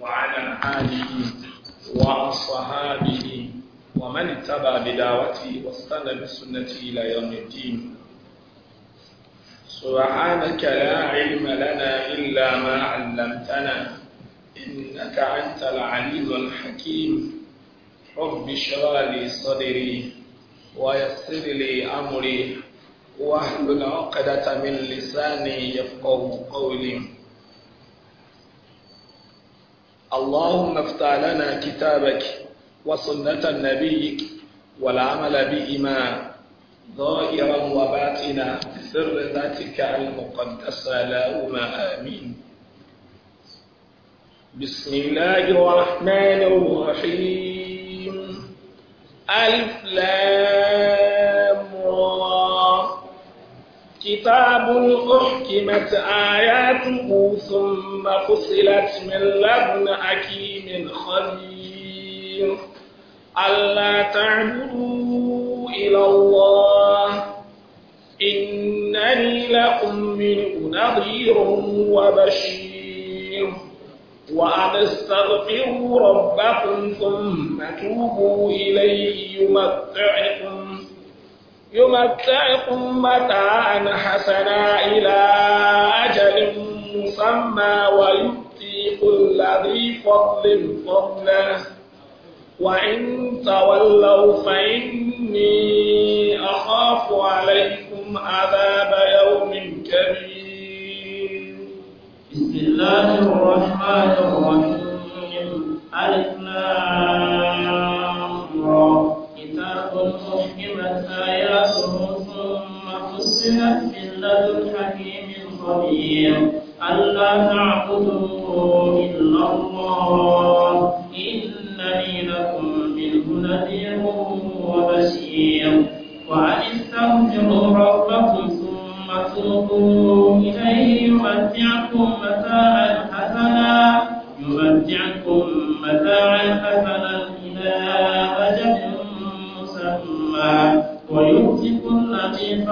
وعلى آله وأصحابه ومن اتبع بدعوته واستنى بسنتي إلى يوم الدين سبحانك لا علم لنا إلا ما علمتنا إنك أنت العليم الحكيم رب اشرح لي صدري ويسر لي أمري واحلل عقدة من لساني يفقه قولي اللهم افتح لنا كتابك وسنة نبيك والعمل بهما ظاهرا وباطنا بسر ذاتك المقدسة اللهم آمين بسم الله الرحمن الرحيم ألف لام كتاب أحكمت آياته ثم فصلت من لدن حكيم خبير ألا تعبدوا إلى الله إنني لكم منه نظير وبشير وأن استغفروا ربكم ثم توبوا إليه يمتعكم يمتعكم متاعا حسنا إلى أجل مسمى ويؤتي كل ذي فضل فضله وإن تولوا فإني أخاف عليكم عذاب يوم كبير بسم الله الرحمن الرحيم ألف آياته ثم فصلت من لدن حكيم خبير ألا تعبدوا إلا الله إنني لكم منه نذير وبشير وأن استغفروا ربكم ثم توبوا إليه يمتعكم متاعا حسنا يمتعكم متاعا حسنا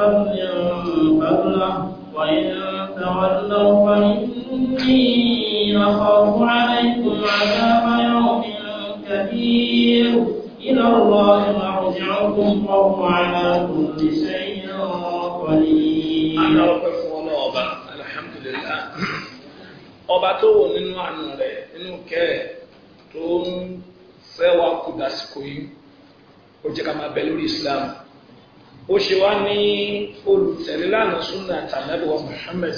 فضل فضله وإن تولوا فإني أخاف عليكم عذاب يوم كبير إلى الله مرجعكم فهو على كل شيء قدير alhamdulillah ọba tó wò nínú àánú rẹ̀ ká máa bẹ lórí islam ó ṣe wá ní olùtẹ̀lélànà súnà tànàbíwá Muhammad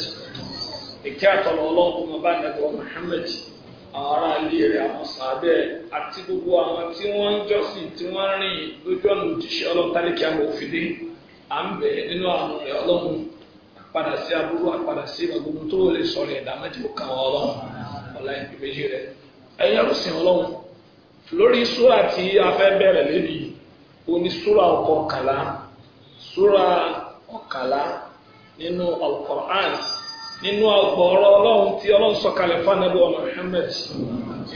ìkẹ́ àtọ̀lọ̀ ọlọ́run ọba nàbíwá Muhammad àwọn ará ilé rẹ̀ àwọn sàábẹ̀ àti gbogbo àwọn tí wọ́n ń jọ́sìn tí wọ́n ń rìn lójú ọ̀nà òjíṣẹ́ ọlọ́run tálíkì àwọn òfin à ń bẹ̀ nínú àrùn rẹ̀ ọlọ́run padà sí àpadà sí gbogbo tó lè sọ̀rọ̀ ẹ̀dá méjì ó ọlọ́run ọ̀la ìpè súra ọ̀kàlá nínú al-Qur'an nínú ọgbọ̀ọ̀rọ̀ ọlọ́run tí ọlọ́run sọ̀kalẹ̀ fanabu wa Muhammad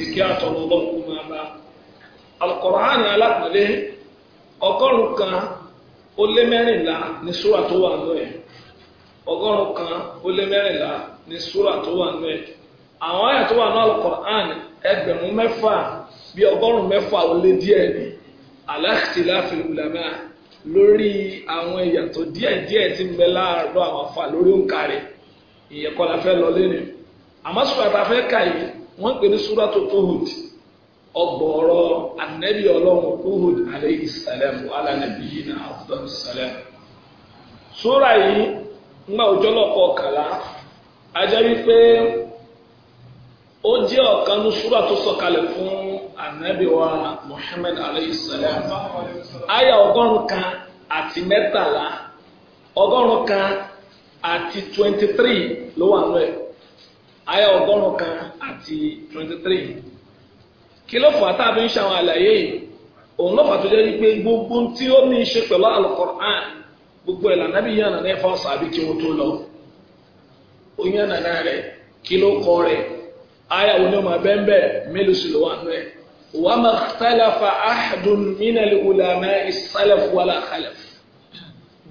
ike àtọ̀rọ̀ ọlọ́run kú máa bá al-Qur'an alápẹ̀lẹ́ ọgọ́rùn kan ó lé mẹ́rìnlá ní súra tó wà nù ẹ̀ ọgọ́rùn kan ó lé mẹ́rìnlá ní súra tó wà nù àwọn àyà tó wà nù al-Qur'an ẹgbẹ̀rún mẹ́fà bí ọgọ́rùn ó lé díẹ̀ ní ala ulama lórí àwọn ìyàtọ̀ díẹ̀díẹ̀ tí ń bẹ láàárọ̀ àwọn afa lórí òǹkà rẹ̀ ìyẹn kọ́ la fẹ́ lọ lẹ́nu àmọ́ fẹ́ pè ní tóhùd ọgbọ̀ọ̀rọ̀ anẹ́bí ọlọ́run tóhùd aleyhi sàlẹ̀m wàhálà nàbí yìí nà sàlẹ̀m yìí ń gbà òjò lọ́kọ̀ ajẹ́ wípé ó jẹ́ Ana wa muhammed alayhi salam aya ọgọ́rùn kan àti mẹ́tàlá ọgọ́rùn kan àti twenty three ló wà ẹ aya ọgọ́rùn kan àti twenty three kí ló fà tá a fi ń gbogbo tí ó ní í ṣe pẹ̀lú gbogbo ẹ̀ lànàbí yẹn nàná ẹ̀fọ́ sàbí kí wọ́n tó lọ oyún nàná rẹ̀ kí ló kọ́ rẹ̀ aya bẹ́ẹ̀ bẹ́ẹ̀ وما اختلف أحد من العلماء السلف ولا خلف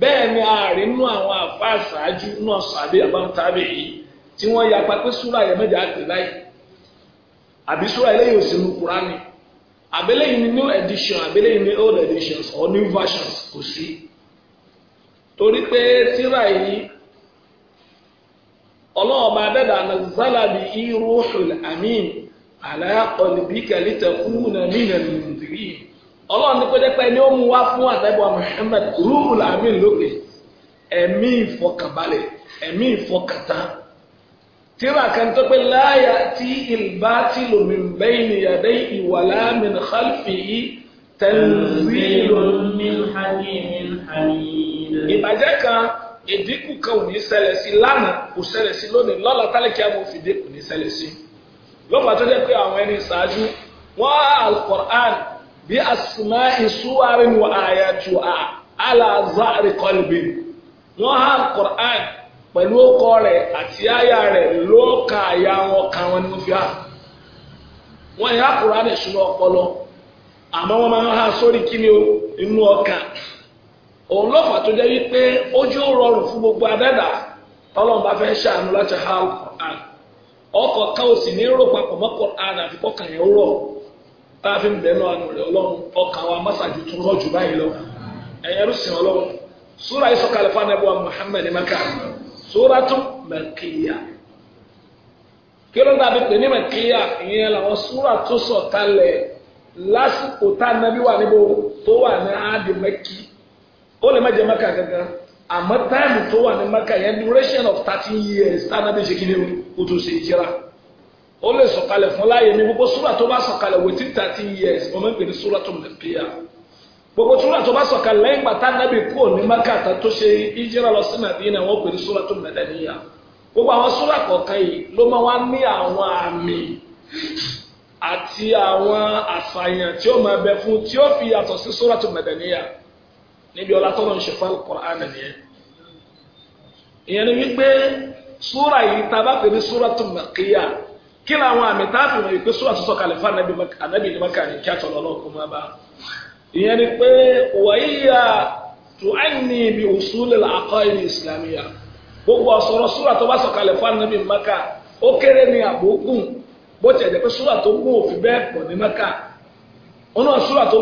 bẹ́ẹ̀ ni ààrin nú àwọn àfa àṣáájú nú ọ̀sàbí àbámutábì yìí tí wọ́n yapa pé súrà yẹn mẹ́jọ àti láì àbí súrà eléyìí ò sí nu Kùránì àbẹ́lẹ́yìn ni new edition àbẹ́lẹ́yìn ni old editions or new versions kò sí torí pé tírà yìí ọlọ́ọ̀bá adẹ́dàá nàzálàbí irú hùl amín àlàyàkọ̀lì bí kẹlítẹ̀ kúrú nà nínà nìdírí ọlọ́run ní pẹ́ẹ́dẹ́pẹ́ ni ó mú wá fún àtẹ́bọ̀ Muhammad rúhù làmì lókè ẹ̀mí ìfọkànbalẹ̀ ẹ̀mí ìfọkàntán tíra kan tó pé láyà tí ìlbá tí lòmì bẹ́ẹ̀ nìyàdé ìwàlá min xalfi yìí tẹ̀lifílò min hàní min hàní. ìbàjẹ́ kan ìdínkù kan ò ní ṣẹlẹ̀ sí lánàá kò ṣẹlẹ̀ sí lónìí lọ́la tálẹ̀kí àmọ́ òfìdí kò ní ṣẹlẹ̀ sí. lọ́pàá tó jẹ́ pé àwọn ẹni ṣáájú wọ́n á alukur'an bí asùnmá ìṣúwárí ni wọ́n à aláàzáàrí kọlùbí wọ́n á alukur'an pẹ̀lú ọkọ rẹ̀ àti àyà rẹ̀ ló ka àyà wọn ka wọn ní fíà wọn yà alukur'an ìṣúná ọpọlọ ha sórí kíni o inú òun tó jẹ́ wípé gbogbo adẹ́dà fẹ́ ṣàánú láti ha Ọkọọ ká o sì ní rò papọ̀ mọ́kọ̀ ara àfi yẹn rọ̀ a fi ń rẹ̀ ọlọ́run ọkàn wa lọ ẹ̀yẹ ló sìn ọlọ́run sóra yìí sọ̀kalẹ̀ fún wa maka sóra tún mẹ̀kìyà kí ló dàbí pé ní mẹ̀kìyà ìyẹn làwọn sóra tó sọ̀kalẹ̀ lásìkò tá wà níbo tó wà ní ó àmọ́ táìmù tó wà ní maka yẹn duration of thirteen years tánà bí ṣèkìlì o tó ṣe ìjìra ó lè sọ̀kalẹ̀ fún láàyè ní gbogbo súrà tó bá sọ̀kalẹ̀ within thirteen years wọ́n máa ń pè ní súrà tó lè pè á gbogbo súrà tó bá sọ̀kalẹ̀ lẹ́yìn gbàtà nábì kú ní maka àtà tó ṣe ìjìra lọ sí Mẹdínà wọ́n pè ní súrà tó mẹdàníyà gbogbo àwọn súrà kọ̀ọ̀kan yìí ló máa wá ní àwọn àmì àti àwọn àṣàyàn tí ó máa bẹ fún tí ó fi yàtọ̀ sí súrà tó mẹdàníyà níbi ọlá tọ́lọ̀ ń ṣe fún al nìyẹn ìyẹn ni wípé súra yìí tá a bá pè ní Suratul Makiyyah kí làwọn àmì tá a fi mọ̀ wípé súra sọ̀sọ̀ kalẹ̀ fún ní maka ní kí àtọ̀lọ́ náà kó máa bá ìyẹn ni pé wàyíyà tu'anni bi usulil aqaid islamiyyah gbogbo ọ̀sọ̀rọ̀ súra tó bá sọ̀ kalẹ̀ fún maka ó kéré ní àbógún bó tiẹ̀ pé súra tó gún òfin bẹ́ẹ̀ pọ̀ maka ó náà súra tó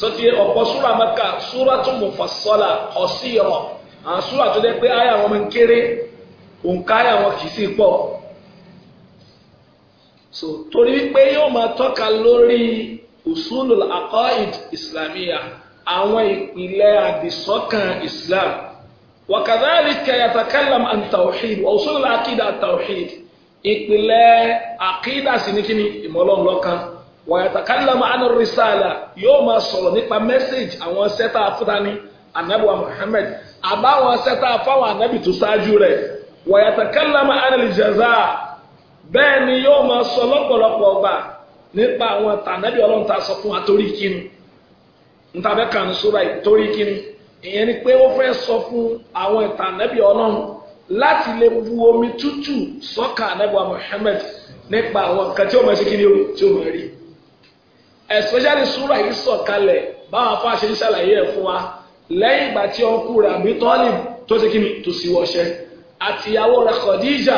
sọtí ọ̀pọ̀ súra mẹ́ka súra tó mọ̀ fàṣọ́là ọ̀sí yọ̀ àwọn súra tó dẹ́ pé ayé àwọn kéré òǹkà ayé àwọn kì í sì pọ̀ so torí wípé yóò máa tọ́ka lórí usulul aqaid islamiyya àwọn ìpìlẹ̀ àdìsọ́kàn islam wa kadhalika yatakallam an tawhid wa usulul aqida at ìpìlẹ̀ àkídà sí ní kíni wàyàtàkàlámà àná rìsàlà yóò máa sọ̀rọ̀ nípa mẹ́sẹ̀gì àwọn sẹ́tà fúdání anabiwa Muhammad àbáwọn sẹ́tà fáwọn anabi tó ṣáájú rẹ̀ wàyàtàkàlámà àná lìjẹ̀zà bẹ́ẹ̀ ni yóò máa sọ lọ́pọ̀lọpọ̀ ọgbà nípa àwọn tànàbí ọlọ́run tá sọ fún wa torí kíni ntàbẹ́ kan sóra yìí torí ìyẹn ni pé ó fẹ́ sọ fún àwọn tànàbí ọlọ́run láti lè bu omi tútù sọ́kà nípa àwọn ó máa ṣe tí ó máa especially sura yìí sọ̀kalẹ̀ báwọn afáṣe ń ṣàlàyé ẹ̀ fún wa lẹ́yìn ìgbà tí ọkù rẹ̀ àbí tọ́lì tó ṣe kíni tó sì wọṣẹ́ àti ìyàwó rẹ̀ Khadija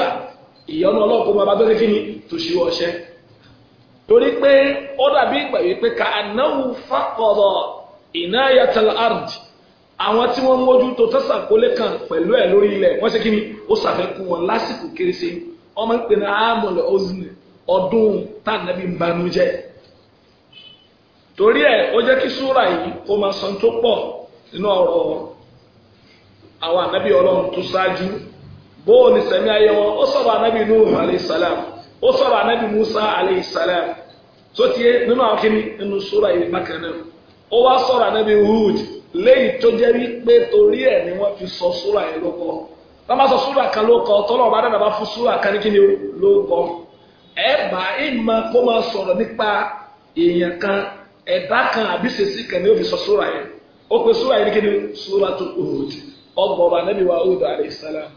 ìyọnu ọlọ́ọ̀kú bàbá tó ṣe kíni tó sì wọṣẹ́ torí pé ó dàbí ìgbà wípé ka anáwó fàkọ̀rọ̀ iná yàtàlá ard àwọn tí wọ́n mójú tó tẹ́sà kólé kan pẹ̀lú ẹ̀ lórí ilẹ̀ wọ́n ṣe kíni ó ṣàfẹ́kù wọn lásìkò kérésì ọmọ ń àmọ̀lẹ̀ ọ̀sìn ọdún tá torí ẹ ó jẹ́ kí súrà yìí kó máa san tó pọ nínú ọ̀rọ̀ àwọn ànábì ọlọ́run tó ṣáájú bóò ní ayé wọn ó nuhu alayhi salam ó sọ̀rọ̀ anabi musa alayhi salam tó tiẹ̀ nínú àwọn nínú súrà yìí bákan náà ó wá sọrọ ànábì léyìí tó torí ni sọ yìí lọkọ sọ kan ló ọba dáadáa bá fún kan ló bá kó máa ẹ̀dá kan àbí sèṣì kan ní òbí sọ sóra yẹn ó pe sóra yẹn kéde sóra tó Hud ọgbọ ọba anabi wa Hud aleyhisalaam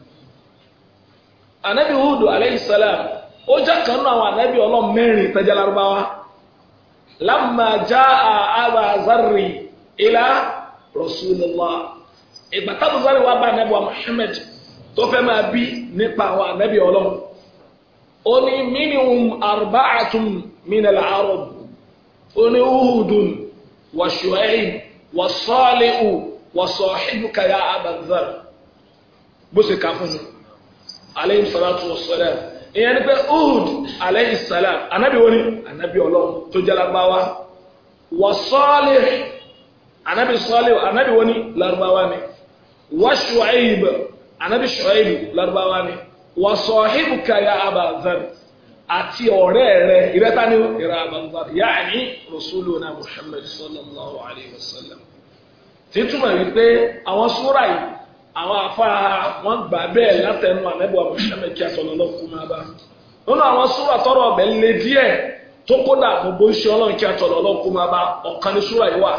anabi Hud aleyhisalaam ó jẹ́ kan nínú àwọn anabi ọlọ́run mẹ́rin tẹ́jà lárúbáwá lamma jaa aba zarri ila rasulillah ìgbà tábù zarri wà bá anabi wa Muhammad tó fẹ́ máa bí nípa àwọn anabi ọlọ́run ó ní arba'atum min al oní uhudun wa shuaib wa salihu wa sahibuka ya abadhar bó ṣe kà fún mi aleyhi salatu wa salam ìyẹn ni pé uhud aleyhi salam anabi woni anabi ọlọ́run tó jalabawa wa salih anabi salih anabi woni larubawa ni wa shuaib anabi shuaib larubawa ni wa sahibuka ya abadhar. àti ọ̀rẹ́ rẹ̀ ìrẹ́ta ní ìrà àbàǹgbà yaani muhammad sallallahu alayhi wa sallam títúmọ̀ wípé àwọn súra yìí àwọn afa wọn gbà bẹ́ẹ̀ látẹnu àmẹ́bọ̀ muhammad kí asọ̀lọ́lọ́ kú máa bá nínú àwọn súra tọrọ ọbẹ̀ lé díẹ̀ tó kódà gbogbo ń ṣe ọlọ́run kí asọ̀lọ́lọ́ kú máa bá ọ̀kan ní súra yìí wà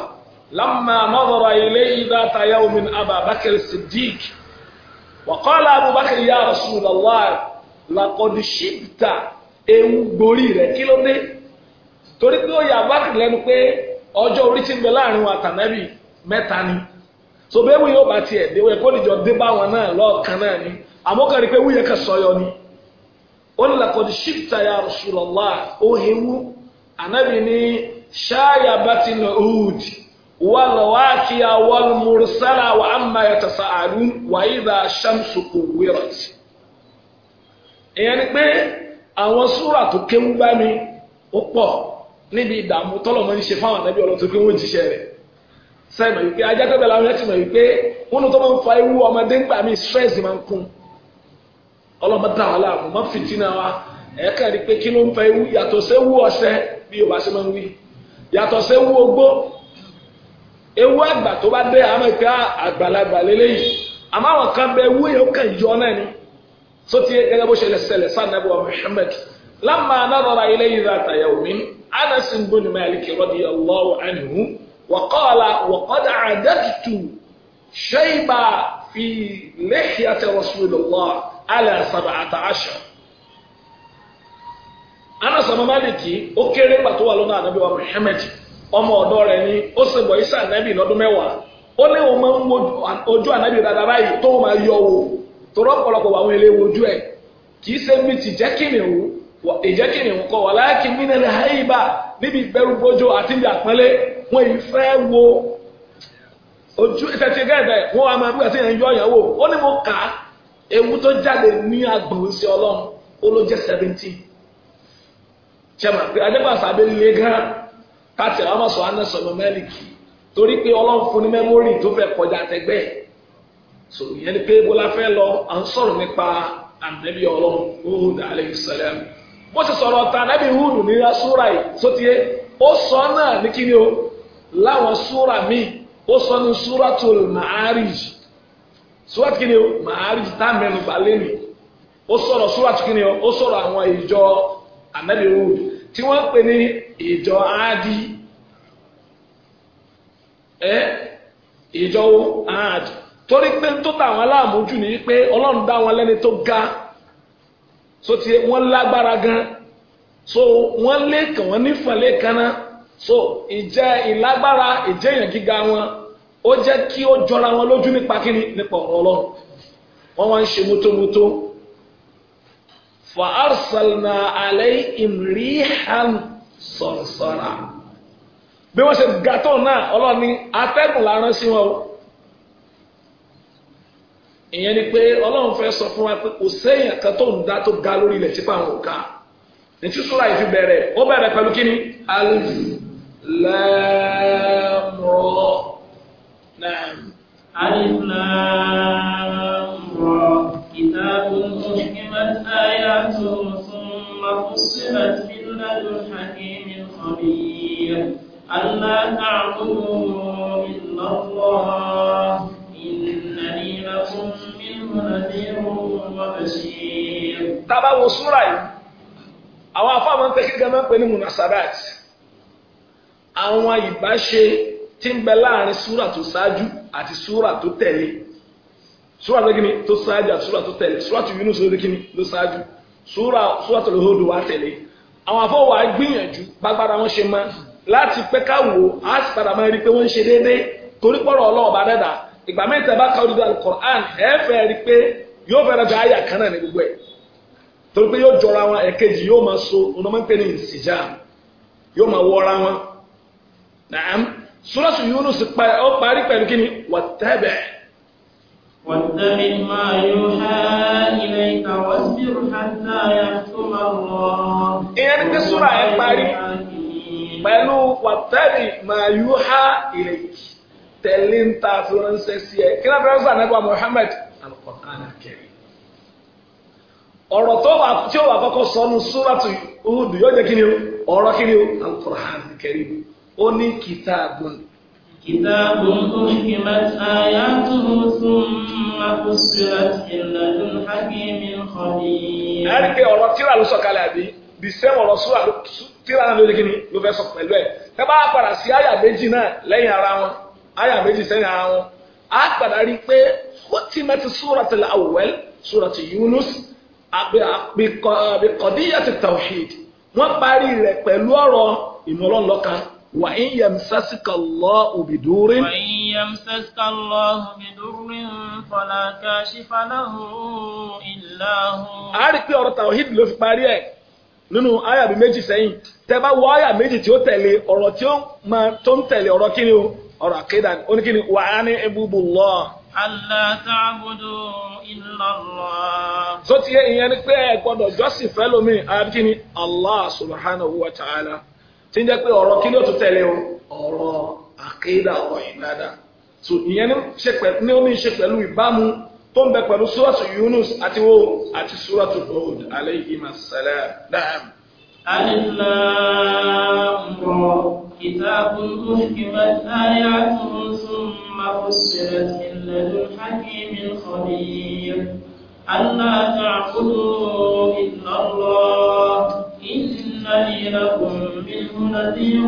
ewu gborí rẹ̀ kí ló dé torí pé ó yà bákìrì lẹ́nu pé ọjọ́ orí ti ń bẹ láàrin wa mẹ́ta ni so bẹ́ẹ̀ wíyẹn bá tiẹ̀ déwẹ̀ kó níjọ dé bá wọn náà lọ́ọ̀kan náà ni àmọ́ pé kan sọyọ ni ó ní lakọ̀dí ṣíptà ya Rasulullah ó hewu ànábì ní ṣáàyà bá ti nà òòdì والواقية والمرسلة وعما يتساءلون وإذا الشمس كورت àwọn súrà tó kéwú bá mi ó pọ̀ níbi ìdààmú tọ́lọ̀ mọ́ ní ṣe fáwọn àdábì ọlọ́tún pé wọ́n jíṣẹ́ rẹ̀ sẹ́yìn mọ̀ wípé ajátẹ́bẹ̀ làwọn ẹ̀sìn mọ̀ wípé wọ́n tó máa ń fa ewu ọmọdé ńgbà mí stress máa ń kún ọlọ́mọ dá wa láàmú má fìtínà wa ẹ̀ẹ́kà rí pé kí ló ń fa ewu yàtọ̀ séwu ọ̀sẹ̀ bí Yorùbá ṣe máa ń wí yàtọ̀ séwu ogbó ewu àgbà tó bá dé àmọ́ ìpè àgbàlagbà lélẹ́yìn àmọ́ àwọn kan bẹ ewu yẹn ó kàn yọ náà ni sọtí gẹ́gẹ́ bó ṣẹlẹ̀ ṣẹlẹ̀ sanabu wa muhammad lamma nadara ilayhi dhata yawmin anas bin malik radiyallahu anhu wa qala wa qad adadtu shayba fi lihyati rasulillah ala sab'ata ashar anas bin malik ó kéré pàtó wà lọ́nà anabi wa muhammad ọmọ ọ̀dọ́ rẹ̀ ni ó sì bọ̀ isa anabi lọ́dún mẹ́wàá ó léwu máa ń anabi dáadáa báyìí tó máa yọ wò torọ́ ọ̀pọ̀lọpọ̀ àwọn ilé wojú ẹ̀ kì í ṣe mi ti jẹ́ kìnìún ìjẹ́ kìnìún kọ́ wà láàkì mínẹ́lì haíbà níbi ìbẹ̀rù bójú àti ìdí àpọ́nlé wọn yìí fẹ́ wo ojú ìṣẹ̀tì gẹ́gẹ́ wọn a máa bí wọ́n ti yàn yọ ọ̀yàn wò ó ní mo kà á ewu tó jáde ní agbọ̀n sí ọlọ́run ó ló jẹ́ seventeen jẹ́mà adébàṣà abẹ́lé gan káàtì àwọn ọmọ sọ̀rọ̀ anẹ́sọ̀rọ̀ mẹ́lìkì torí pé ọlọ́run fún ní mẹ́mórì tó fẹ́ kọjá àtẹgbẹ́ ẹ̀ so ìyẹn ni pé fẹ́ lọ à ń sọ̀rọ̀ nípa ànábì ọlọ́run Hud alayhi salam bó ṣe sọ̀rọ̀ ta ànábì Hud ní súra yìí sótìyé ó sọ náà ní o láwọn súra ó sọ ní súratul Ma'arij kíni o Ma'arij tá ó sọ̀rọ̀ o ó sọ̀rọ̀ àwọn ìjọ ànábì tí wọ́n pè ní ìjọ torí pé tó tà wọn láàmójú ni pé ọlọ́run dá wọn lẹ́ni tó ga so ti wọ́n lágbára gan so wọ́n lé kàn wọ́n nífọ̀lẹ́ kan náà so ìjẹ́ ìlágbára ìjẹ́ èèyàn gíga wọn ó jẹ́ kí ó jọra wọn lójú nípa kíni nípa ọ̀rọ̀ ọlọ́run wọ́n wá ń ṣe mútómútó fa arsalna alayhim rihan sarsara bí wọ́n ṣe gàtọ̀ náà ọlọ́run ní atẹ́gùn la rán sí wọn o. ìyẹn ni pé ọlọ́run fẹ́ sọ fún wa kan tó ń dá tó ga lórí ilẹ̀ tí pàrọ̀ ká ètí sọ́la yìí bẹ̀rẹ̀ ó bẹ̀rẹ̀ pẹ̀lú kíni alif lam ra naam tábà wo súra yìí àwọn afáàmọ́ ń tẹ́kí gan-an pé ní munasabat àwọn ìbáṣe tí ń bẹ láàrin súra tó ṣáájú àti súra tó tẹ̀lé súra tó kíni tó ṣáájú àti súra tó tẹ̀lé súra tó Yunus ló kíni ló ṣáájú súra súra tó lóhùn wá tẹ̀lé àwọn afọwọ́ á gbìyànjú bágbára wọn ṣe máa láti pẹ́ ká wò á sì padà máa rí i pé wọ́n ń ṣe déédéé torí pọ́rọ̀ ọlọ́ọ̀bá dáadáa ìgbà mẹ́ta bá ka olùdó alukoran ẹ fẹ́ rí pé yóò fẹ́ràn bí àyà kan náà ní gbogbo ẹ̀ torí pé yóò jọra wọn ẹ̀kejì yóò máa so ọ̀nà máa ń pè ní ìsìjà yóò máa wọra wọn. Naam Suratu Yunus ó parí pẹ̀lú kí ni wattabi. Wattabi ma yuha ilayka wasbir hatta yahtuma Allah. Ìyẹn ní pé sura ẹ̀ parí pẹ̀lú wattabi ma yuha ilayka. telling ń ta fi ránṣẹ́ sí ẹ kí náà fẹ́ràn al-Qur'an al ọ̀rọ̀ tó wà tí ó wà kọ́kọ́ sọ nu súrátù yóò jẹ́ ni o ọ̀rọ̀ kí o al-Qur'an al ó ní kitabun. kitabun uhkimat ayatuhu thumma fussilat min ladun hakimin khabir. ẹ̀rí pé ọ̀rọ̀ tíra ló sọ̀kalẹ̀ àbí the same ọ̀rọ̀ súrà tíra náà ló jẹ́ kí ló fẹ́ sọ pẹ̀lú ẹ̀ ẹ bá padà sí àyà méjì náà lẹ́yìn ara wọn. àyà méjì sẹ́yìn ara wọn a padà rí i pé khutimati súrati al-awwal súrati Yunus àbíkọ̀díyàtì tawhid wọ́n parí rẹ̀ pẹ̀lú ọ̀rọ̀ ìmọ̀lọ́nlọ́kan wà ń yẹm sásìkà Allahu bidurin. wà ń yẹm sásìkà Allahu bidurin fala kashifa lahu illa a rí i pé ọ̀rọ̀ tawhid ló fi parí ẹ̀ nínú àyà méjì sẹ́yìn tẹ́ bá wọ àyà méjì tí ó tẹ̀lé ọ̀rọ̀ tí ó máa tó ń tẹ̀lé ọ̀rọ̀ kíni o ọ̀rọ̀ àkéda ó ní kí ni wà á ní ebúbú lọ. Allah ta'budu illa Allah. tó ti yẹ ìyẹn ni pé ẹ gbọ́dọ̀ jọ́sìn fẹ́ lómi àbí kí ni Allah subhanahu wa ta'ala ti ń jẹ́ pé ọ̀rọ̀ kí ni ó tún tẹ̀lé o ọ̀rọ̀ àkéda ọ̀rọ̀ ìbádà tó ìyẹn ní ṣe pẹ̀lú ní ó ṣe pẹ̀lú ìbámu tó ń bẹ pẹ̀lú súrọ̀tù Yunus àti wo àti súrọ̀tù Hud alayhi masalam. Alif lam كتاب أحكمت آياته ثم فسرت من لدن حكيم خبير ألا تعبدوا إلا الله إنني لكم منه نذير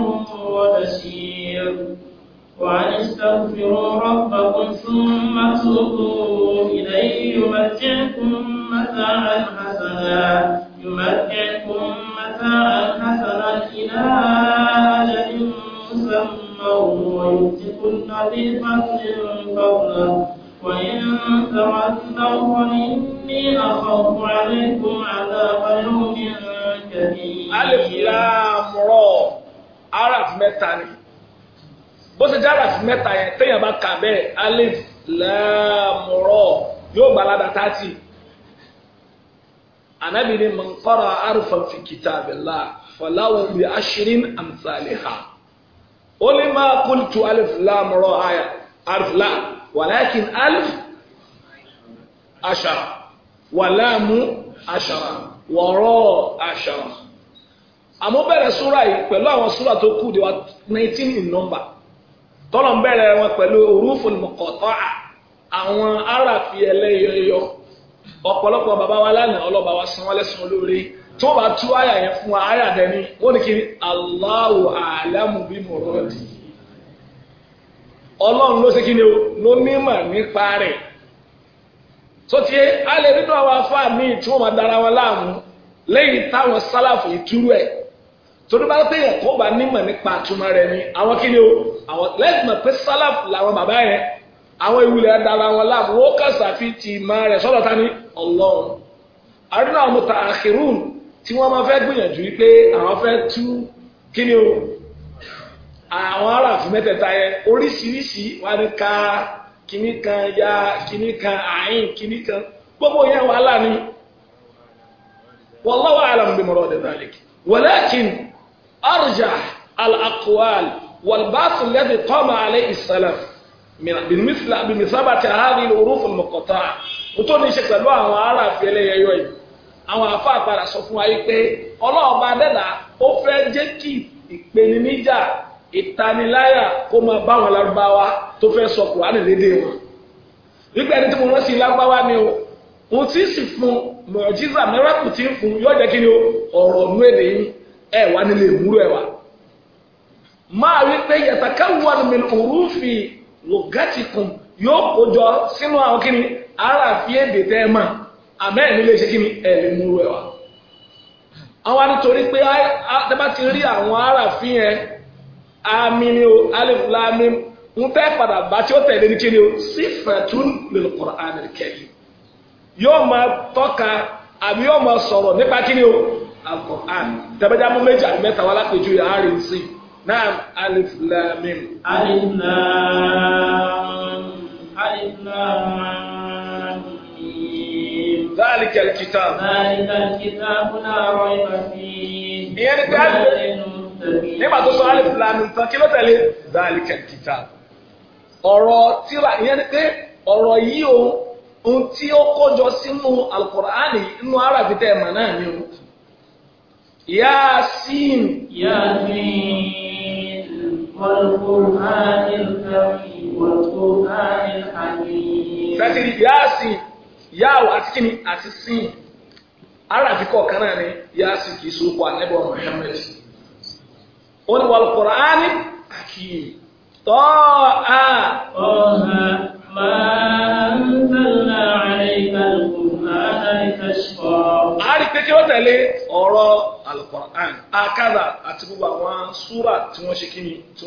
وبشير وأن استغفروا ربكم ثم توبوا إليه يمتعكم متاعا حسنا يمتعكم متاعا حسنا إلى له ويمسك الذي فضل فضله وإن تولوا فإني أعرف متى bó ṣe jára sí mẹ́ta yẹn téèyàn bá kà bẹ́ẹ̀ alif láàmúrọ̀ yóò gba aládà tààtì ànábìrin man qara arfan bi ashrin amsalha ó ما قلت ألف لام lam ألف àyà ولكن ألف walakin alif ashara wàlámù ashara wọ̀rọ̀ ashara àmọ́ bẹ̀rẹ̀ súra yìí pẹ̀lú àwọn súra tó kù díwá nineteen in number tọ́lọ̀ ń bẹ̀rẹ̀ wọn pẹ̀lú huruful muqata'a àwọn aráàfin ẹlẹ́yọyọ ọ̀pọ̀lọpọ̀ bàbá wa lánàá ọlọ́ba wa san wọ́n lẹ́sùn olóore tó bá tú àyà yẹn fún wa àyà dẹni ó ní kí Allahu a'lamu bi muradi ọlọ́run ló ṣe kí ni o ló nímọ̀ nípa rẹ̀ tó ti a lè nínú àwọn afáà míì tí wọ́n máa dara wọn láàmú lẹ́yìn táwọn sálàfù ìtúrú ẹ̀ torí bá pé ẹ̀kọ́ bá nímọ̀ nípa àtúmọ̀ rẹ̀ ni àwọn kí ni o àwọn lẹ́yìn mọ̀ pé sálàfù làwọn bàbá yẹn àwọn ìwúlẹ̀ dara wọn láàmú wọ́n kàṣà fi ti ìmọ̀ rẹ̀ sọ́dọ̀ ta ni ọlọ́run àdúrà àwọn mọ̀tà àkìrún tí wọ́n máa fẹ́ gbìyànjú wípé àwọn fẹ́ tú kí ni o àwọn aráàfin mẹ́tẹ̀ẹ̀ta yẹn oríṣiríṣi wà ní ká kíní kan ya kíní kan àyìn kíní kan gbogbo yẹn wàhálà ni wallahu a'lam bi murad dhalik walakin arjah al-aqwal والبعث الذي قام عليه السلف بمثل بمثابة هذه الحروف المقطعة وتوني شكل الله على في لي يوي àwọn àfa àgbàrà sọ fún wa yìí pé ọlọ́run bá dẹ́là ó fẹ́ jẹ́ kí ìpèníjà ìtaniláyà kó máa bá wọn lárúbáwá tó fẹ́ sọ kùránì lédè wọn wípé ẹni tí mo rán sí lágbáwá ni o mo ti sì fún mọ̀jísà mẹ́rẹ́kù tí ń fún yóò jẹ́ kí ni ọ̀rọ̀ ọ̀nú èdè yín ẹ̀ wá nílé ìmúlò ẹ̀ wá máa wí pé yàtàkàwọ́n mi òrùfì lògátìkùn yóò kó jọ sínú àwọn kí ni aráàfin èdè tẹ́ ẹ máa. àmẹ́ ẹ̀mí lè ṣe kí ni ẹ̀mí mú rẹ̀ wá. àwọn nítorí pé dábàá ti rí àwọn ará fi yẹn àmì ni o alif láàmì ń fẹ́ padà bá tí ó tẹ̀lé ní kí ni o sifatun lil Qur'an al-Karim yóò máa tọ́ka yóò máa sọ̀rọ̀ o al-Qur'an tẹ̀bẹ́jà mú méjì àbí mẹ́ta wá lápẹ̀jù yà á i. ذلك الكتاب ذلك الكتاب لا ريب فيه ìyẹn ni pé nígbà tó sọ alif lamin tán kí ló tẹ̀lé ذلك الكتاب ọ̀rọ̀ tíra ìyẹn ni pé ọ̀rọ̀ yìí o ohun tí ó kójọ sínú alukur'ani inú arabi tẹ̀ mọ̀ náà ni o yasin yasin wal-Qur'anil karim wal yáàwó àti kíni àti sin aráàfin kọ̀ọ̀kan náà ni yáà sì kì í so kọ ànábì wa Muhammad ó ní wàlú Kùránì hakim tọ́ a. ọ̀hà máa ń tẹ̀lé àárẹ̀ ìkàlùkù àárẹ̀ ìkàṣùkọ̀. a Al-Qur'an akada àti gbogbo àwọn súrà tí wọ́n ṣe kíni tí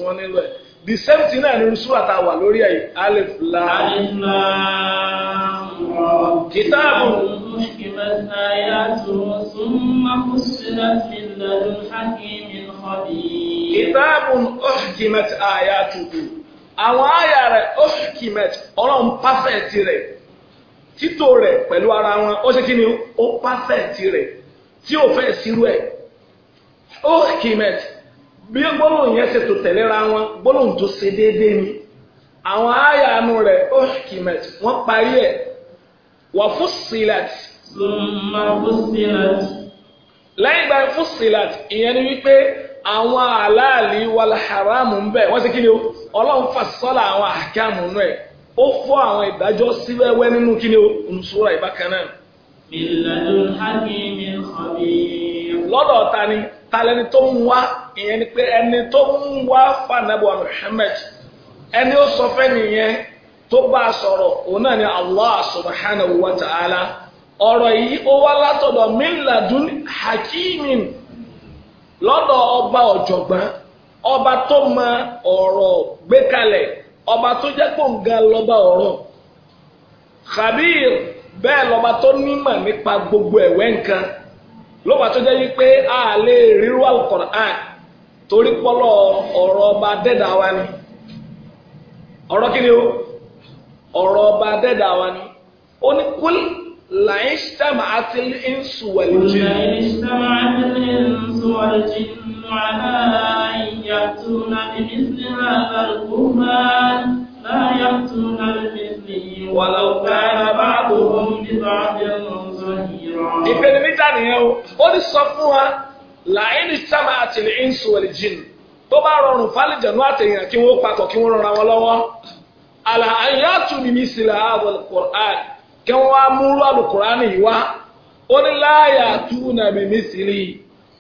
the same thing náà ní sùúrà tá a wà lórí ẹ̀ alif lam. alif lam. kìtáàbù. mẹ́ta yá tó súnmọ́ fúsílẹ̀ sí lẹ́dùn hákìmí kọ́bí. kìtáàbù ọ̀hìkìmẹ̀t àyà tuntun àwọn àyà rẹ̀ ọ̀hìkìmẹ̀t ọlọ́run pàfẹ́ẹ̀tì rẹ̀ títò rẹ̀ pẹ̀lú ara wọn ó ṣe kí ni ó pàfẹ́ẹ̀tì rẹ̀ tí ò fẹ́ sírú ẹ̀ ọ̀hìkìmẹ̀t bí gbólóhùn yẹn ṣe tó tẹ̀léra wọn gbólóhùn tó ṣe déédéé ni àwọn àyà àánú rẹ̀ ó kìmẹ̀t wọ́n parí ẹ̀ wọ́n fún silat. summa fún silat. lẹ́yìn ìgbà fún silat ìyẹn ni wípé àwọn àlàálì wàlhàràmù ń bẹ wọ́n ti kí o ọlọ́run fàṣọ́lá àwọn àkàmù nù ẹ̀ ó fọ́ àwọn ìdájọ́ sí wẹ́wẹ́ nínú kí ni olùsúra ìbákan náà. ìlànà hakimin khabir. lọ́dọ̀ ta ni talẹni tó ń wá ìyẹn ni pé ẹni tó ń wá fanabu ẹni ó sọ fẹ́ nìyẹn tó bá a sọ̀rọ̀ òun náà ni Allah subhanahu wa ta'ala ọ̀rọ̀ yìí ó wá látọ̀dọ̀ miladun hakimin lọ́dọ̀ ọba ọ̀jọ̀gbọ́n ọba tó ma ọ̀rọ̀ gbé ọba tó jẹ́ kó nǹkan lọ́ba ọ̀rọ̀ khabir bẹ́ẹ̀ lọ́ba gbogbo ẹ̀wẹ́ nǹkan. ló wà tó jẹ́ wípé a lè ríru alukoran torí pọ́lọ́ ọ̀rọ̀ ọba dẹ́dà wa ni ọ̀rọ̀ kí ni o ọ̀rọ̀ ọba dẹ́dà wa ni ó ní kúlì làyín sítàmà àti ìnsù wà lè jẹ́. làyín sítàmà àti ìnsù wà lè ìpele níta nìyẹn o ó ní sọ fún wa làyínì sábà àti ní ìnsù jìn tó bá rọrùn fálìjànú àtẹ̀yìn kí wọ́n papọ̀ kí wọ́n rọra wọn lọ́wọ́ àlà àyàtú ni mi sì là àbọ̀ kí wọ́n wá múlò alukur'an yìí wá ó ní mi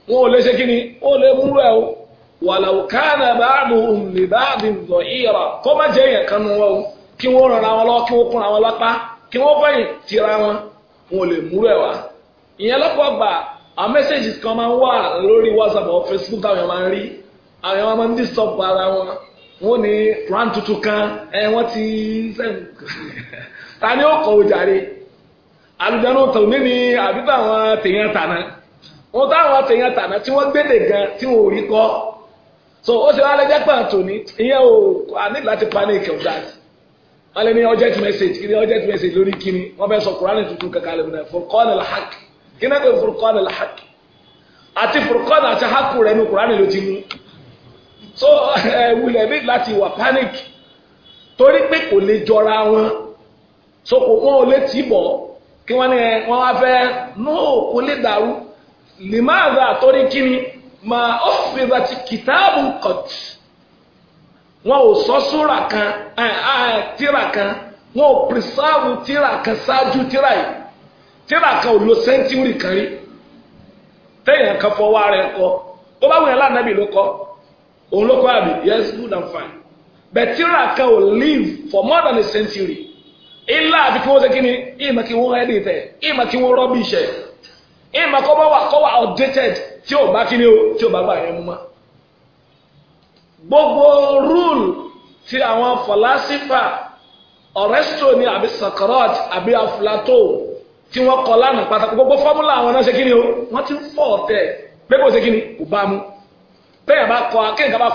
wọn ò lè ṣe ó lè múlò o ìyàrá má jẹ́ wọn ò lè múrò ẹ̀ wá ìyẹn lọ́pọ̀ gbà àwọn mẹ́sẹ̀gì kan máa ń wà lórí whatsapp or facebook táwọn èèyàn máa ń rí àwọn èèyàn máa ń disturb ara wọn wọn ní plan tuntun kan ẹ wọn ti sẹ́yìn ta ni ó kọ̀ ojàre àlùjáde òtò ní ni àbí táwọn tèèyàn tàná wọn táwọn tèèyàn tàná tí wọ́n gbédè gan tí wọn ò rí kọ́ so ó ṣe wá lẹ́jẹ́ pàtó ní ìyẹn ò àníkì láti panic of that wọ́n lé ní urgent message kí ni urgent message lórí kí ni wọ́n fẹ́ sọ kúránì tuntun kankan lè múná furqan al-haq kí náà pé furqan al àti furqan àti haku rẹ̀ ní kúránì ló ti mú so eh, wulẹ̀ ní láti wà panic torí pé kò lè jọra wọn so kò wọ́n ò lè tì bọ̀ kí wọ́n ní wọ́n wá fẹ́ no kò lè dàrú limaza torí kí ni ma ó fi bàtí kìtàbù kọ̀tì. wọn ò sọ súra kan tíra kan wọn ò pírísààvù tíra kan ṣáájú tíra yìí tíra kan ò lo sẹ́ńtúrì kan rí téèyàn kan fọwọ́ ara ẹ̀ ó bá wùyàn lánàbì ló kọ́ òun ló kọ́ àbí yes good and fine but tíra kan live for more than a century ilá àti kí wọ́n ṣe kí ni ìmọ̀ kí wọ́n ẹ̀dì tẹ̀ ìmọ̀ kí wọ́n rọ́bì iṣẹ́ ìmọ̀ kọ́ bá wà kọ́ wà outdated tí ò bá kí ni o tí ò bá gbà yẹn mú gbogbo rule tí àwọn fọlásífà ọ̀rẹ́sítò ni àbí sakarot àbí tí wọ́n kọ lánàá pàtàkì gbogbo fọ́múlà àwọn náà ṣe kí o wọ́n ti ń fọ́ ọ̀tẹ̀ pé kò ṣe kí ni kò bá mu kọ akéǹkà bá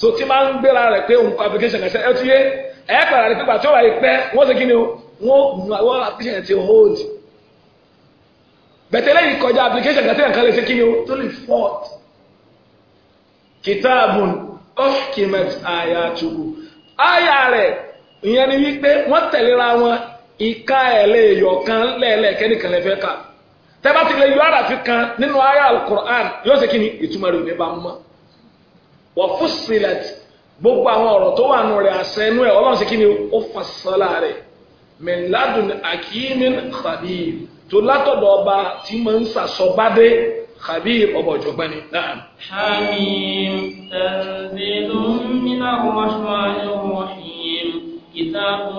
so tí máa ń gbéra rẹ̀ pé òun kọ application kan ṣe ẹ ti yé ẹ pàrọ̀ o wọ́n àwọn application ti hold bẹ̀tẹ̀ lẹ́yìn kọjá application kan ṣe kí o tó lè kìtáàbùn ọ́fìkìmẹ̀t àyà àtùkù àyà rẹ̀ ìyẹn ni wípé wọ́n tẹ̀léra wọn ìka ẹ̀ lè yọ̀ kan lẹ́ẹ̀lẹ́ẹ̀kẹ́ nìkan lẹ́fẹ́ kà tẹ́bá ti lè yọ àràfi kan nínú àyà alukur'an yóò ṣe kí ni ìtumọ̀ rẹ̀ ò ní bá mọ́ wọ́n fún sílẹ̀t gbogbo àwọn ọ̀rọ̀ tó wà nù rẹ̀ àṣẹ inú ẹ̀ ọlọ́run ṣe kí ni ó fà sọ́lá rẹ̀ mẹ́ńládùn akíyín xabíyì tó látọ̀dọ̀ ọba tí mo ń sàsọ́bádé خبير أبو جبني نعم حميم تنزيل من الرحمن الرحيم كتاب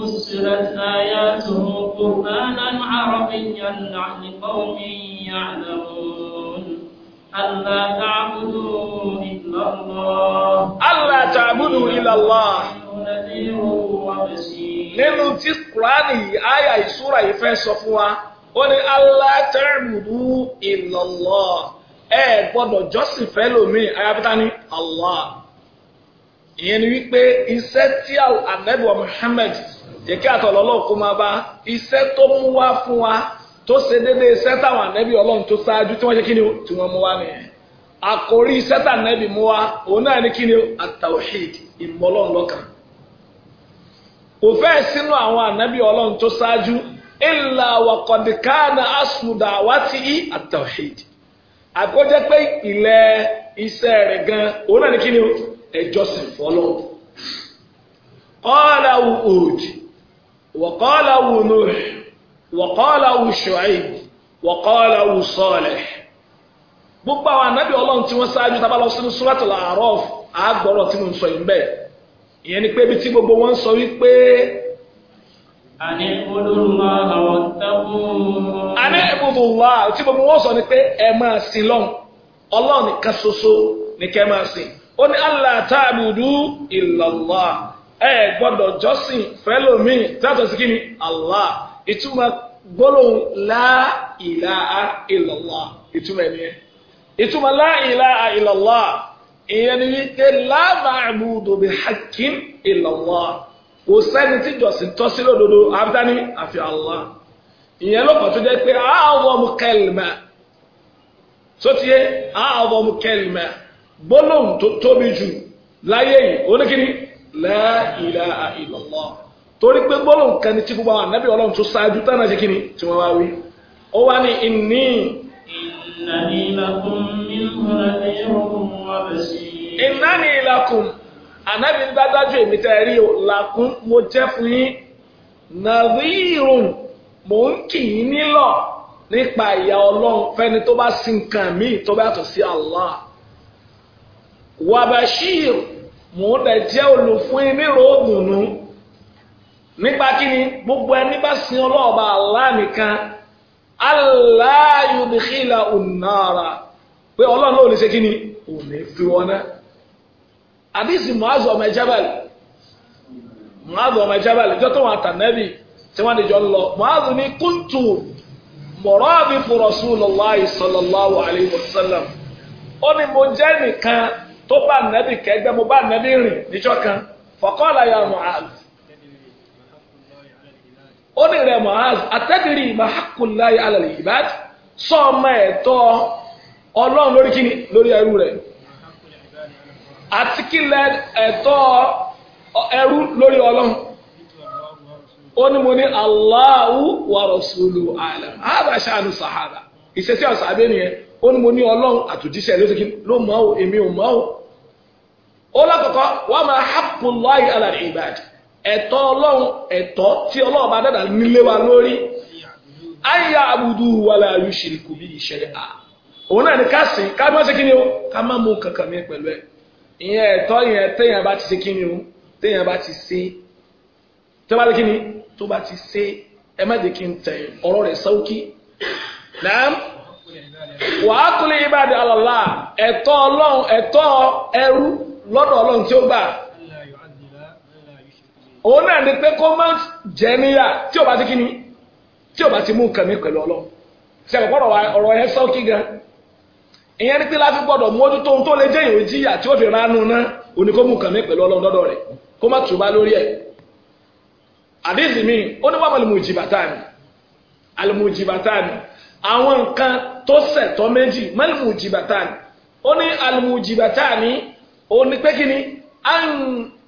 فصلت آياته قرآنا عربيا لقوم يعلمون ألا تعبدوا إلا الله ألا تعبدوا إلا الله نذير وبشير nínú tí kúránì yìí ó ní alátẹ́rùbù ìlọ́lọ́ ẹ gbọ́dọ̀ jọ́sìn fẹ́ lómi ayábítá ní allah ìyẹn ni wípé iṣẹ́ tí anabiwa muhammed jẹ́kí àtọ̀lọ́lọ́ kó máa bá iṣẹ́ tó mú wá fún wa tó ṣe iṣẹ́ táwọn anabi ọlọ́run tó ṣáájú tí wọ́n ṣe kí ni tí wọ́n mú wá nìyẹn mú wá òun náà ní kí ni atawhid ìmọ̀lọ́run kò fẹ́ẹ̀ anabi ọlọ́run tó ṣáájú ìlà wàkọ̀dìkánà asùdà àwátì i àtàwíd àkọjẹ́ pé ìlẹ̀ iṣẹ́ rẹ̀ gan òun náà ní kí ni ẹjọ́sìn fọlọ́ qala Hud wu qala Nuh wa qala Shu'aib wa qala Salih gbogbo àwọn ànábì ọlọ́run tí wọ́n ṣáájú tá lọ sínú àgbọ̀rọ̀ tí mo ń sọ yìí ni pé ibi gbogbo wọn àní olùmọ̀ọ́ ọ̀tẹ́kùn. àní ìbùdùwà tí gbogbo wọn sọ ni pé ẹ máa sin lọ́hùn ọlọ́run nìkan ṣoṣo ni kẹ́ máa sìn ó ní allah ta'budu illallah ẹ gbọ́dọ̀ jọ́sìn fẹ́lòmíì látọ̀ sí kíni allah ìtumọ̀ gbólóhùn la ilaha illallah ìtumọ̀ ẹni yẹn ìtumọ̀ la ilaha illallah ìyẹn ni wípé la ma'budu bihaqqin illallah kò sẹ́ni tí jọ̀sìn tọ́ sí lódodo abdani àfi Allah ìyẹn ló kàn tó jẹ́ pé àwọ̀ mu kẹlìmẹ̀ sotie àwọ̀ mu kẹlìmẹ̀ gbólóhùn tó tóbi jù láyé yìí oníkìní la ilaha illallah torí pé gbólóhùn kan ní tí gbogbo àwọn ànábì ọlọ́run tó ṣáájú tánà ṣe kíni tí wọ́n wá wí ó wá ní ìní. ìnáni lakum min hunadiyahum wa bashir. ìnáni lakum ànábì ń dájú èmi tẹ́ ẹ rí o làkún mo jẹ́ fún yín nàrírùn mò ń kì í nílọ̀ nípa ìyà ọlọ́run fẹ́ni tó bá sin nǹkan míì tó bá yàtọ̀ sí Allah wàbàṣír mò ń dẹ̀ jẹ́ olùfún yín nírò òdùnnú nípa kí gbogbo ẹni bá sin ọlọ́ọ̀bà Allah nìkan Allah yudkhila unnara pé ọlọ́run náà ò ṣe kí ni fi wọn náà àdìsí muazu ọmọ jabal muazu ọmọ jabal ìjọ tó wọn àtànẹ́bì tí wọ́n dìjọ lọ muazu ní kúntù mọ̀rọ́bì fún rasulullahi sallallahu alayhi wa sallam ó ní mo jẹ́ nìkan tó bá nẹ́bì kẹgbẹ́ mo bá nẹ́bì rìn níjọ́ kan faqala ya muazu ó ní rẹ̀ muazu atadiri mahakullahi alal sọ ọmọ ẹ̀tọ́ ọlọ́run lórí kíni lórí ẹrú rẹ̀ àti kí lẹ ẹ̀tọ́ ẹrú lórí ọlọ́run ó ní mo ní Allahu wa rasuluhu alam hada sha'nu sahaba ìṣesí ọ̀sán abẹ́ nìyẹn ó ní mo ní ọlọ́run àtòjíṣẹ́ ló mọ̀ ọ́ èmi ò mọ̀ ọ́ olakoko wa ma haqqullah ala al-ibad ẹ̀tọ́ Ọlọ́run ẹ̀tọ́ tí Ọlọ́run bá dada nílé wa lórí aya abudu wala yushriku bi shay'a òun náà ni ká sìn ká má ṣe kí ni o ká má mú kankan mi pẹ̀lú ẹ ìyẹn ẹ̀tọ́ yẹn téèyàn bá ti ṣe kí o téèyàn bá ti ṣe tó bá ti bá ti ṣe ẹ má kí n wà á kúlẹ̀ ìbàdí ẹ̀tọ́ ọlọ́run ẹ̀tọ́ ẹrú lọ́dọ̀ ọlọ́run tí ó gbà òun náà pé kó má níyà tí ò mú pẹ̀lú ọlọ́run ṣe àpapọ̀ ọ̀rọ̀ gan ìyẹn ni pé láti gbọ́dọ̀ mójútó ohun tó lè jẹ́ ìwé jìyà tí ó fi ránú ná oníkómù kàmí pẹ̀lú ọlọ́run dọ́dọ̀ rẹ̀ kó má tùbá lórí ẹ̀. àdéhìí mi ó ní wàhálà mùjìbàtàni àlùmùjìbàtàni àwọn nǹkan tó ṣẹ̀tọ́ méjì mẹ́lùmùjìbàtàni ó ní àlùmùjìbàtàni ó ní pé kí ni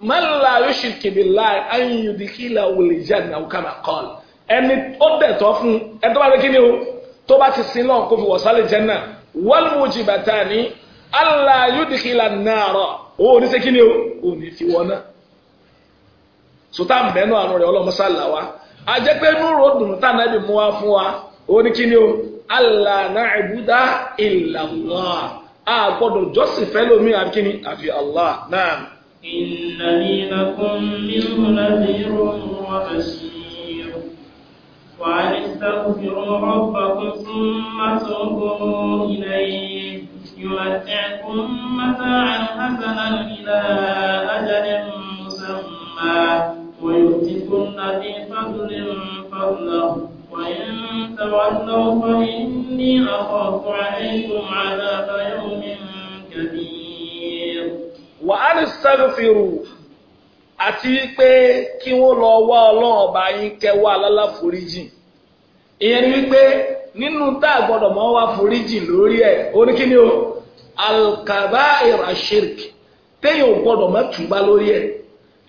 mẹ́lá yóṣù kìbìlá ayùdíkìlà òwòlè jáde náà ó dẹ̀ wàlmùjìbàtàní aláyúdìkìlà nàárọ̀ ó ní ṣe kí ni o ò ní fi wọn náà sọtá mẹ́nu àrùn rẹ̀ ọlọ́mọsálà wa ajẹ́pẹ́ núrò dùn tá nàbì mú wa fún wa ó ní kí ni o alànàìbúdá ìlàlá a gbọ́dọ̀ jọ́sìn fẹ́ lómi àbíkíní àfi Allah náà. ìlànà ìlàkùn nínú láti rọrùn wa fẹ̀sùn. وأن رَبَّكُمْ ربكم ثم توبوا إليه يمتعكم متاعا حسنا إلى أجل مسمى ويؤتي كل ذي فضل فضله وإن تولوا فإني أخاف عليكم عذاب يوم كبير وأن استغفروا àti pé kí wọ́n lọ wá ọlọ́run ọba yín kẹ́ wá ìyẹn ni wípé nínú tá a gbọ́dọ̀ mọ́ wá foríjì lórí ẹ̀ oníkíní o al-kaba'ir ash-shirk téèyàn ò gbọ́dọ̀ mọ́ túbá lórí ẹ̀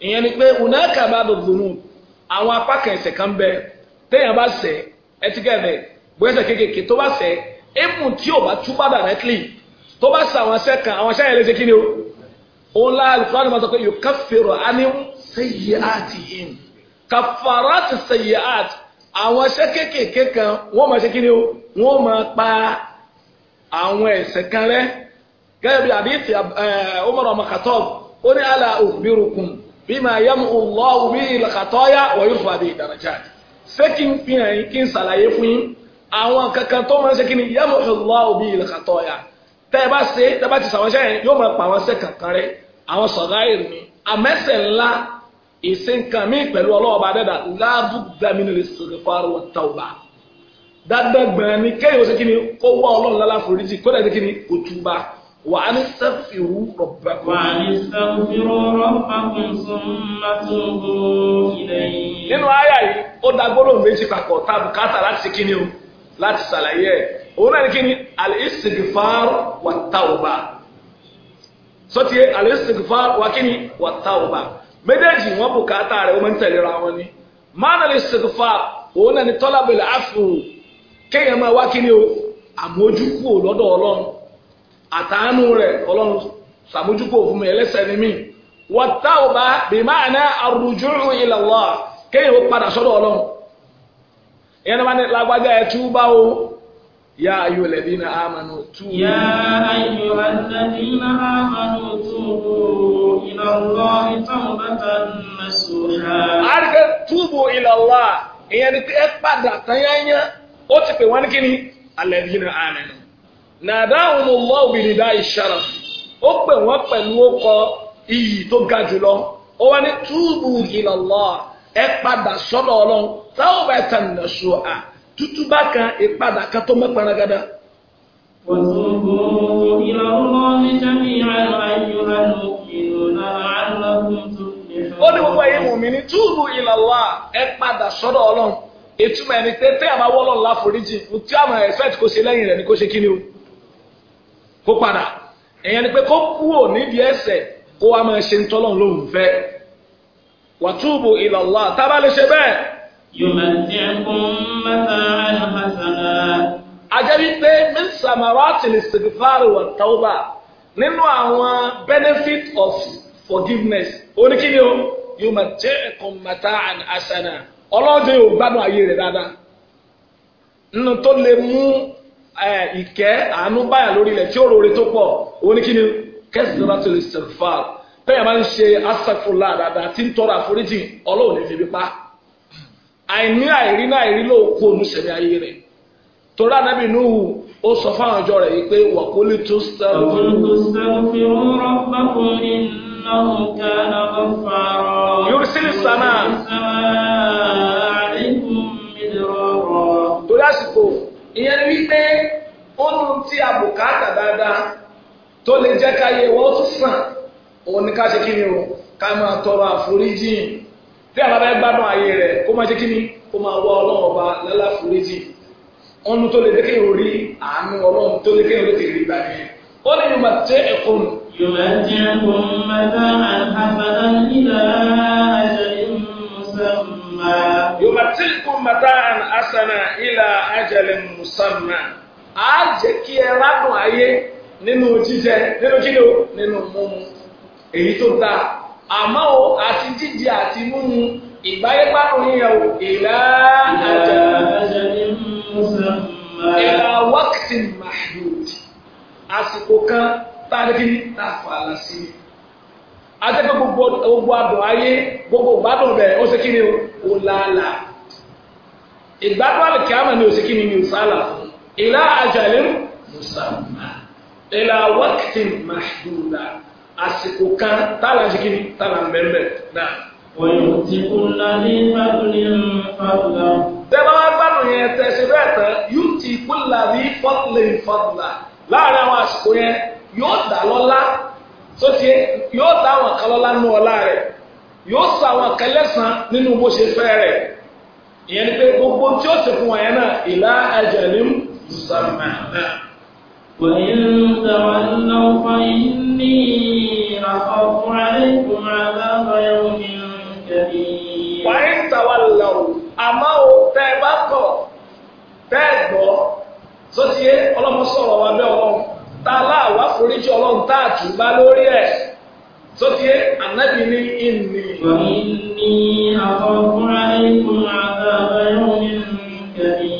ìyẹn ni pé unaka ba'du dhunub àwọn apá kan ẹ̀ṣẹ̀ kan bẹ téèyàn bá ṣẹ̀ ẹtíkẹ́ẹ̀bẹ̀ gbẹ́sẹ̀ kéékèèké tó bá ṣẹ̀ éèmù tí ò bá túbá directly tó bá ṣe àwọn ẹ̀ṣẹ̀ kan àwọn ẹ̀ṣẹ̀ yẹn lè ṣe kí o òun láàlùkọ́ àwọn ọmọ tó kọ́ yóò kaffiru anhum sayyi'atihim kaffarat sayyi'at àwọn iṣẹ́ kéékèèké kan wọ́n máa ṣe kí ni o wọ́n máa pa àwọn ẹ̀ṣẹ̀ kan rẹ́ gẹ́gẹ́ bí àdìsí eh, Umar ọmọ Khattab ó ní àlà ukhbirukum bima yamu Allahu bihi al-khataya wa yurfa bihi darajat ṣé kí n fi hàn yín kí n ṣàlàyé fún yín àwọn kankan tó máa ṣe kí ni yamu Allahu bihi al-khataya tẹ́ ẹ bá ṣe tẹ́ bá ti ṣàwọn iṣẹ́ yóò máa pa àwọn iṣẹ́ kankan rẹ́ àwọn sọ̀gáìrì ni àmẹ́sẹ̀ ńlá ìṣe nǹkan míì pẹ̀lú ọlọ́ọ̀bá dẹ́dà lábùdámínú lè sọ̀rọ̀ fáwọn wọn ta ọba dáadágbọ̀n ni kéèyàn ó ṣe kí ni kó wá ọlọ́run lálá foríjì kó dàdé kí ni kò túbà wà á ní sẹ́fìrú rọ̀bàkùn. wà á ní sẹ́fìrú rọ̀bàkùn summa tubu ilayhi. nínú àyà yìí ó dá gbọ́dọ̀ méjì papọ̀ tábù káàtà láti ṣe kí ni o láti ṣàlàyé ẹ̀ òun náà ní kí ni al-istighfar wa tawba sọ́tìyẹ al-istighfar kí ni wa tawba. méjèèjì wọ́n bùkátà rẹ̀ wọ́n tẹ̀léra wọn ni mánà lè ṣèkfà òun náà ni ma máa wá o àmójúkò lọ́dọ̀ ọlọ́run àtàánú rẹ̀ ọlọ́run sàmójúkò fún mi ẹlẹ́sẹ̀ ni mí wọ́táwò bá bí máa ná àrùjú ila ó padà náà إلى الله توبة نصوحا àríkẹ́ túbù إلى الله ìyẹn ni pé ẹ ti pè wọ́n ní kíni alladhina amanu nadahumu Allahu binida'i sharaf ó oh, pè wọ́n pẹ̀lú ọkọ iyì tó ga jùlọ ó wá ní túbù إلى الله ẹ padà sọ́dọ̀ ọlọ́run tawbatan nasuha tútúbà kan ìpadà kan tó ó ní gbogbo ẹ̀yin mùmíní túùbù ìlàlá ẹ padà sọ́dọ̀ ọlọ́run etu ẹni pé tẹ́ àbá wọ́lọ̀ ńlá foríjì tí kò ṣe lẹ́yìn rẹ ni kò ṣe kí ni o kó padà ẹ̀yẹn ni pé kó kúrò nídìí ẹsẹ kó wá máa ṣe ń tọ́lọ̀ lóhùn fẹ́ wàtúùbù ìlàlá tábà lè ṣe bẹ́ẹ̀. yumati'kum mata'an hasana. ajẹ́ wípé min samarati listigfari nínú àwọn benefit of forgiveness oníkíni o yóò máa jẹ́ mata and asana ọlọ́dún yóò gbádùn ayé rẹ̀ dáadáa nínú tó lè mú ìkẹ́ àánú báyà lórí ilẹ̀ tí ó tó pọ̀ oníkíni kẹ́sìdọ́lá tó lè sẹ̀fà bẹ́ẹ̀ máa ń ṣe asàfùlà dáadáa tí ń tọrọ pa àìní àìrí náà àìrí ayé torí ó sọ fáwọn ọjọ́ rẹ̀ wípé wà kó lè tó sẹ́wọ̀n. àwọn olùsọ̀fìrú rọ́bà kò ní náà ká náà fàárọ̀. yóò sì sànà. torí àsìkò ìyẹn ni wípé ó nu ti àbùkátà dáadáa tó lè jẹ́ káyé wọ́n tún sàn òun ni ká ṣe kí ni o ká máa tọrọ àforíjì bí àwọn abẹ́ gbádùn ayé rẹ̀ kó máa ṣe kí ni kó máa wá ọlọ́run ọba lálàforíjì ọ̀nù tó lè dé kéèyàn rí àánú ọlọ́run tó lè kéèyàn lè ti rí gbà yẹn ó ní yorùbá tẹ ẹ̀kọ́ nù. yorùbá jẹ́ ẹ̀kọ́ mẹ́ta àbàdàn nílà ajalin musamma. yorùbá tẹ ẹ̀kọ́ mẹ́ta àṣàna ìlà ajalin musamma. a jẹ́ kí ẹ rádùn ayé nínú jíjẹ nínú kí ni o nínú mímu èyí tó dáa àmọ́ o àti jíjẹ àti mímu ìgbáyé gbádùn yíyan o ìlà ajalin musamma. مسمى إلى وقت محدود àsìkò kan tá a lè kí ni tá a fà á sí i adẹ́gbẹ́ gbogbo gbogbo ayé gbogbo ìgbádùn rẹ̀ ó ṣe kí ni o làálà ìgbádùn àlùkí àmà ni ó ṣe kí ni ni o sálà ìlà àjàlẹ́ musamman ìlà wákìtì màdùlá àsìkò kan tá a lè ṣe kí ni tá a wọ́n yóò ti kún lálẹ́ fàbùlẹ̀ fàbùlẹ̀ tẹ́lá wá gbádùn yẹn tẹ̀sí bẹ́ẹ̀ tán yóò ti kúlà ní fọ́tìlẹ̀ fọ́tìlà láàrin àwọn àsìkò yẹn yóò dà lọ́lá sóti yóò dà àwọn kan lọ́lá nù ọ̀la rẹ̀ yóò sọ àwọn kan lẹ́sàn nínú bó ṣe fẹ́ rẹ̀ ìyẹn ni pé gbogbo tí ó sì fún wọn yẹn náà ìlà ẹ̀jẹ̀ ní mùsàlùmá náà. وإن تولوا فإني أخاف عليكم عذاب يوم wàá ń tàwa lọ àmọ́ o tẹ́ ẹ bá kọ̀ tẹ́ ẹ gbọ́ sọ́tìyé ọlọ́mọ sọ̀rọ̀ wa bẹ́ẹ̀ ọlọ́run tá a lá àwa foríjì ọlọ́run tá a tù bá lórí ẹ̀ sọ́tìyé ànábì ní ìnì. ìnì àkọ́kúnra ikùn àtàwọn ẹ̀rọ mi ń kẹ́mi.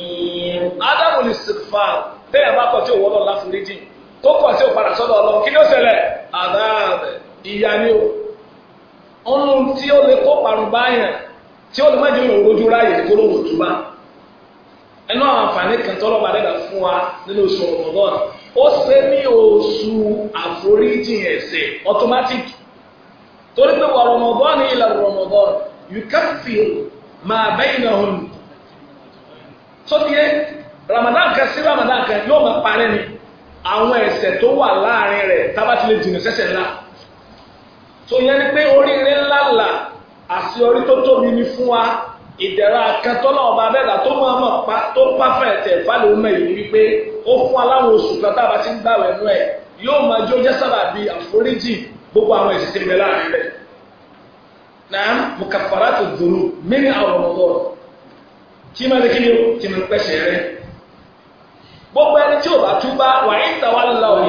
ádámù ní sèkfà tẹ́ ẹ bá kọ̀ tí òwò ọlọ́run láforíjì tó kọ̀ tí ò padà sọ́dọ̀ ọlọ́run kí ló ṣẹlẹ̀ àdáàbẹ̀ ìyá ni o. ọlọ́run tí ó lè kó parun báyàn tí ó lè má jẹun òrojú ráyè kó lóhùn òtúbá ẹnu àwọn àǹfààní kan tọ́lọ́ bá fún wa nínú oṣù ọ̀mọ̀dọ́n ó ṣe ní oṣù àforíjìn ẹ̀ṣẹ̀ automatic torí pé wà rọmọdọ́n ila rọmọdọ́n ramadan kan sí ramadan kan yóò máa parẹ́ ni àwọn ẹ̀ṣẹ̀ tó wà láàrin rẹ̀ tábàtì lè jìnnà sẹ́sẹ̀ tó yẹn ni pé oríire ńlá là àṣeyọrí tó tóbi ni fún wa ìdẹ̀ra kan tọ́lá ọba abẹ́dà tó máa mọ̀ pa tó pàfẹ́ẹ̀tẹ̀ ìbálò ọmọ yìí wípé ó fún aláwọn oṣù kan tá a bá ti ń gbàwẹ̀ nú ẹ̀ yóò máa jó jẹ́ sábà bí àforíjì gbogbo àwọn ìṣẹ̀ṣẹ̀ rẹ̀ láàrin rẹ̀ náà mùkàfàrà tó dùnú mímí àwọn ọmọ ọ̀rọ̀ tí máa ní kíni tí máa ń rẹ̀ gbogbo ẹni tí ò bá túbá wàá ń tàwa lọ́wọ́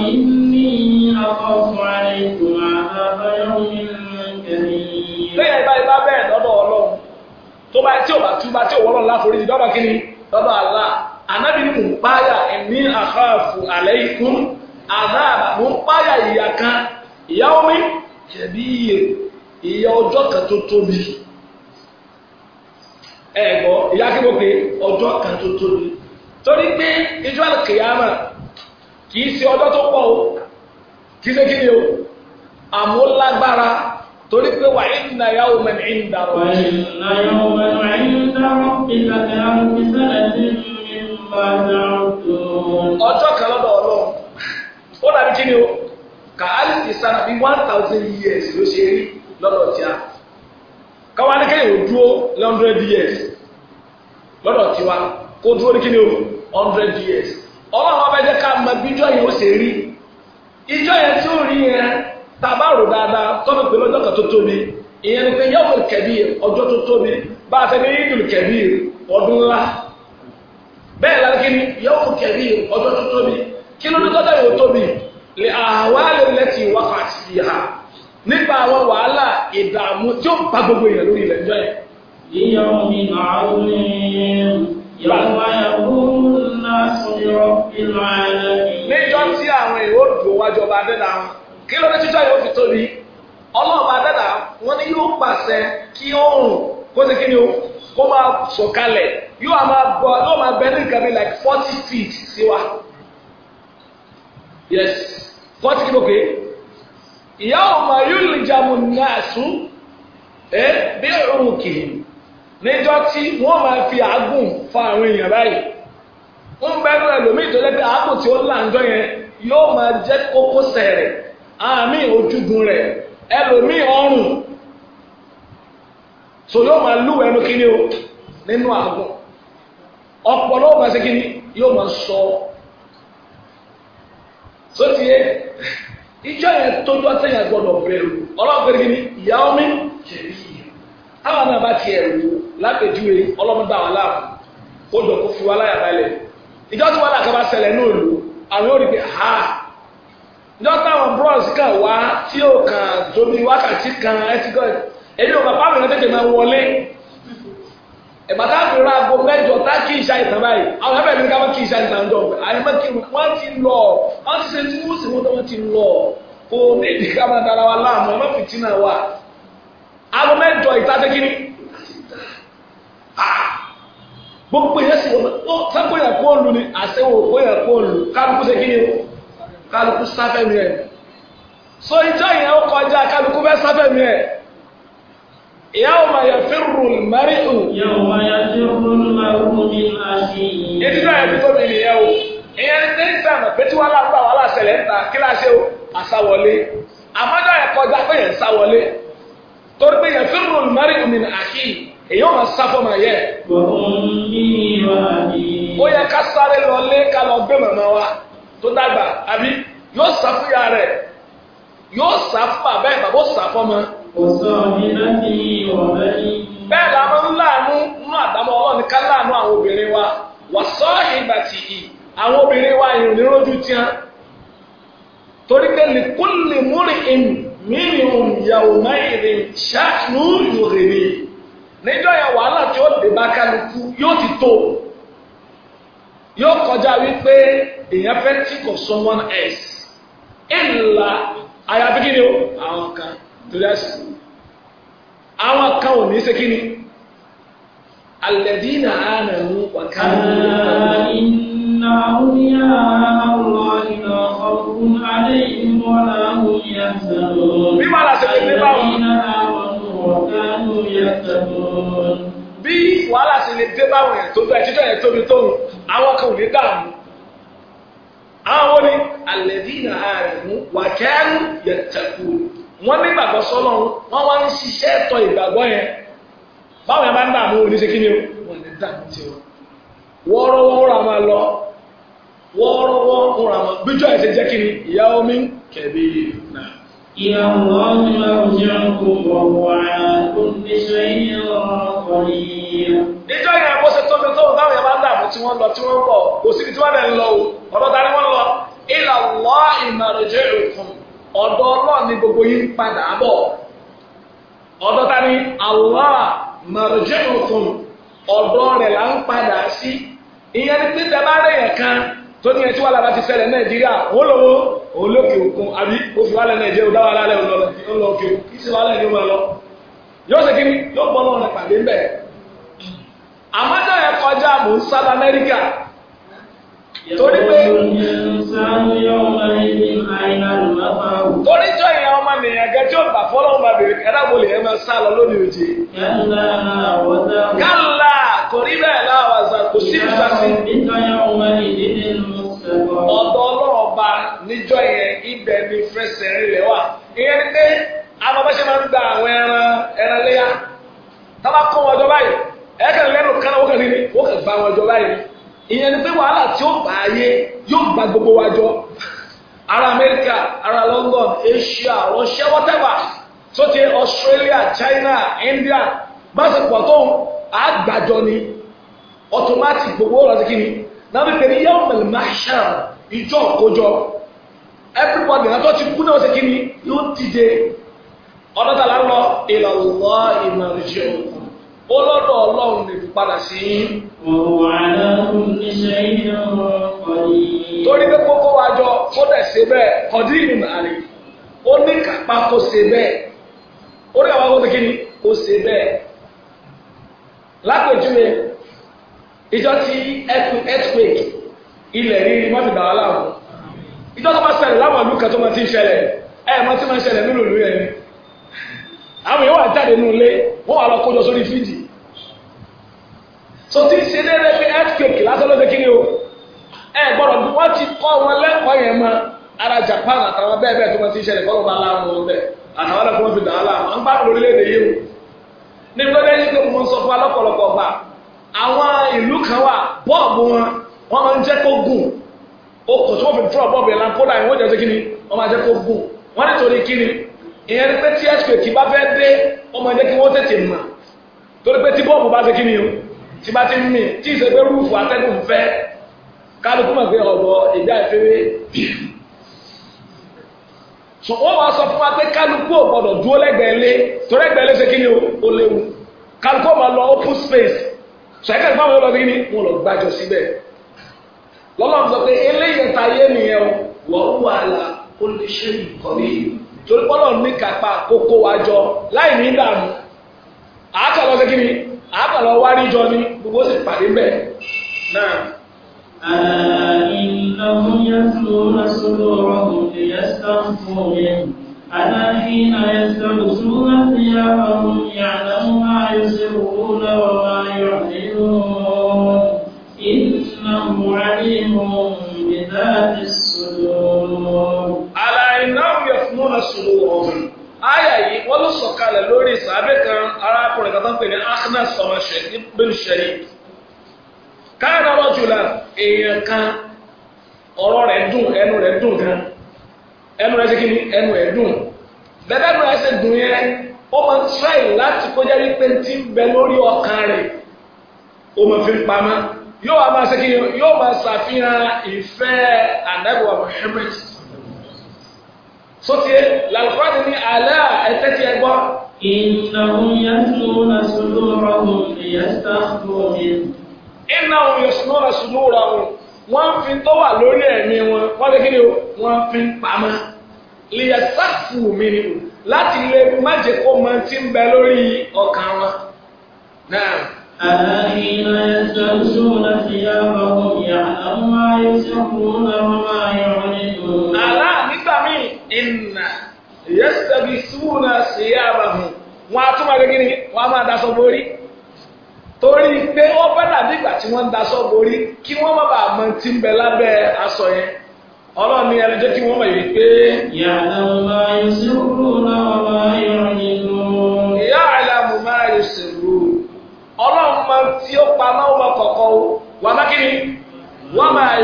yìí. أخاف عليكم عذاب يوم كبير lẹ́yìn báyìí bá bẹ̀rẹ̀ lọ́dọ̀ ọlọ́run tó bá tí ò bá tú bá tí ò wọ́lọ́ láforí ti dọ́bà kíni dọ́bà àlá ànábì ni mò kan ìyá omi ẹ̀bí iye ìyá ọjọ́ kan tó tóbi ẹ̀gbọ́ ìyá kí mo pè ọjọ́ torí pé ìjọ àlùkìyàmà kì ṣe ọjọ́ tó pọ̀ o kì í o àmúlágbára torí pé wà ìnà yàwó yàwó mẹ́rin ìnà rọ̀ ìlànà ọjọ́ kan lọ́dọ̀ ọlọ́run ó dàbí kí o kà á lè ti sára bí one thousand years ló ṣe rí lọ́dọ̀ tí a káwá ní kéèyàn dúró hundred years lọ́dọ̀ kó dúró ní kí o hundred years ọlọ́run ọba jẹ́ ká mọ ó ṣe rí. Ijọ yẹn tí ó rí yẹn tá rò dáadáa tọ́nà pé lọ́jọ́ kan tó tóbi ìyẹn ni a fẹ́ ní ọdún ńlá bẹ́ẹ̀ ni yọ̀ọ̀mù kẹ̀bíyè ọjọ́ tó tóbi kí ló ní tọ́jà tóbi lè lẹ́tì ha nípa àwọn wàhálà ìdààmú tí ó gbogbo lórí ilẹ̀ ìjọ yẹn. Yàwó tí àwọn èèyàn dùn wájú ọba Adẹ́dà, kí ló dé títọ́ yóò fi tóbi? Ọlọ́ọ̀ba Adẹ́dà wọ́n ní yóò pàṣẹ kí kó ti kí ni o, kó máa sọ̀kalẹ̀, yóò máa yóò máa bẹ ní nǹkan bíi like forty feet sí Yes, forty pé? Ìyá yóò lè ẹ níjọ́ tí wọ́n máa fi àágùn fa àwọn èèyàn báyìí ń bẹ́ẹ̀ rẹ̀ lómi ìtọ́lẹ́ pé àágùn tí ó là ń jọ yẹn yóò máa jẹ́ kókósẹ̀ rẹ̀ àmì ojúgun rẹ̀ ẹlòmí ọrùn so yóò máa lù ẹnu kíní o nínú àágùn ọpọlọ ọba kíní yóò máa sọ sótìyẹ ìjọ yẹn tó dọ́tẹ́yà gbọdọ̀ bẹ̀rù ọlọ́ọ̀bẹ̀rẹ̀ kíní ìyá omi kẹ̀rí táwọn náà bá tiẹ̀ wò lápèjúwe ọlọ́mọdé àwọn aláàbò ó dọ̀ fi wá láyà balẹ̀ ìjọ tí wàhálà kan bá ṣẹlẹ̀ náà àwọn ha ìjọ bros kan wá tí kàn wákàtí kan bàbá mi náà tètè máa wọlé àgbo tá kí ìṣá ìtàn báyìí àwọn ẹbẹ mi kí ìṣá ìtàn àyẹmọ kí wọn ti lọ wọn ti ṣe tí wọn sì wọn ti lọ kò aago mẹ́jọ ìtàkì kínní ah! gbogbo yẹn sì wọ́n sáko yẹn kó lu ni àsẹ́wò kó yẹn kó lu kálukú ṣe kínní o kálukú sáfẹ́ mi so ìjọ yẹn ó kọjá kálukú bẹ́ sáfẹ́ mi ẹ̀ ìyáwó máa yẹ fẹ́rù mẹ́rin o. ìyáwó máa yẹ fẹ́rù mẹ́rin ní àṣì. etí náà yẹ fífọ́ mi nìyẹn o ìyẹn ní tẹ́lẹ̀ sàn pẹ̀tí wàhálà gbà wàhálà ṣẹlẹ̀ ń ta kíláàsì o àsáwọlé àmọ́jọ́ yẹn kọjá pé yẹn ń torí ya yẹn fẹ́ràn olùmọ́rí òmìnira àkì èyí wọn sá fún ma ye ó yẹ ká sáré le ka lo gbe mama wa to dagba "abi, yóò sá ya re yóò sá fún bàbá ẹ̀ bàbá ó sá fún ọmọ. kò sọ ní láti ọ̀rẹ́ yìí. bẹ́ẹ̀ la máa ń láàánú nínú àdámọ́ ọlọ́run ká láàánú àwọn obìnrin wa wà sọ ìgbà tì í àwọn obìnrin wa ìrìn lójú tiẹ̀ torí pé nìkúlì múrin ìmù. Minimum, yàwòmá ìrìn ṣáàánú ìròyìn níjọ́ yẹn wàhálà tí ó dé bá kálukú yóò ti tó yóò kọjá wípé èèyàn fẹ́ tí kò someone else ìlà àyàfi kí ni o àwọn kan torí àṣìṣe àwọn kan ò ní í ṣe kí ni alẹ́dínà ànàmú wàkàrà. ìnáwó yà á lọ ìnáwó ọ̀gbun alẹ́ yìí bí má la ṣe lè dé báwọn bí wàhálà ṣe lè dé báwọn yẹn tó bẹ́ẹ̀ títọ́ yẹn tóbi tó àwọn kan ò ní dààmú àwọn ni àlẹ́bí nà ààrẹ mú wà kẹ́rù yẹn tẹ̀kù wọ́n ní ìgbàgbọ́ sọ́nà wọ́n wá ń ṣiṣẹ́ tọ ìgbàgbọ́ yẹn báwọn yẹn bá ń dààmú oníṣe kí ni o wọ́n ní dààmú tiwọn wọ́ọ́rọ́wọ́ọ́rọ́ àwọn àlọ́ wọ́ọ́rọ́wọ́ múra wọn bíjọ́ ẹ̀ ṣe jẹ́ kí ni ìyá omi kẹ̀bí náà. ìyàwó ọ̀hún ọ̀jọ́ kò bọ̀ wá lóníṣẹ́ ìrọ̀kọ̀rin. ìjọ yẹn bó ṣe tóbi tó báwọn yẹn bá ń dààmú tí wọ́n lọ tí wọ́n bọ̀ kò síbi tí wọ́n lè lọ o ọ̀dọ̀ ta ni wọ́n lọ. ìlà wọ́ ìmọ̀rẹ̀jẹ̀ ìkùn ọ̀dọ̀ ọlọ́ọ̀ ni gbogbo yín padà bọ̀ ọ̀dọ̀ ta ni Allah mọ̀rẹ̀jẹ̀ ìkùn ọ̀dọ̀ rẹ̀ là ń padà sí kan tó ní ẹtí wà lára ti ṣẹlẹ̀ nàìjíríà wọ́n lọ́wọ́ olókè òkun àbí oṣù wà lẹ́ nàìjíríà ó dá wà lálẹ́ ọ̀nà òkè kí sí wà lẹ́ ní wọn lọ yóò ṣe kí ni yóò gbọ́ náà pàdé ń bẹ̀. àmọ́tẹ́ ẹ kọjá mò ń sá lamẹ́ríkà torí pé torí jọ ìyá ọmọ nìyẹn gẹ tí ó gbà fọlọ́ ọmọ bèrè kẹ́dá mo lè ẹ máa sá lọ lónìí òjì. kálá kò bẹ́ẹ̀ ọdọ ọlọ́ọ̀ba níjọ́ yẹn ibẹ̀ ni fẹsẹ̀ rẹ̀ wà ìyẹn ni pé abọ́bẹ́sẹ̀ máa ń gba àwọn ẹran ẹran léyà tábà kó wọn jọ báyìí ẹ̀ẹ́kẹ̀ lẹ́nu kánà wọ́n kàn ní wọ́n kàn gba wọn jọ báyìí ìyẹn ni pé wàhálà tí ó bá gba gbogbo wa jọ Amẹ́ríkà London Asia tó ti Australia China India bá ti pọ̀ tó àgbàjọ ni Nabi bí pẹ̀lú yẹ́wò pẹ̀lú mahshar ìjọ òkójọ everybody náà tó ti kú náà ó ṣe kí ni yóò dìde ọ̀dọ́ tà lálọ́ ìlọ̀lọ́ ìmọ̀lẹ́jọ́ ó lọ́dọ̀ ọlọ́run lè fi padà sí. òwò àlọ́kùn ní ṣe iná ọ̀pọ̀lì. torí pé kókó wa jọ kó dẹ̀ ṣe bẹ́ẹ̀ kọ̀dí ìmàlè ó ní kápá kó ṣe bẹ́ẹ̀ ó ní kápá kó ṣe kí kó ṣe bẹ́ẹ̀ lápèjúwe ìjọ tí earthquake ilẹ̀ rírí mọ́tì bàá láwọn ìjọ tó máa ṣẹlẹ̀ láwọn ìlú kan tó máa ti ń ṣẹlẹ̀ ẹ̀ mọ́ tí máa ń ṣẹlẹ̀ nílùú ìlú yẹn àwọn èèyàn wà jáde nínú ilé wọ́n wà lọ sórí fídì tí ṣe lẹ́rẹ́ pé earthquake wọn lẹ́kọ̀ọ́ ara Japan àtàwọn bẹ́ẹ̀ bẹ́ẹ̀ tó máa ti ń ṣẹlẹ̀ kọ́lọ́ bá láwọn wọn àwọn ìlú kan wà bọ́ọ̀bù wọn wọ́n máa ń jẹ́ kó gùn okùn tí wọ́n fi dúró bọ́ọ̀bù yẹn lan kódà ìwọ́n jẹ́ kíni wọ́n máa jẹ́ kó gùn wọ́n nítorí kíni ìyẹn ni pé tí earthquake bá fẹ́ dé wọ́n máa jẹ́ kí wọ́n tètè mà torí pé tí bọ́ọ̀bù bá ṣe kíni o tí bá ti mì tí ìṣe pé rúùfù atẹ́gùn fẹ́ kálukú mọ̀ pé ọ̀bọ̀ ìgbà ìfẹ́wé wọ́n wá sọ fún wa pé kálukú ò gbọ́dọ̀ dúró lẹ́gbẹ̀ẹ́ lé torí ẹgbẹ̀ẹ́ lé o ó léwu kálukú ò máa lọ open space sọ̀yẹ́kẹ́ ìfọ́n wọn lọ sí ní wọn lọ gbàjọ síbẹ̀ lọ́lọ́run sọ pé eléyìí ta yé nìyẹn wọ́n wà lá kó lè ṣe ìkọ́lé torí pọ́lọ̀ ní kápá kókó wa jọ láì ní dààmú àákàlọ́ sí kíni àákàlọ́ wárí jọ ní gbogbo sì pàdé bẹ́ẹ̀ náà. إنهم يتلون صدورهم ليستخفوا منه ألا حين يستغسون ثيابهم يعلم ما يسرون وما يعلنون إنه عليم بذات الصدور ألا إنهم يفنون صدورهم aya yìí wọ́n ló sọ̀kalẹ̀ lórí ìsàbẹ̀ kan arákùnrin kan tó ń pè ní Akhnas káàdà rọ́jùlá èèyàn kan ọ̀rọ̀ rẹ̀ dùn ẹnu rẹ̀ dùn gan ẹnu rẹ ṣe kí ni ẹnu ẹ dùn bẹ́ẹ̀ ẹnu rẹ ṣe dùn yẹn ó máa ń tíráì láti kọjá rí pé ti ń bẹ lórí ọkàn rẹ̀ ó máa fi ń pamọ́ yóò wá máa ṣe kí ni yóò máa ṣàfihàn ìfẹ́ ànágbèwà Muhammad sóti làlùfáàdì ní alẹ́ ẹ̀tẹ́ tí ẹ gbọ́. ìnáwó yẹn tó na sùnúra òun ìyẹn tó na sùnúra òun. ìnáwó yẹn tó na sùnúra òun. wọ́n fi tó wà lórí ẹ̀mí wọn wọ́n fi kíni o wọ́n fi ń pamọ́ lìyà sáfù mi ni o láti lè má jẹ́ kó ń bẹ lórí ọkàn wọn. náà. الذين يستغشون ثيابهم يعلم ما يسرون àlá nígbà ìnà wọ́n á tún máa gẹ́gẹ́ ni máa daṣọ torí pé ó fẹ́ dàbí ìgbà tí wọ́n ń daṣọ borí kí wọ́n má bàa mọ tí ń bẹ lábẹ́ aṣọ yẹn ọlọ́run ní ẹni jẹ́ kí wọ́n mọ̀ yìí pé. máa yọ sí náà máa yọ nínú. ìyá àlàmù máa yọ ọlọ́run máa ó paná ọmọ kọ̀ọ̀kan o má wọ́n máa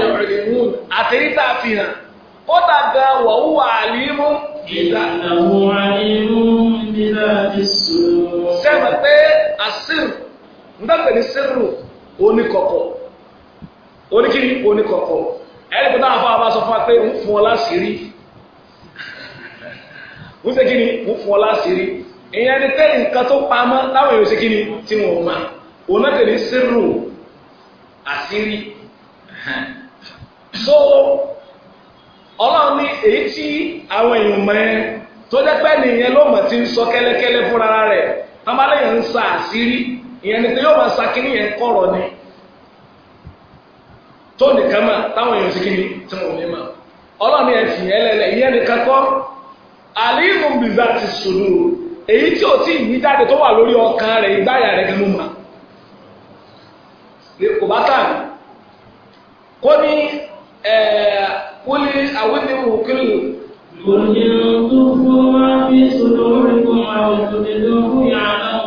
yọ fi hàn ó dàgbà ntàgbẹ̀ ní sẹ́rù oníkọ̀kọ̀ oníkìrí oníkọ̀kọ̀ ẹ̀rí pé táwọn afáwọn bá sọ fún wa pé ń fún ọ láṣìírí ń ṣe kíni ń fún ọ láṣìírí ìyẹn ni pé nǹkan tó pamọ́ èèyàn ṣe kíni tí wọ́n mọ̀ ní àṣírí so ọlọ́run ní èyí tí àwọn èèyàn mọ̀ ẹ́ tó jẹ́ nìyẹn ló mọ̀ tí ń sọ kẹ́lẹ́kẹ́lẹ́ ìyẹn ni pé yóò máa yẹn kọ̀rọ̀ ni tó táwọn èèyàn sì tí ní mà ọlọ́ọ̀ni ẹ̀ fi yẹn ìyẹn ti sòdò èyí tí ò tí ì jáde tó wà lórí ọkàn ìgbáyà kò bá tà ní kó ní kílù. tó fún wa fi sọ̀rọ̀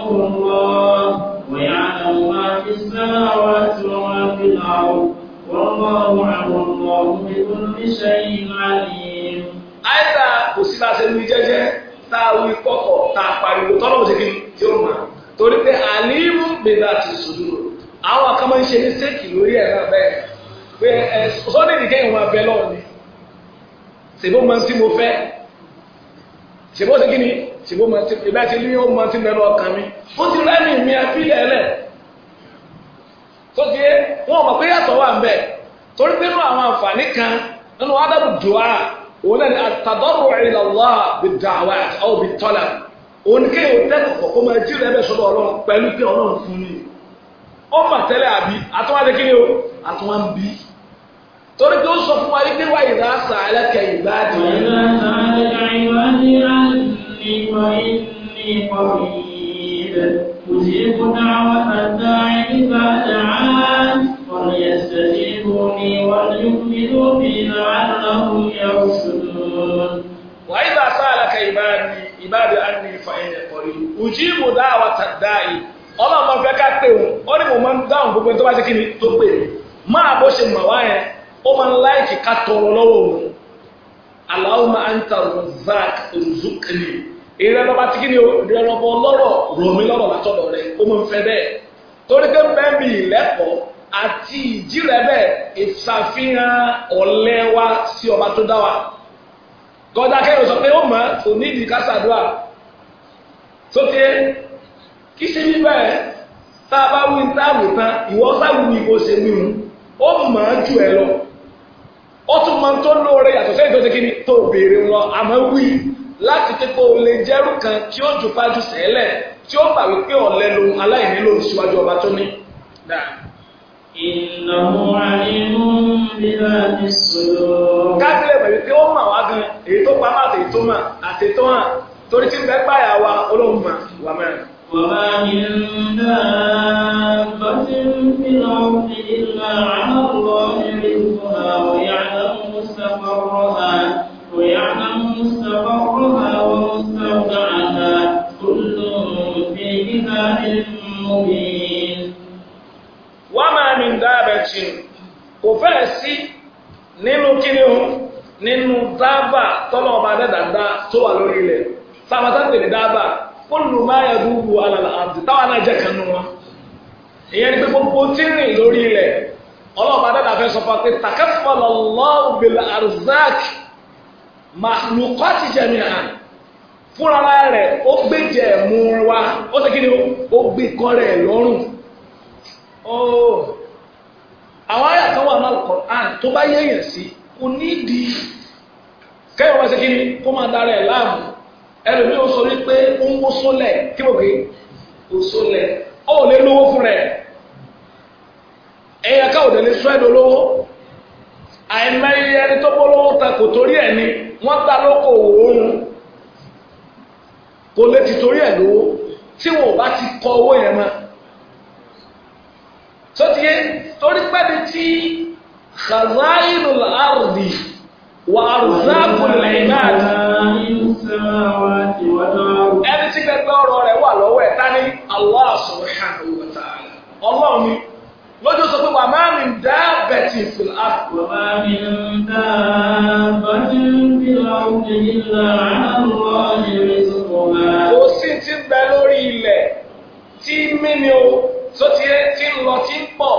orí ويعلم ما في السماوات وما في الأرض والله والله بكل شيء عليم àìsà kò sí bá a ṣe ní jẹ́jẹ́ tá a wí kọ́kọ̀ tá a pariwo tọ́lọ̀ bó ṣe kí tí ó mọ̀ torí pé àlímù bèbè àti sùdúrò àwọn kan máa ń ṣe ní séèkì lórí ẹ̀ náà bẹ́ẹ̀ pé ẹ sọ́dẹ̀ nìkẹ́yìn wọn abẹ́ lọ́wọ́ ni ṣèbó máa ń tí mo fẹ́ ṣèbó ṣe kí ni ṣèbó máa ti ìbá ti ní ó máa ti mẹ́nu ọkàn mi ó ti rẹ́mi mi àfilẹ̀ ẹlẹ̀ tó ti yé wọn ò mọ̀ pé yàtọ̀ wà ń bẹ̀ torí pé nínú àwọn àǹfààní kan nínú adabu dùá òun náà ni àtàdọ́rù ila Allah bid-da'wa aw bit òun ké o dẹ́kọ̀ọ́ kó máa jí rẹ̀ bẹ́ sọ́dọ̀ ọlọ́run pẹ̀lú pé ọlọ́run fún ni ó mà tẹ́lẹ̀ àbí àtúwádé kí o àtúwá ń bí torí pé ó sọ fún wa yìí pé wà ìdá àṣà ẹlẹ́kẹ̀ ìgbà àdì. ìdá àṣà ẹlẹ́kẹ̀ ìgbà àdì láti wà ní ìkọ̀ ìbẹ̀ kò sí kó náà wà tàǹtà ìgbà dàá wọ́n yẹ sẹ́yìn ìbomi wọ́n yóò fi lómi láàárọ̀ yẹ̀wò sùn. wà ìdá àṣà ẹlẹ́kẹ̀ ìgbà àdì ìgbà àdì àdì ìfà ẹ̀yẹ̀ kọ̀rí. òjì ìbùdá àwọn tàǹtà yìí ọlọ́run fẹ́ ká pè wọ́n ó ní mo máa ń dáhùn gbogbo tó bá ti kí ni tó pè máa bó ṣe mọ̀ wá ó máa ń láìkì ká tọrọ lọ́wọ́ òun Allahumma anta razzaq ruzukni ìrẹ́lọ́ba tí kí ni ìrẹ́lọ́ba ọlọ́rọ̀ rọ̀mí lọ́rọ̀ látọ̀dọ̀ rẹ̀ ó máa ń fẹ́ bẹ́ẹ̀ torí pé bẹ́ẹ̀ mi àti ọ̀lẹ́ wa sí ọba tó dá wa gọ́dá kẹ́yọ̀ sọ pé ó mọ̀ kò ní ìdí sókè kí ṣe tá a bá wí ó tún máa ń tó lóore yàtọ̀ sẹ́yìn tó ti kíni tó béèrè wọn àmọ́ wí láti pípọ́ olè jẹ́rú kan tí ó jù pájú sẹ́lẹ̀ tí ó gbà wípé ọ̀lẹ ló aláìní ló ń síwájú ọba tó ní. ìnáwó àìmú bílá ní sọ̀rọ̀. kábílẹ̀ pẹ̀lú pé ó mà wá gan èyí tó pa má àtètò mà àtètò hàn torí tí ń bẹ́ pààyà wa olóhùn mà wà mẹ́rin. وما من دابة في الأرض إلا على الله رزقها ويعلم فوقها ومستودعها كل في كتاب kò وما sí nínú kíni nínú dábà tọ́lọ̀ ọba dẹ́dàdá tó wà lórí ilẹ̀ sábàtà pè dábà kóòlù dúró alàlà àti táwọn náà jẹ́ kanú ìyẹn ni pé gbogbo tí ń rìn lórí ilẹ̀ ọlọ́ọ̀bá sọ fún wa pé mahlukati jami'an fúnra rẹ̀ ó gbé jẹ̀mú wa ó sì kíni ó gbé lọrùn lọ́rùn àwọn àyà kan wà náà Qur'an tó bá yẹ̀yẹ̀ sí kò nídìí kẹ́yìn wá sí kíni kó máa dára láàmú ẹlòmíì ó sọ wípé ó ń wó kí ó lè lówó fún ká àìmọye ẹni tó ta kò torí ẹni ni wọ́n ta owó òórùn kò lè ti torí ẹ̀ lówó tí wọn ò bá ti kọ owó yẹn mọ́ torí pẹ́ni tí khazainul ardi wà arzakul ibad ẹni tí gbẹgbẹ rẹ̀ wà lọwọ ẹ̀ tani Allah subhanahu wa ni. lọ́jọ́ sọ pé wà máa mi ń dá bẹ̀tì fìlà á. wà máa mi ń dá bàtí fìlà òkè ìlà àlọ́ ìrìn sọ̀rọ̀ náà. kò sí ti ń bẹ lórí ilẹ̀ tí mímí o tó ti ń lọ tí ń pọ̀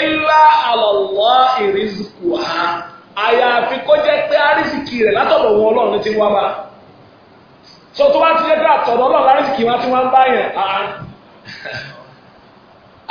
ìlà àlọ́lọ́ ìrìn sọ̀rọ̀ náà. àyàfi kó jẹ́ pé àrísìkì rẹ̀ látọ̀dọ̀ wọn ọlọ́run ti wá bá. sọ tó bá ti jẹ́ pé àtọ̀dọ̀ ọlọ́run àrísìkì wọn ti wá ń bá yẹn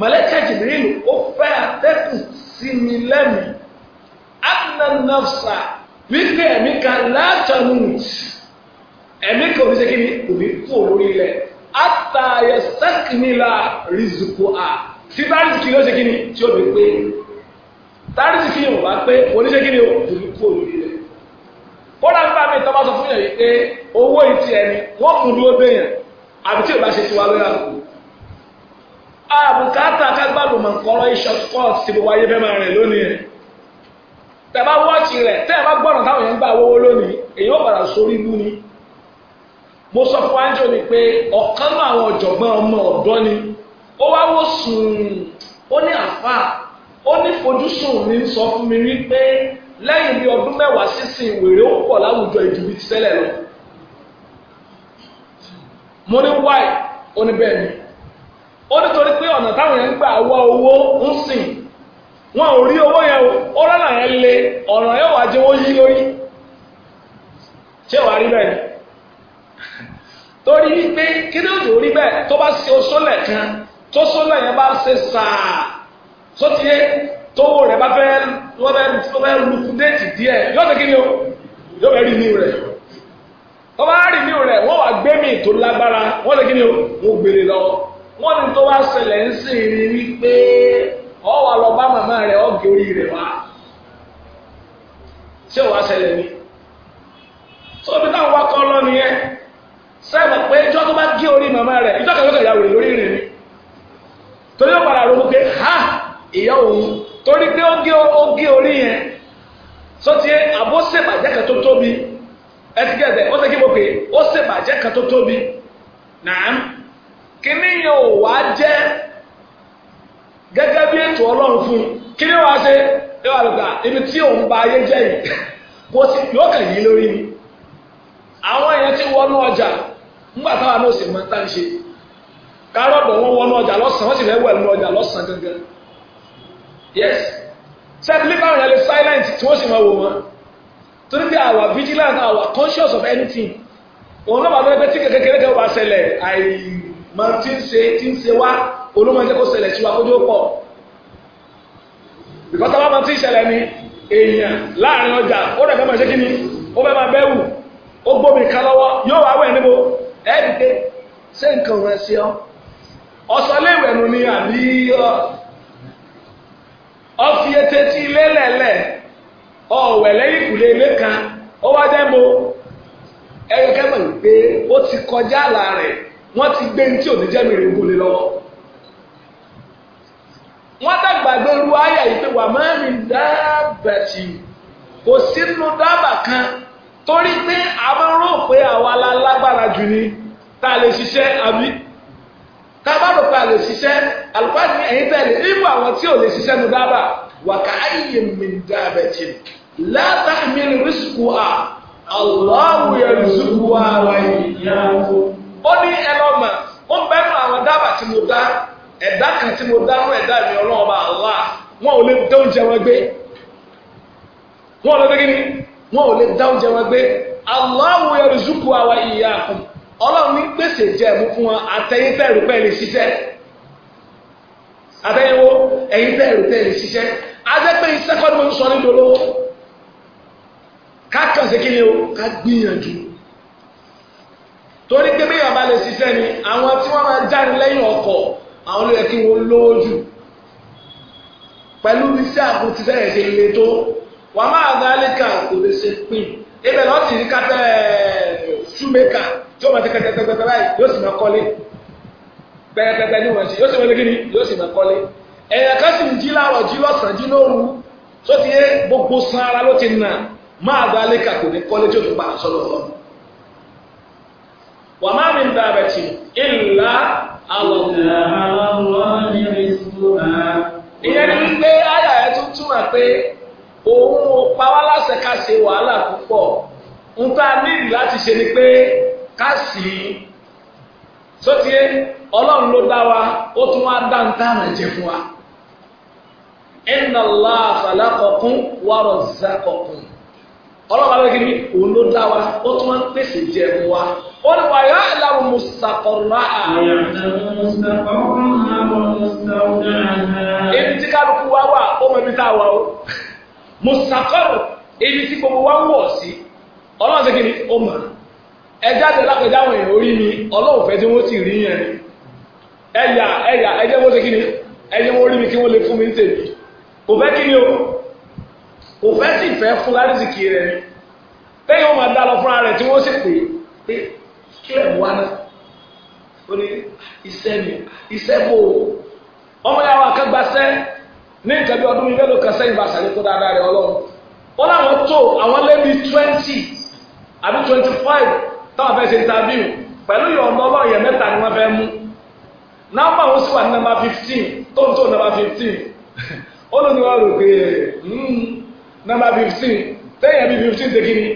mọ̀lẹ́kà jìbìrìlù ó fẹ́ atẹ́kùn sí mi lẹ́nu ananafsa wípé ẹ̀mí kan látọ̀nù ẹ̀mí kan òbí sẹ́kìnì òbí kú lórí ilẹ̀ àtàyẹ sẹ́kìnìlà rìzùkù à tí bá rìzùkì ló sẹ́kìnì tí ó bí pé tárìsì kí yóò bá pé oníṣẹ́kìnì òbí kú lórí ilẹ̀ kódà ń bá mi tọ́ bá sọ fún yẹn wípé owó ìtì ẹni wọ́n mú dúró bẹ́yẹn àbí tí ò bá ṣe tiwa lórí àkókò àbùkátà kágbàlù mọ̀ nkọ́rọ́ iṣẹ́ kọ́ọ̀tù ti gbogbo ayé fẹ́ máa rìn lónìí ẹ̀ tẹ́ bá wọ́ọ̀tì rẹ̀ tẹ́ bá gbọ́nà táwọn yẹn ń gbà wọ́wọ́ lónìí èyí ó padà sórí ìlú ni mo sọ fún wájú ni pé ọ̀kan náà àwọn ọ̀jọ̀gbọ́n ọmọ ọ̀dọ́ ni ó wá wò sùn ó ní àfà ó ní fojúsùn mi sọ fún mi rí pé lẹ́yìn bí ọdún mẹ́wàá sísìn wèrè ó pọ̀ láwùjọ ìdùbí mo ní wáì ó ní bẹ́ẹ̀ ni ó nítorí pé ọ̀nà táwọn yẹn ń gbà wá owó ń sìn wọn ò rí owó yẹn ó rọ́nà yẹn le yẹn wà jẹ́ owó yí lórí ṣé wàá rí bẹ́ẹ̀ torí wípé kí ló dùn rí bẹ́ẹ̀ tó bá ṣe oṣólẹ̀ kan tó ṣólẹ̀ yẹn bá ṣe sàá sótìyé tówó rẹ̀ bá fẹ́ wọ́n fẹ́ díẹ̀ yóò kí ni o yóò fẹ́ rí ní rẹ̀ tó bá rí ní rẹ̀ wọ́n gbé mi tó lágbára wọ́n kí ni wọ́n ní tó wá ṣẹlẹ̀ ń sìn wípé ọ wà lọ bá màmá rẹ̀ ọ̀gẹ̀ orí rẹ̀ wá ṣé ò wá ṣẹlẹ̀ ni sóbi táwọn wá kọ́ lọ nìyẹn sẹ́ẹ̀mọ̀ pé ìjọ tó bá gé orí màmá rẹ̀ ìjọ lórí rẹ̀ ha ìyá òun torí pé ó gé orí yẹn tó ti yẹ àbó ṣèbàjẹ́ kan tó tóbi ẹ ti gẹ̀ẹ́dẹ̀ ó ṣe kíní yẹn ò wá jẹ́ gẹ́gẹ́ bí ètò ọlọ́run fún un kíní wá ṣe yóò àlùkà ibi tí òun ba ayé jẹ yìí kò sí yóò kàn yí lórí ni àwọn èèyàn ti wọnú ọjà ńgbà táwa náà sì máa ń tà ṣe kárọ̀dọ̀ wọn wọnú ọjà lọ́sàn-án wọ́n sì fẹ́ wẹ̀ ọjà lọ́sàn-án gangan yes sẹ́ẹ̀tì bí yẹn lè silent tí wọ́n sì máa wò wọ́n torí pé àwa vigilant àwa conscious of anything òun náà bá lọ́wọ́ pé tí kékeré kan mọ tí ń ṣe tí ń ṣe wá olómọdé kò ṣẹlẹ̀ sí wa kójú pọ̀ bìkọ́tà bá mọ tí ń ṣẹlẹ̀ ni èèyàn láàrin ọjà ó rẹ̀ fẹ́ máa ṣe kí ni ó fẹ́ máa bẹ́wù ó gbómi ká lọ́wọ́ yóò wá wẹ̀ níbo ẹ́ dìde ṣé nǹkan rẹ̀ ṣe ọ́ ọ̀sán léèwẹ̀ nù ni àbí ọ̀fi ètè tí ilé lẹ̀lẹ̀ ọ̀wẹ̀ lẹ́yìn ìkùlé ilé kan ó wá dẹ́mo ẹ̀yọkẹ́ mọ̀ pé ó ti kọjá àlà rẹ̀ wọ́n ti gbé ní tí ò ní jẹ́ mèrè gbolè lọ́wọ́ wọ́n dàgbàgbé ru àyà yìí pé wà máa rìn dábàtì kò sínú dábà kan torí pé a máa rò pé àwa la lágbára jù ni tá a lè ṣiṣẹ́ àbí tá bá rò pé a lè ṣiṣẹ́ àlùfáà ní ẹ̀yìn tẹ̀lé ibò àwọn tí ò lè ṣiṣẹ́ nu dábà wà ká ayé mi dábàtì látàmì rìsíkù à Allahu yarzuquha wa iyyakum. ó ní ẹlọ́mà ó ń àwọn dábà tí mo dá kan tí mo dá nú ẹ̀dá mi ọlọ́run bá wà wọn ò lè dá oúnjẹ wọn gbé wọn ò lè dá oúnjẹ wọn gbé Allahu yarzuqu wa iyyakum ọlọ́run ní gbèsè fún wọn lè lè ni mo sọ nínú olówó torí pé bí yàrá lè ṣiṣẹ́ ni àwọn tí wọ́n máa jáde lẹ́yìn ọkọ̀ àwọn ló kí wọ́n lówó jù pẹ̀lú iṣẹ́ àbò ti fẹ́ẹ̀ ṣe ilé tó wà máa dálíkà kò lè ṣe pín ibẹ̀ lọ́ọ́ sì rí kápẹ́ ṣúmẹ́kà eh, tí ó máa ti báyìí yóò sì máa kọ́lé ní wọ́n ṣe yóò sì wa من دابة إلا على الله رزقها ìyẹn ni wípé àyà ẹ tún túmọ̀ pé òun wàhálà púpọ̀ a láti ṣe ni pé ká sì í ọlọ́run ló dá wa ó tún wá dá ń jẹ fún wa. ọlọ́run alẹ́ kìíní òun ló dá wa ó tún máa ń pèsè jẹ mu wa ó ní wàá yọ ẹ̀láwó mùsàkọ̀rọ̀má àárín. ibi tí kálukú wa wà ó mọ ibi tá a wà o mùsàkọ̀rọ̀ ibi tí gbogbo wa ń wọ̀ sí ọlọ́run kìíní ó mọ̀ ẹ jáde lápẹjá àwọn èèyàn orí mi ọlọ́run fẹ́ tí wọ́n ti rí yẹn ẹ̀yà ẹ̀yà ẹ̀jẹ̀ wọ́n ṣe kìíní ẹ̀jẹ̀ wọ́n rí mi kí wọ́n lè fún mi ń tèmi kò fẹ́ kí ni o. kò fẹ́ sì fẹ́ fún lárìsìkì rẹ̀ ni lẹ́yìn wọn máa dá lọ fúnra rẹ̀ tí wọ́n sì pè é kílẹ̀ wá náà ó ní iṣẹ́ mi iṣẹ́ bò ọmọ yà wà kẹ́gbà ní nǹkan bí ọdún mélòó kan sẹ́yìn bá sàlẹ̀ dáadáa ọlọ́run wọn làwọn tó àwọn lẹ́bi twenty àbí twenty five táwọn ṣe pẹ̀lú mẹ́ta ni wọ́n mú wọn sì nọ́mbà fifteen tẹ́yìn bí fifteen ṣe kíni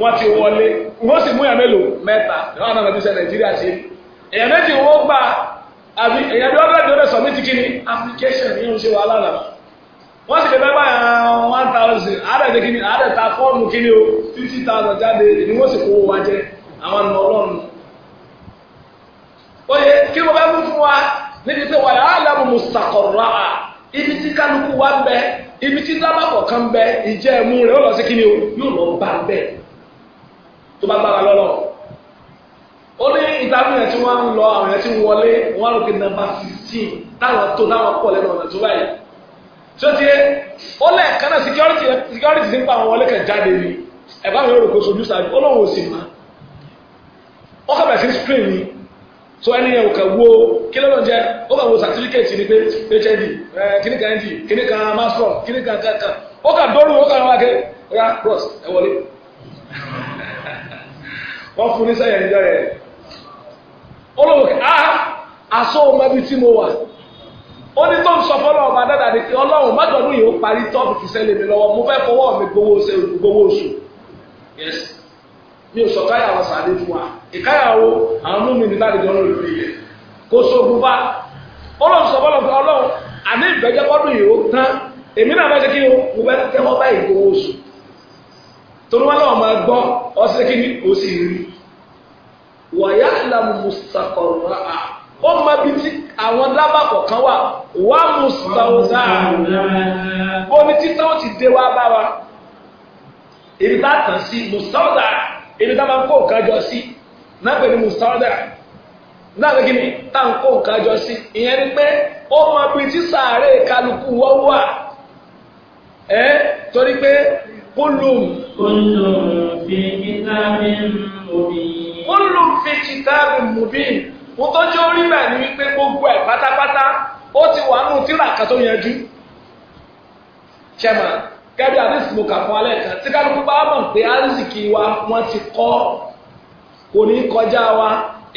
wọ́n ti wọlé wọ́n sì mú yàn mélòó mẹ́ta ìwọ́n náà ti sẹ́ nàìjíríà ṣe èèyàn méjì wọ́n gbà àbí èèyàn bí ọ̀rẹ́ ìdọ́rẹ́ sọ ní ti kíni application yóò ṣe wàhálà náà wọ́n sì lè bẹ́ẹ̀ bá yàn one thousand àádẹ́ta kíni àádẹ́ta fọ́ọ̀mù kíni o fifty thousand jáde ni wọ́n sì kó wa jẹ àwọn ọ̀nà ọlọ́run oye kí mo bá mú fún wa níbi tí wàhálà á lábùmù ibi tí kálukú wa bẹ ibi tí dábàbọ̀ kan bẹ ìjẹ́ ẹ̀mú rẹ̀ ó lọ sí kíni o yóò lọ bá bẹ tó bá gbára lọ́lọ́ ó ní yẹn tí wọ́n ń lọ àwọn yẹn tí ń wọlé wọ́n á lò pé nàmbà sixteen táwọn tó táwọn pọ̀ lẹ́nu ọ̀nà tó báyìí tí ó ti ó security security ti ń pa àwọn wọlé kẹ̀ jáde ni ẹ̀bá mi ò rò kó sojú sáré ó so ẹni yẹn ò wo kí lọ́dọ̀ jẹ́ ó kà wo certificate ni pé hnd kíní kan nd kíní kan master kíní kan kankan ó kà ó kà ra cross ẹ wọlé fún ní yẹn a ah, aṣọ ọmọ ibi tí mo wà ó ní tó ń sọ fọlọ́ ọba dáadáa ni ọlọ́run mọ́tọ́dún yìí ó parí fi sẹ́lẹ̀ mi lọ́wọ́ mo fẹ́ fọwọ́ mi gbowó oṣù mi ò sọ káyà àwọn sàdé fún wa ìkáyàwó àwọn múmi nígbà tí wọn lò lórí rẹ̀ kó sóògùn bá Ọlọ́run sọ fọlọ fún Ọlọ́run àní ìgbẹjẹ kọdún yìí ó tán èmi náà bẹ́ẹ̀ ṣe kí mo bẹ tẹwọ bá ìgbowó oṣù torí wọn náà máa gbọ́ ọsẹ kí ni ó sì rí wàyà ìlànà mùsàkọrọ à ó máa bí tí àwọn lábà kọ̀ọ̀kan wà wà mùsàkọrọ à ó ní títà ó ti dé wá bá wa èyí tá a tàn sí mùsàkọrọ ebi tá máa ń kó nǹkan jọ sí náà ní mustawda náà pé ni ń kó nǹkan jọ sí ìyẹn ni pé ó mọ bí tí sàárè kálukú wọ́n ẹ́ torí pé fi fi mo tọ́jú orí bẹ́ẹ̀ ni wípé gbogbo ẹ̀ pátápátá ó ti wà nù kẹ́bí a mo kà fún alẹ́ kan tí kálukú bá mọ̀ pé wa ti kọ́ kò ní kọjá wa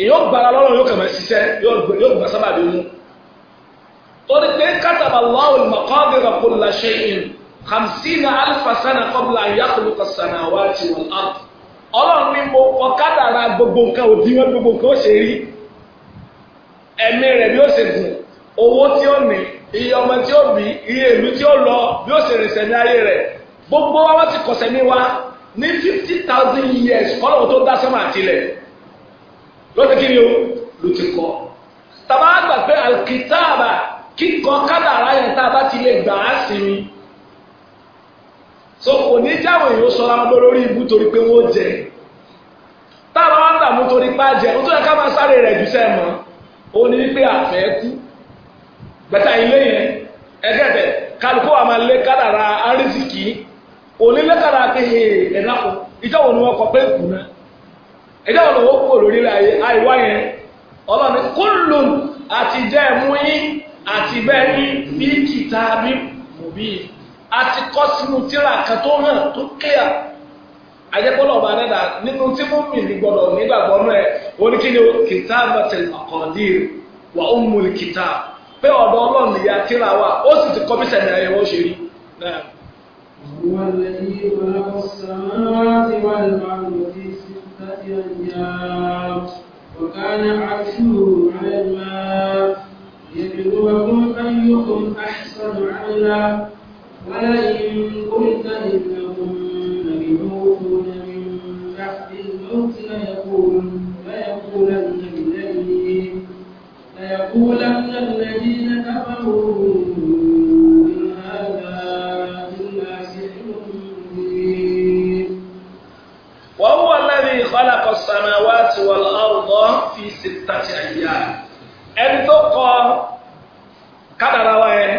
èyí ó gbára lọ́rùn yóò kẹ̀mẹ́ ṣiṣẹ́ yóò gbà sábà bí mú. torí pé kátàbà lọ́wọ́ mọ̀kọ́bí rọ̀pọ̀ làṣẹ ìn hamsina alifasana kọ́bùlà yakuluka sanawati wal ard. ọlọ́run ní mo kọ gbogbo nǹkan òdi wọn gbogbo nǹkan ó ṣe rí ẹ̀mí rẹ̀ ni iye ọmọ tí ó bí iye ìlú tí ó lọ bí ó ṣe rìnsẹ̀ ní ayé rẹ̀ gbogbo wa wọ́n ti kọ̀sẹ̀ ní wa ní fifty thousand years kọ́lọ́wọ́ tó dá sẹ́mọ̀ àtìlẹ̀ lọ́sẹ̀ kí ni o ló ti kọ́ tàbá gbà pé àkìtàbà kíkọ kádàrá yẹn tá a bá ti lè gbà á sí mi so kò ní jáwé yìí ó sọra wọn lórí ibú torí pé wọn ó jẹ táwọn wọn dààmú torí pé a jẹ ó tó yẹ ká máa sáré rẹ jù sẹ́ẹ̀ mọ́ ó ní wípé àfẹ́ kú bẹ́tà ilé yẹn ẹgẹ́dẹ̀ kálukú àmà kádàrà arísìkì onílé kádàrà ti hè ìjọ wo ni wọ́n kọ pé kù ìjọ ni lórí yẹn ọlọ́ni kúlùn àti jẹ́ àti bẹ́ẹ̀ ní bí kìtà bí mòbí àti kọ́ tíra kan tó hàn tó ọba nínú tí mo mì ní nígbàgbọ́ náà kí kìtà àkọ́dí pé ọ̀dọ̀ ọlọ́run nìyá tíra wà ó sì ti kọ́ bí sẹ̀mí ẹ̀yẹ̀wò ṣe rí. هو الذي خلق السماوات والأرض وكان عرشه على الماء ليبلوكم أيكم أحسن عملا ولئن قلت إنهم مبعوثون من بعد الموت ليقولن ليقولن الذين كفروا إن هذا إلا سحر مبين وهو الذي خلق السماوات والأرض في ستة أيام ẹni tó kọ kádàrá wa yẹn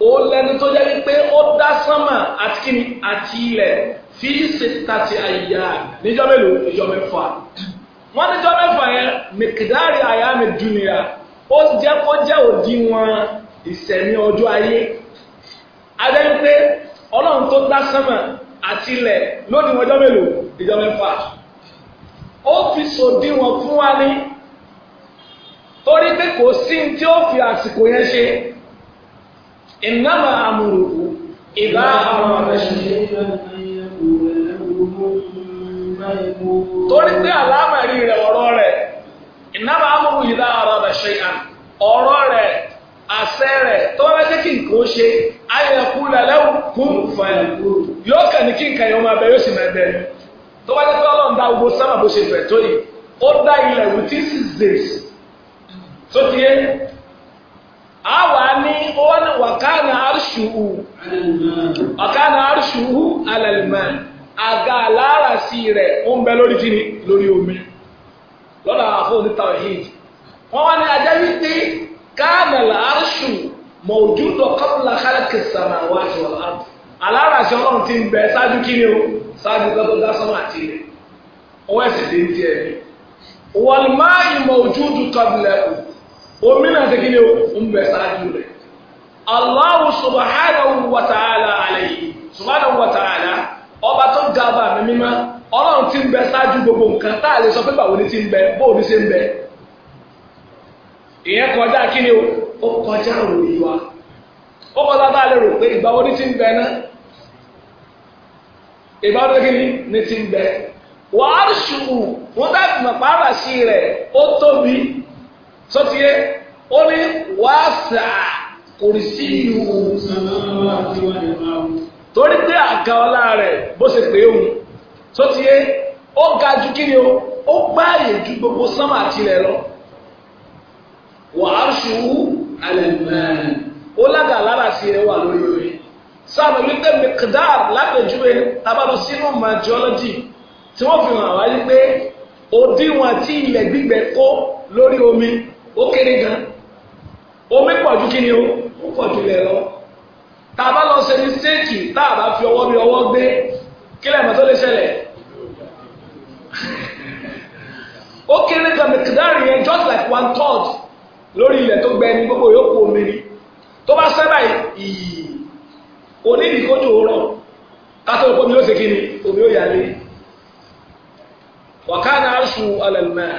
ó lẹni tó jẹ́ wípé ó níjọ́ mélòó níjọ́ mẹ́fà wọ́n níjọ́ mẹ́fà yẹn mẹ̀kìdárì àyà mi dùnìyà ó jẹ́ kó jẹ́ òdiwọ̀n ìsẹ̀mí ọjọ́ ayé adẹ́yìn pé ọlọ́run tó dá sánmà àti ilẹ̀ lónìí ọjọ́ mélòó ìjọ mẹ́fà ó fi sòdiwọ̀n fún wa ní torí pé kò sí tí ó fi àsìkò yẹn ṣe ìnáwó amúròkú ìbá àwọn ọ̀rẹ́ torí pé àlámà rí rẹ̀ wọ́n. ọ̀rọ̀ rẹ̀ àṣẹ rẹ̀ tó bá jẹ́ kí nǹkan ó ṣe ayẹ̀kú lẹ́lẹ́wù kún fàyẹ̀kú yóò kàn ní kí nǹkan yẹn máa bẹ yóò sì máa bẹ ni tó bá jẹ́ pé ọlọ́run dá gbogbo sábà bó ṣe fẹ̀ tó yìí ó dá ilẹ̀ within six days tó ti yé àwa ní wọ́n wàkánà arṣùhù wàkánà arṣùhù alẹ́lẹ́mẹ́ àga alárasí rẹ̀ ó ń bẹ lórí kíni lórí omi lọ́dọ̀ àwọn afọ́ onítàwọ̀ yìí wọ́n wá ní ajá wípé káàmẹ̀lì arṣù mọ̀júdọ̀ kọ́pùlà kálíkì sàmà wá sí wọn láàbù aláràṣẹ ọlọ́run ti ń bẹ ṣáájú kí ni o ṣáájú gbogbo dásánmà àti ilẹ̀ ọwọ́ ẹ̀sìn dé ti ẹ̀ ní. wọ́n o Allahu ọba tó ga bá mi mímá ti ń bẹ ṣáájú gbogbo nǹkan sọ pé báwo ni ti ń bẹ ń ìyẹn kọjá kí ni ó kọjá òòyì wa ó kọjá bá lè rò pé ìgbà wo ni ti ń bẹ náà ìgbà wo ni kí ni ni ti ń bẹ wàá wọn sí rẹ̀ ó tóbi sọtìyẹ ó ní wàá sà kùrìsì yìí wò torí pé àga ọlá rẹ bó ṣe pé òun ó ga ju kí ni ó ó gbáàyè ju gbogbo sánmà lọ. wà á ṣubú alẹ́ mẹ́rin ó lága alárasí rẹ̀ wà lórí rẹ̀ sáàmù wípé mcdar lápẹjúwe tabalọ sínú ma geology tí wọ́n fi hàn wáyé pé òdiwọ̀n tí ilẹ̀ gbígbẹ kó lórí omi ó kéré gan omi pọ̀ kí ni o ó pọ̀ ju ilẹ̀ lọ tàbá lọ ṣe ní stéèkì tá a bá fi ọwọ́ bí ọwọ́ gbé kílẹ̀ mọ́tò lè ṣẹlẹ̀ ó kéré gan mcdar yẹn just like one third lórí ilẹ̀ tó gbẹ ní gbogbo yòókù omi ni tó bá sẹ́bà ìyì onídìí kójú rọ̀ kátó omi ó ṣe kí ni omi ó yàlé wàkánà aṣù alẹ́lẹ́mẹ́.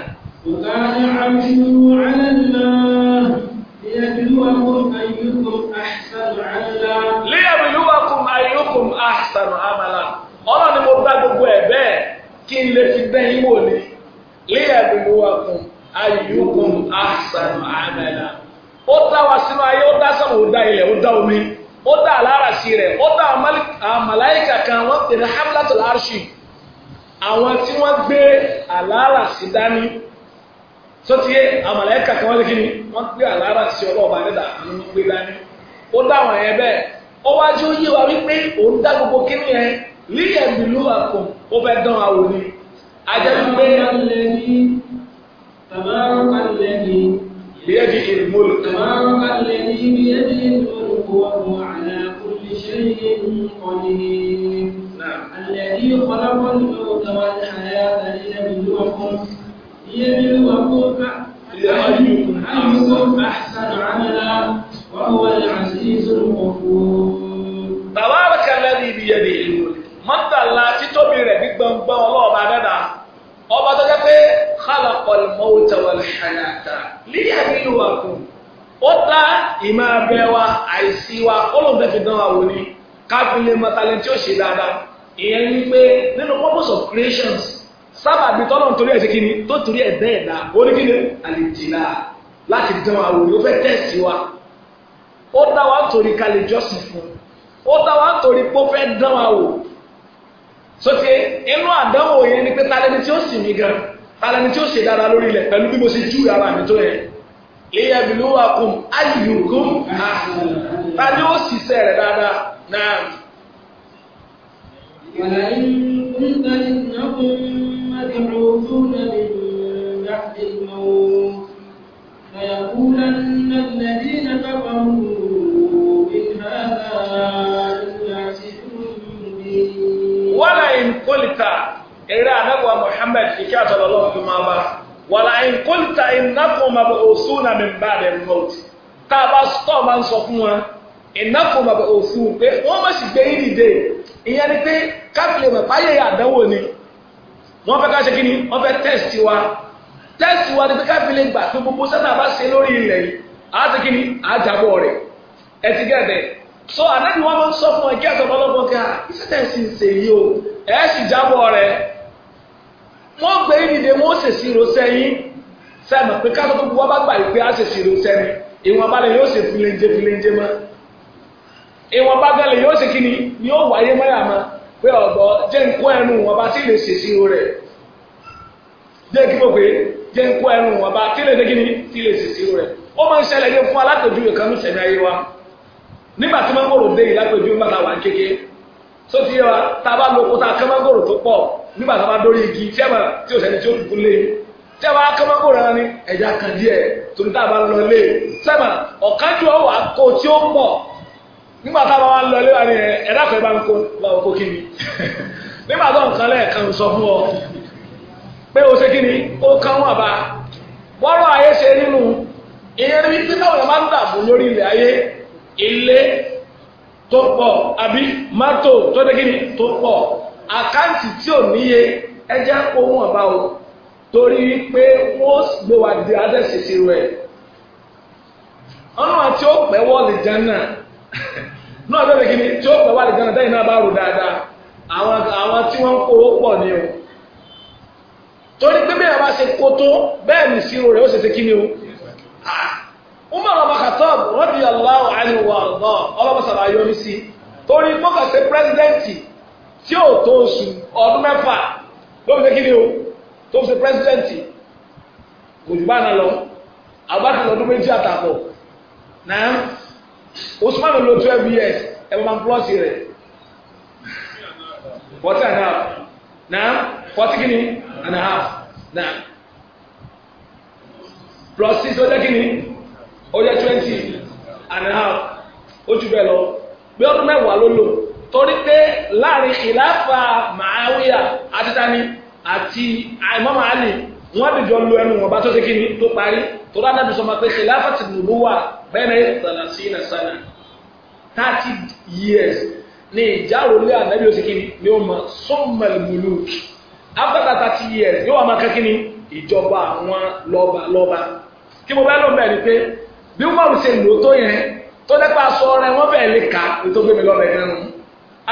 wàkánà aṣù alẹ́lẹ́mẹ́ liyabluwakum ayyukum ahsanu amala. liyabluwakum ayyukum ahsanu amala. ọlọ́run ni mo gbá gbogbo ẹ̀ bẹ́ẹ̀ kí n lè fi bẹ́ẹ̀ yín wò ni liyabluwakum ayyukum ahsanu amala ó dá wa sínú ayé ó dá sọ́mù ó dá ilẹ̀ ó dá omi ó dá alárasí rẹ̀ ó dá àmàláìkà kan wọ́n pè ní hamlatul arshi àwọn tí wọ́n gbé alárasí dání tó ti yé àmàláìkà kan wọ́n ti kíni wọ́n gbé alárasí ọlọ́ọ̀bà nígbà ni wọ́n gbé dání ó dá àwọn yẹn bẹ́ẹ̀ ó wá jó yé wa wípé òun dá gbogbo kíní yẹn líyẹ̀ bìlú àkùn ó fẹ́ dán àwọn òní ajẹ́ gbé تمام الذي بيده الملك تمام الذي بيده الملك وهو على كل شيء قدير نعم. الذي خلق الموت والحياة ليبلوكم ليبلوكم أيكم أحسن عملا ìmọ̀ abẹ́ wa àìsí wa ọlọ́run fẹ́ fi dán wa wò ni káfílẹ̀ mọ́tàlẹ́ tí ó ṣe dáadáa ìyẹn ni pé nínú purpose of creations sábà bí tọ́lọ̀ torí ẹ̀ sí kíni tó torí ẹ̀ bẹ́ẹ̀ dá oníkíni àlejìlá láti dán wa wò ni ó fẹ́ tẹ̀sí wa ó dá wa torí ká lè jọ́sìn fún ó dá wa torí pé ó fẹ́ dán wa wò sóti inú àdánwò yẹn ni pé talẹ́ni tí ó sì mí gan talẹ́ni tí ó ṣe dáadáa lórí ilẹ̀ pẹ̀lú bí mo ṣe júwe ara mi tó yẹn liyabiluwakum ayyukum ta ni ó ṣiṣẹ́ rẹ̀ dáadáa náà. فيقولن الذين كفروا إن هذا إلا سحر مبين ولئن قلت إلى نبوة محمد في كاتب الله بما بقى wala kólítà ìnákùn màbà òsùn náà mi bá rẹ̀ mọ́t ba a sọ máa sọ fún wa ìnákùn màbà òsùn pé wọ́n má ni pé káfílẹ̀ mọ̀ ya ni test wa test wa ni pé káfílẹ̀ gbogbo sẹ́nà bá ṣe lórí ilẹ̀ yìí àá ti kí ni so wọn sọ fún ẹ kí ah, ń o ẹ sì wọ́n gbé ìdìde wọ́n ṣèṣì ro sẹ́yìn sẹ́mi pé ká tó wọ́n bá gbà yìí pé á ṣèṣì ro sẹ́mi ìwọ̀n yóò filenje filenje mọ́ ìwọ̀n bá lè yóò ṣe kí ni yóò wáyé mọ́yà mọ́ pé ọ̀dọ́ jẹ́ nkó ẹnu wọn bá tí lè ro rẹ̀ jẹ́ kí jẹ́ nkó ẹnu wọn bá tí lè rẹ̀ wa nígbà tí mangoro dé yìí lákòjúwe máa ta kéke sótìyẹ wa tá a nígbà tó bá dórí igi tí ẹ̀mà tí ò sẹ́ni tí ó dùkú lé tí ẹ̀mà akọ́mọ́kò rẹ̀ ni ẹ̀já kan díẹ̀ torí tá a bá lọ lé sẹ́mà ọ̀kájú ọ̀wà kó tí ó pọ̀ nígbà tá a bá wà lọ lé wa ni ẹ̀dá kan bá ń kó bá wọn kó kí ni nígbà tó nǹkan lẹ́ẹ̀kan sọ fún ọ pé o ṣe kí ni ó kán wà bá bọ́rọ̀ ayé ṣe nínú ìyẹn ní pípẹ́ àwọn máa ń dààmú lórí ilẹ̀ ayé ilé tó pọ̀ àbí mọ́tò tó dé kí ni tó pọ̀ àkáǹtì tí ò níye ẹ jẹ́ torí pé o gbé wa di adẹ́sìsì rẹ̀ ọ̀nà tí ó wọ́ọ̀lì jẹ́nà náà bẹ́ẹ̀ kí ni tí ó wọ́ọ̀lì jẹ́nà tẹ́yìn náà bá rò dáadáa àwọn àwọn tí wọ́n ń ni o torí pé bẹ́ẹ̀ bá ṣe kó tó bẹ́ẹ̀ ní ìṣirò rẹ̀ ó o ah! Umar wa torí mọ́kà tí ó tó oṣù ọdún mẹ́fà ló fi o tó fi ṣe pírẹsidẹ́ǹtì kò jù lọ àbátan lọ́dún méjì àtàbọ̀ náà Usman ló twelve years ẹ bá máa ń plọ́ọ̀sì rẹ̀ forty and a half náà forty kí and a half náà plus six ó jẹ́ and a half ó jù bẹ́ẹ̀ torí pé láàrin ìlàfà màáwíà àtìtani àti àìmọ́mọ́ àlè wọ́n dìjọ lu ẹnu wọn bá tó ṣe kíni tó parí tó dáadáa bí sọmọ pé ìlàfà ti nùrú wà bẹ́ẹ̀ tàlà sí ilẹ̀ sánà thirty years ní ìjárólé ànábì ó ṣe kíni ni ó mọ sọmọl mùlùk after that thirty years yóò wà máa kẹ́ kíni ìjọba àwọn lọ́ba lọ́ba kí mo bá lọ bẹ́ẹ̀ ni pé bí wọ́n ṣe lò tó yẹn tó dẹ́pà sọ rẹ wọ́n bẹ́ẹ̀ lè kà ètò gbẹmí lọ́bẹ̀ẹ́ náà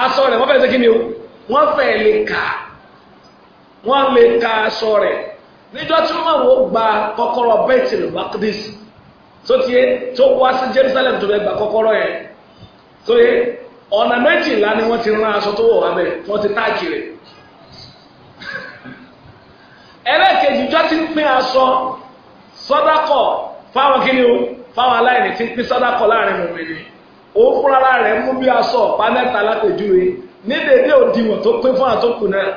aṣọ rẹ, wọ́n fẹ́ ṣe kí ni o lè kà lè ka aṣọ rẹ̀ níjọ́ tí wọ́n gba kọkọrọ bẹ́tìl makdis tó ti tó wá sí Jerusalem tó gba kọkọrọ yẹn tó yé ọ̀nà méjìlá ni wọ́n ti rán aṣọ tó wọ̀ wọ́n ti táàkì rẹ̀ ẹlẹ́ẹ̀kejì ti ń pín aṣọ sọ́dákọ̀ fáwọn kí ni o fáwọn aláìní ti ń pín sọ́dákọ̀ láàrin o fúnra mú bí aṣọ ọ̀pá mẹta lápèjúwe ní dédé òdiwọ̀n tó pín fún àtúnkù náà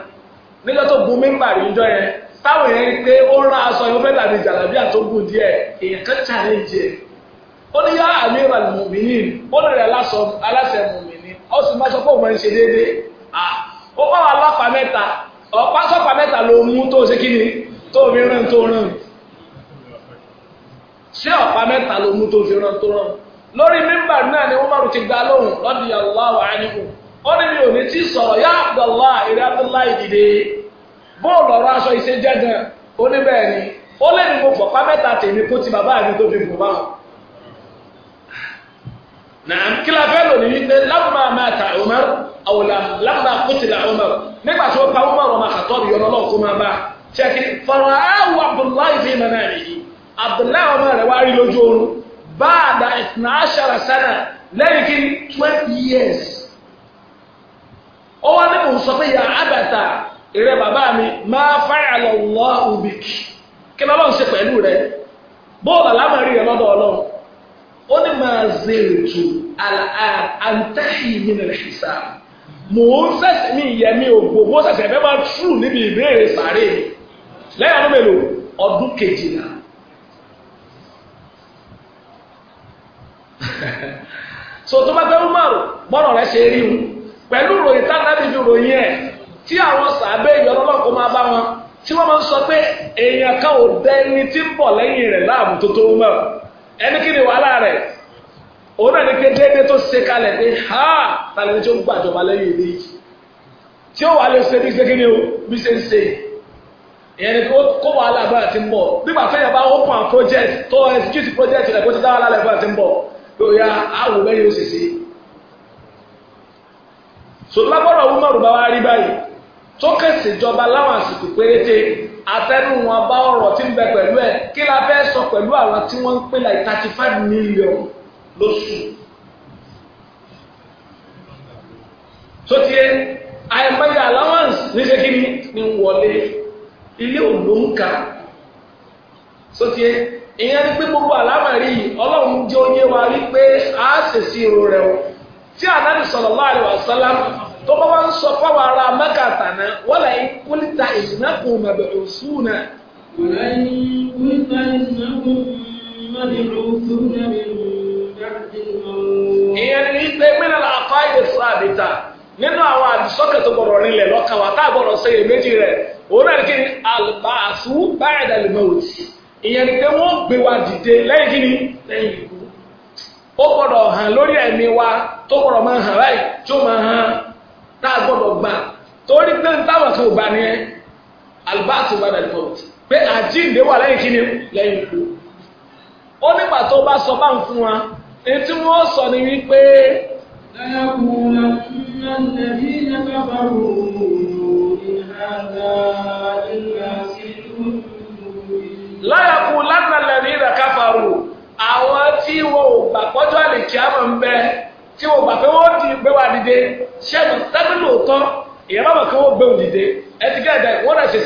níjọ́ tó gun mímbà rí yẹn táwọn èèyàn pé ó rán aṣọ yẹn fẹ́ dàbí jàlábí àtúnkùn díẹ̀ èèyàn kan challenge ẹ̀ ó ní yá àmìrà mùmínín ó ní rẹ̀ aláṣẹ mùmínín ó sì máa sọ pé òun máa ń ṣe déédéé ó mẹ́ta ọ̀pá lórí mímbà náà ni Umaru ti gba lóhùn radiyallahu anhu ó ní mi ò ní tí sọ̀rọ̀ yá abdallah eré Abdullah ìdìde bóòlù ọ̀rọ̀ aṣọ iṣẹ́ jẹ́gàn ni ó lé ní mo fọ̀pá mẹ́ta tèmi kó ti bàbá mi tó fi bù báwọn. Nàá kí fẹ́ lò ní wípé Umar Umar nígbà tí ó pa Umar ọmọ máa bá بعد 12 سنة لكن 12 years ó wá ní kò sọ pé yà ábàtà ìrẹ bàbá mi máa fa'ala Allahu biki kí bàbá ń ṣe pẹ̀lú rẹ bóòlù alámọ̀rí rẹ lọ́dọ̀ ọlọ́run ó ní máa zèrètò àǹtẹ́hì mi nà ṣìṣà mò mi ìyẹ́ mi ògbó bó so tó bá fẹ́ Umaru bọ́rọ̀ se ṣe rí mu pẹ̀lú ròyìn tálábì fi ròyìn ẹ̀ tí àwọn sàbẹ̀ ìyọlọ́lọ́ máa bá wọn tí wọ́n máa ń sọ pé èèyàn kan ò dẹ ẹni tí ń bọ̀ lẹ́yìn rẹ̀ láàmú tó tó ẹni kí ni wàhálà rẹ̀ òun náà ní pé déédéé tó ṣe kalẹ̀ pé ha ń gbàjọba lẹ́yìn ilé yìí tí ó wà lè ṣe bí ṣe kí o bí ni kó wàhálà bá ti ń bọ̀ nígbà bá open project tó execute project rẹ̀ kó ti dá wàhálà rẹ̀ bá lóya àwò bẹ́ẹ̀ yóò ṣèṣe. sọlábọ̀rọ̀ Umaru bá wá rí báyìí tó kẹsì jọba láwọn àsìkò péréte atẹ́nu wọn bá ọ̀rọ̀ tí ń bẹ pẹ̀lú ẹ̀ kí la fẹ́ sọ pẹ̀lú àwọn tí wọ́n ń pè láì thirty five million lóṣù. sotie àìmọye allowance níṣẹ́ kí ni wọlé ilé òǹdó ń ka sotie ìyẹn ni pé gbogbo àlámọ̀rí yìí ọlọ́run jẹ́ oyé wa wípé a ṣèṣì irun rẹ̀ o tí ànábì sallallahu alaihi wasallam tó bá wá ń sọ fáwọn ará Mẹ́kà tàná wọ́n lè kúlítà ìsìnákùn mẹ́bẹ̀rẹ̀ òṣùn náà. wọ́n lè kúlítà ìsìnákùn mẹ́bẹ̀rẹ̀ òṣùn náà ìyẹn ni pé mẹ́rin la fa ìdè fún àbíta nínú àwọn àdìsọ́kẹ̀ tó gbọ̀rọ̀ rinlẹ̀ lọ́kàn wa tá gbọ̀rọ̀ sẹ́yìn méjì rẹ̀ òun náà kí ni àlùbáàsù báyìí ìyẹn ni pé wọ́n gbé wa dìde ikú ó hàn lórí wa tó ma máa hàn láì tó máa hàn tá a gbọdọ gbà torí pé táwọn kan ò pé wà ikú ó bá sọ bá ń fún wa etí wọ́n sọ ni wípé. ليقولن láyàkú lánàlẹ́ ní ìdàkàfàrù àwọn tí wọ́n ò gbà pọ́jọ́ àlèkí àmọ́ ń bẹ tí gbà wọ́n di gbé wa dìde ṣẹ́gun tẹ́bí lóòótọ́ ìyẹn bá bọ̀ kí wọ́n gbé wọn dìde ẹ ti gẹ́ ẹ̀dá wọ́n sí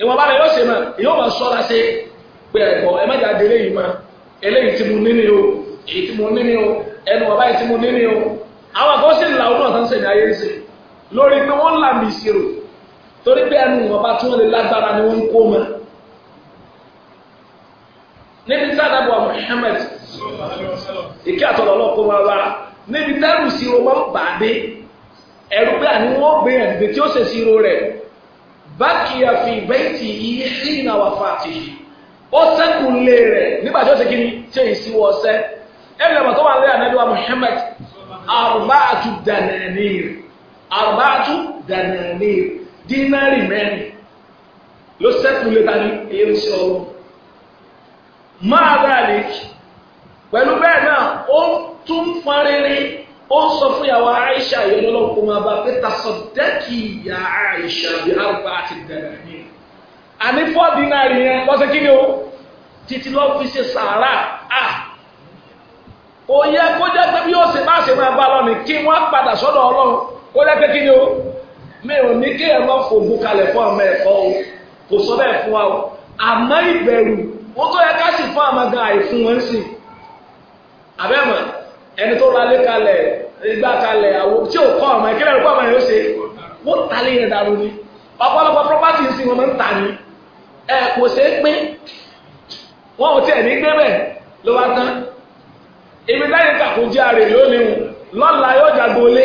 ìwọ̀n bá yóò ṣe ìyóò ma eléyìí tí mo ní o èyí tí mo ní o ẹnu ọ̀bá yìí tí o àwọn níbi tí àdàbọ̀ Muhammad ìkí àtọ̀lọ̀ ọlọ́kọ̀ wa wá níbi tẹ́rù ìṣirò wọn bà dé ẹ̀rù pé àní wọ́n gbé ẹ̀dùgbé tí ó ṣe ìṣirò rẹ̀ bákìyà fi baiti yìí hìnà wà fàtì ó sẹ́kù lé rẹ̀ nígbà tí ó ṣe kíni ṣe ìṣiwọ̀ ọ̀sẹ́ ẹ̀rù ẹ̀mọ̀ tó wà lé ànábì wa Muhammad arba'atu dananir arba'atu dananir dínárì mẹ́rin ló sẹ́kù lé tani eré sí ọlọ́run máa dàlè pẹ̀lú bẹ́ẹ̀ náà ó tún fọn rere ó sọ fún yàwó Aisha ìyẹn lọ́wọ́ kó máa bá pé tasọ̀dẹ́kì ìyá Aisha bí arúgbó àti dẹ̀rẹ̀ ní. àní fọ́ọ̀dì náà yẹn lọ́sẹ̀ kí o títí lọ́ fi ṣe sàárà á yẹ kó jẹ́ pé bí ṣe máa bá kí wọ́n padà sọ́dọ̀ Ọlọ́run kó jẹ́ pé kí ni o mi ò ní o kò sọ bẹ́ẹ̀ wọ́n tó yẹ ká sì fún àmàgà àìfún wọn sí àbẹ́mọ̀ ẹni tó ra lé kalẹ̀ igbá kalẹ̀ àwọ̀ tí ò kọ́ ọ̀mọ̀ ìkílẹ̀ rẹ̀ kọ́ yóò ṣe wọ́n ta lé yẹn ni ọ̀pọ̀lọpọ̀ property sí wọn máa ń tà ní wọn ò tiẹ̀ ní ló bá tán ibi dáyé kàkó jẹ́ jago lé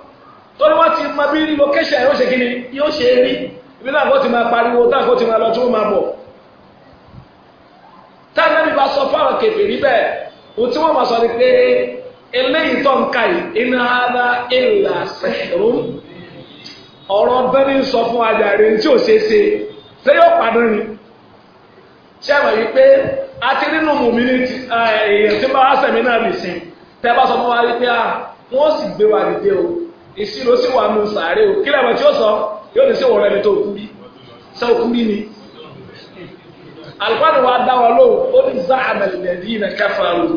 torí wọ́n ti mọ bí relocation yóò ṣe kíni yóò ṣe rí ibi náà kó ti máa pariwo táà kó ti máa lọ tí máa bọ̀ tánàbí bá sọ fáwọn kèfèrí bẹ́ẹ̀ ohun tí wọ́n máa sọ ni pé eléyìí tó ń ka yìí iná ara ìlà sẹ̀rù ọ̀rọ̀ bẹ́ẹ̀ sọ fún ajáre tí ò ṣe ṣé yóò padà ni ṣé pé a ti nínú mùmí èèyàn tí bá wá sẹ̀mí náà lè sìn tẹ́ sọ fún ìṣirò sì wà nù sàárè o kí làwọn tí ó sọ yóò ní sí wọ́n rẹ̀ ní tó kú bí sọ kú bí ni. alùpàdé wa dá wa lóhùn ó ní záàmà lẹ́dí iná káfà o.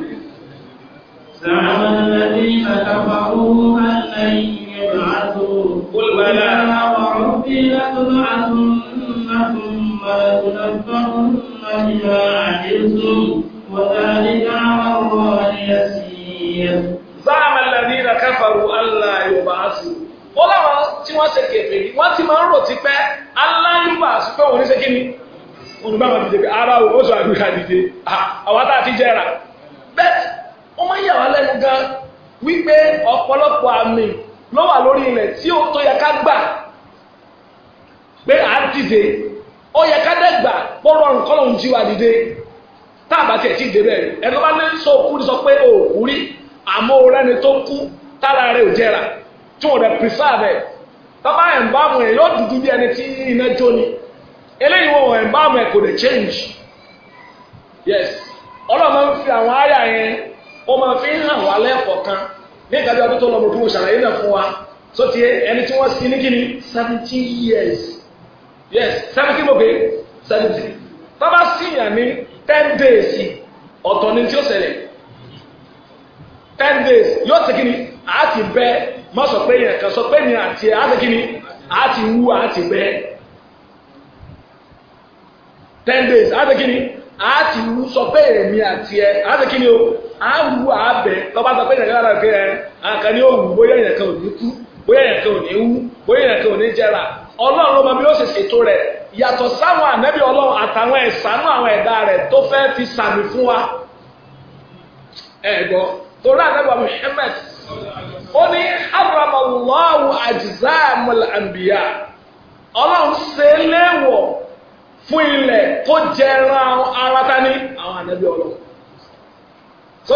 záàmà lẹ́dí iná káfà o máa ń lẹ́yìn ẹ̀rọ záàmà lẹ́ni ìrà káfàrú allah yorùbá àṣù ó láwọn tí wọ́n ṣe kẹfẹ́ ni wọ́n ti máa ń rò ti pẹ́ allah yorùbá àṣù pé òun ní ṣe kí ni olùbámu dìde pé ara o oṣù àgbéká dìde ah, àwa tá a ti jẹra bẹ́ẹ̀ wọ́n máa ń yà wá lẹ́nu gan wípé ọ̀pọ̀lọpọ̀ àmì ló wà lórí ilẹ̀ tí ó tó yẹ ká gbà pé à ń dìde ó yẹ ká dẹ́ gbà pọ́nrọ́ nǹkan lòún jí wa dìde tá a bá tiẹ̀ ti dé bẹ́ẹ̀ ẹ̀rọ bá ní sọ òkú sọ pé òkú rí àmọ́ orẹ́ni tó kú tára rẹ̀ ò tí wọ́n rẹ̀ pírísàvẹ̀ tọ́ba ẹ̀ ń bá mu ẹ̀ dúdú bí ẹni tí iná jó ni eléyìí wọ́n ẹ̀ ń bá kò lè change yes ọlọ́mọ ń fi àwọn àyà yẹn ó máa fi ń hàn wá lẹ́ẹ̀kọ̀ kan ní ìgbàdí ọdún tó lọ́mọ tó years yes seventeen seventeen. tọ́ba ten days ọ̀tọ̀ ni tí ó ten days yóò a ti má sọ pé yẹn kan sọ pé a a ti wú a ti ten days a a ti wú sọ pé èmi àti ẹ a o a wú a sọ pé yẹn kan lára ẹ àkàn ni bóyá yẹn kan ò ní kú bóyá yẹn kan ò ní wú bóyá yẹn kan ò ní jẹrà ọlọ́run ló bí ó ṣètò rẹ̀ yàtọ̀ sáwọn fi sàmì fún wa torí àgbà Muhammad ó ní haramallahu ajzamul anbiya ọlọ́run ṣe léèwọ̀ fún ilẹ̀ kó jẹran ara ta àwọn tó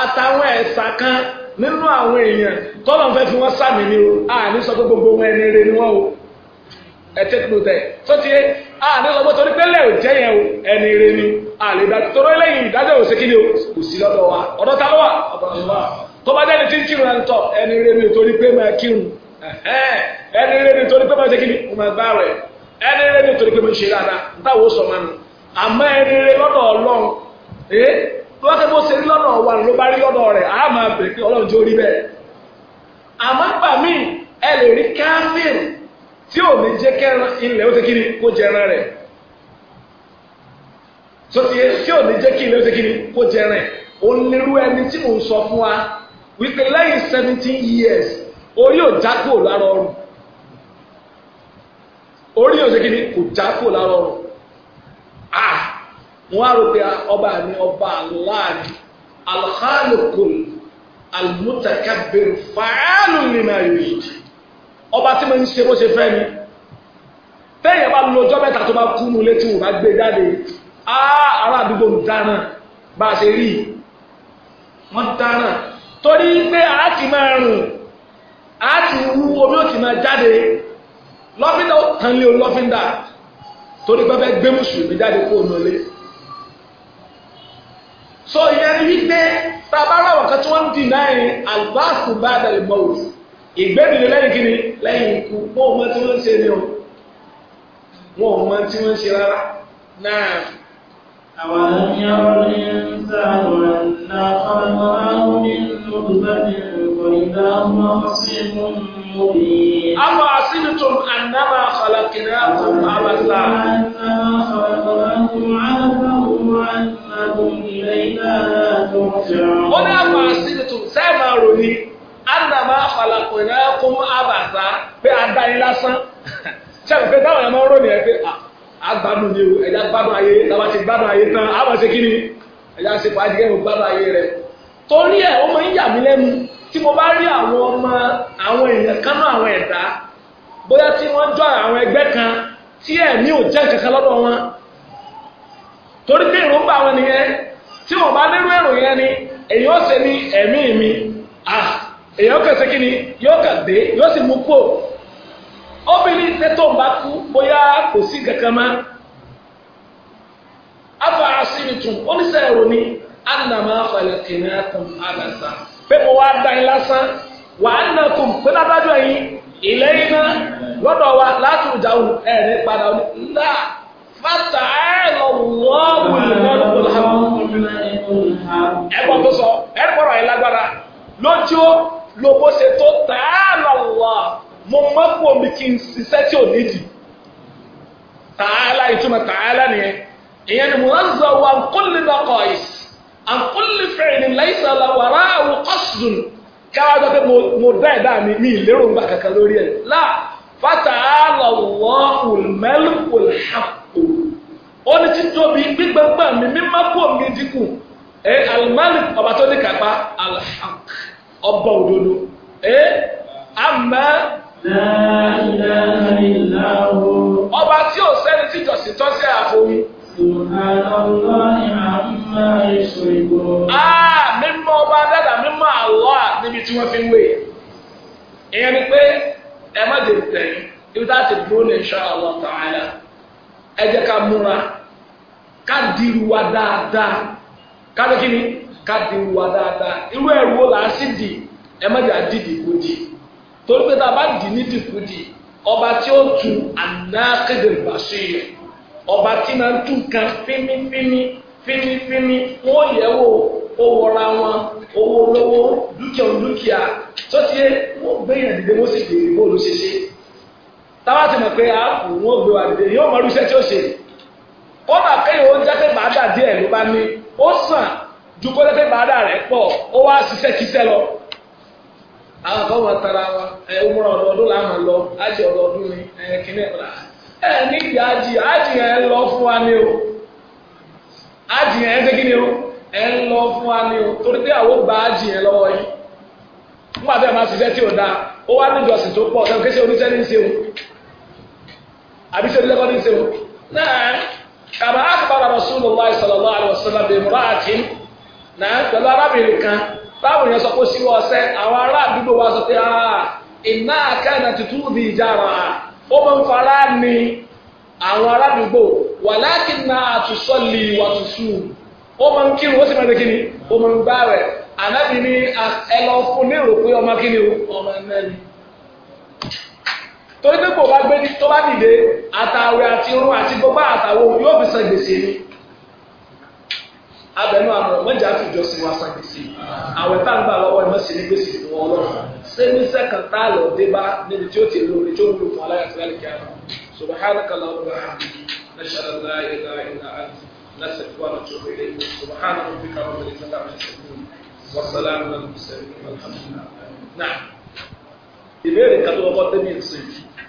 àtàwọn ẹ̀sà kan nínú àwọn èèyàn tọ́lọ̀ sàmì o àní sọ pé gbogbo wọn ẹtẹkùnú tẹ sọtí yẹ a ní sọgbọn torí pẹlẹ ò jẹ yẹn o ẹni rẹ ni a lè dájọ torí ẹlẹyìn ìdájọ ò sékìlì o kò sí lọ́dọ̀ wa ọ̀dọ̀ ta wa wà ọ̀dọ̀ ló wà tó bá dẹni tí ń kírun ẹni tọ ẹni rẹ ni torí pé máa kírun ẹni rẹ ni torí pé máa sékìlì o máa gbá rẹ ẹni rẹ ni torí pé máa ṣe dáadáa níta wo sọ ma nù àmọ́ ẹni rẹ lọ́dọ̀ Ọlọ́run ee tó wákẹ́ bó ṣe rí wa ló bá rí lọ́dọ̀ rẹ̀ á máa bèrè pé Ọlọ́run jó rí bẹ́ẹ̀ àmọ́ tí o ní jẹ́ kẹ́ran ilẹ̀ ó ti kó jẹran rẹ̀ tó ti ẹni tí mò ń sọ fún wa wípé lẹ́yìn seventeen years orí ò já kúrò lára ọrùn orí ò ṣe kí ah wọn pé ọba ni ọba aláàni alhalikul almutakabir fàálù ọba tí mo ń ṣe bó ṣe fẹ́ ni téèyàn bá lo ọjọ́ mẹ́ta tó bá kú nu létí wò bá gbé jáde á ará àdúgbò ń dáràn bá a ṣe rí wọ́n dáràn torí pé a ti máa rùn a ti wú omi ò ti máa jáde lọ́fíńdà ó tàn lé o lọ́fíńdà torí pé fẹ́ gbé mùsùlùmí jáde kó o nọlé so ìyẹn ni wípé tá a bá ráwọ̀ kan tí wọ́n ń dì náà àlùbáàkù bá dàlẹ́ mọ́ òfin ìgbẹ́dìde lẹ́yìn kí ni lẹ́yìn ikú wọn ò mọ tí wọ́n ń ṣe ni o wọn ò mọ tí wọ́n ń ṣe rárá náà. àwọn ènìyàn ní sàwọn náà ọmọ àwọn ènìyàn bá ní ọ̀pọ̀ ọmọ sí mú mi. àwọn àṣìlùtò ànábà kọlọkìnrin àkùn àbàtà. ó ní àwọn àṣìlùtò sẹ́ẹ̀ máa rò anama falakuna kum abasa pé adani lásán ṣàbẹ̀ pé táwọn ẹ̀mọ́ rò ní ẹ pé agbádùn ni o ẹ̀dá gbádùn ayé tàbá ti gbádùn ayé tán á ṣe kí ni ẹ̀dá ṣe pàdé kẹ́hìn gbádùn ayé rẹ̀ torí ẹ̀ ó máa ń yà mí lẹ́nu tí mo bá rí àwọn ọmọ àwọn èèyàn kan náà àwọn ẹ̀dá bóyá tí wọ́n jọ àwọn ẹgbẹ́ kan tí ẹ̀mí ò jẹ́ kankan lọ́dọ̀ wọn torí pé èròǹgbà wọn nìyẹn tí mo bá lérò èrò yẹn ni èyí ó ṣe ní ẹ̀mí mi ah èyàn kàn kí ni yóò kàn dé yóò sì mú kó obìnrin tẹ́tọ̀ bá kú bóyá kò sí kankan mọ́ afa asibitun oníṣẹ́ ẹ̀rọ ni anamọ afọlẹ́kìnrin atọ́m alasa pé mo wá dá lásán wà á nà kùn pé ilẹ̀ yín náà lọ́dọ̀ wa láti ìjà òun ẹ̀ padà òun fata ẹ̀ ẹ̀ bọ̀ tó sọ ẹ̀ lágbára lójú. lo bó ṣe tó tààlà wà mo mọ́pò mi kí n ṣiṣẹ́ tí ò nídìí tààlà ìtumọ̀ tààlà nìyẹn ìyẹn ni mùsàlùmọ́ wa ń kúlì náà kọ̀ ìsì an kulli fẹ́ẹ̀ni láìsà kọ́sùn káwájọ́ pé mo dá ẹ̀dá mi ní ìlérò ńgbà kankan lórí ẹ̀ lá fata alọ́wọ́ mẹ́lùkù hàpò ó gbígbẹ́gbẹ́ mi mímọ́ kó mi dínkù ẹ alimẹ́lì ọba ní kápá alhaq ọba ododo. ee àmọ́ ọba tí o sẹ́ni tí jọ̀sìn tọ́ sí àforí. Ah, mímọ́ ọba dada mímọ́ Allah níbi tí wọ́n fi ń wé. Ìyẹn ni pé ẹ má dèrò tẹ̀yìn, ibi tá a ti dúró ní insha Allah ta'ala. Ẹ jẹ́ ká múra, ká dirú wa dáadáa, ká lókè ni. káàdì wà dáadáa irú ẹ̀rù wo là á sì dì ẹ má di dì dìkudì torí pé tá a bá dì ní dìkudì ọba tí ó tu ànákédèrè bá sí yẹ ọba tí máa ń tu nǹkan fínífíní fínífíní wọ́n yẹ̀ wò owó ra wọn owó lówó dúkìá dúkìá tó ti yẹ wọ́n gbẹ̀yìn àdìdẹ wọ́n sì dèrè bó ló táwa ti mọ̀ pé a kù wọ́n gbé wa dìde yóò mọ̀ ọ́rùsẹ́ tí ó ṣe kọ́nà kẹ́yìn ó jẹ́ pé dà díẹ̀ ló bá ní ó sàn ju kó lẹ́fẹ̀ẹ́ bàdà rẹ̀ pọ̀ ó wá ṣiṣẹ́ kíṣẹ́ lọ. àwọn kan wọn tara wa ẹ ọmọràn ọdọọdún là máa lọ ájì ọdọọdún ni ẹ kíní ìpàdà ẹ níbi ájì ájì ẹ ń lọ fún wa ni o ájì ẹ ń ṣe kíni o ẹ ń lọ fún wa ni o torí pé àwọn gba ájì ẹ lọ́wọ́ yìí nígbà tí a máa ṣiṣẹ́ tí ò dáa ó wá níjọsìn tó pọ̀ ṣe kéṣe oníṣẹ́ ní ṣeun àbí ṣe oníṣẹ́ ní ṣeun náà kàbá àkàbà rasulullah sallallahu alaihi wasallam bẹ̀rẹ̀ náà pẹ̀lú arábìnrin kan báwọn èèyàn sọ pé síwọ́ ọsẹ àwọn ará àdúgbò wa sọ pé ah, iná àkànnà tuntun di ìjà rà ó máa ń fara ní àwọn ará àdúgbò wàlákin náà àtúnṣọ́lì wàtúnṣù ó máa ń kírun ó sì máa ń kíni ó máa ń gbá rẹ̀ ànábì ní ah, ẹ lọ fún ní èrò ọmọ kíni ọmọ náà ni torí pé kò bá gbé tó bá dìde àtàwé àti irun àti gbogbo àtàwọn yóò fi san gbèsè ni abẹnú àmọ mọjà fi ìjọsìn wa san gbèsè àwẹ tá n gbà lọ́wọ́ ẹ mọsí ní gbèsè fún wọn lọ sẹni sẹkàn tá a lọ dé bá níbi tí ó ti lóore tí ó wúlò fún aláyàtí láti kí a lọ subhanaka allahumma wa bihamdika nashhadu an la ilaha illa anta nastaghfiruka wa natubu ilayk subhanaka rabbika rabbil izzati amma yasifun wa salamun alal mursalin walhamdulillah náà ìbéèrè kan tó kọ́kọ́ tẹ́lẹ̀ ìsìn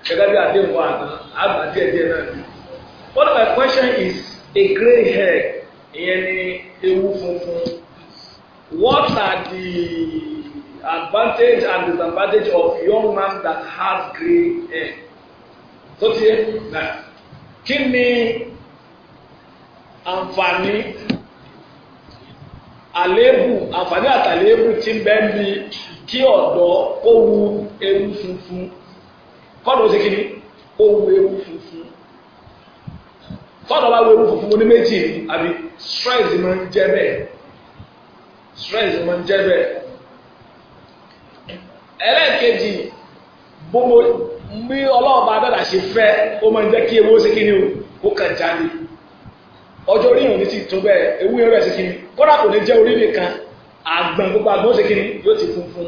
gẹ́gẹ́ bí àdéhùn àná àgbà díẹ̀ díẹ̀ náà. One of my question is a grey hair ìyẹn ni ewu funfun what are the advantage and disadvantage of young man that has grey hair tó ti yẹ na kí ni àǹfààní àléébù àǹfààní àtàléébù ti ń bẹ́ẹ̀ bí kí ọ̀dọ́ kó wu ewu funfun kọ́ọ̀dù ó ṣe kí ni ó ewu funfun tọ́dọ̀ bá wo irú funfun mo ní méjì àbí stress máa ń jẹ́ bẹ́ẹ̀ stress máa ń jẹ́ bẹ́ẹ̀ ẹlẹ́ẹ̀kejì gbogbo bí ọlọ́ọ̀bá ṣe fẹ́ ó máa ń jẹ́ kí ewu ó ṣe kí ni o kó kàn jáde ọjọ́ orí ìrìn ti tó bẹ́ẹ̀ ewu yẹn rẹ̀ ṣe kí ni kò ní jẹ́ gbogbo àgbọn ó ṣe kí ni yóò funfun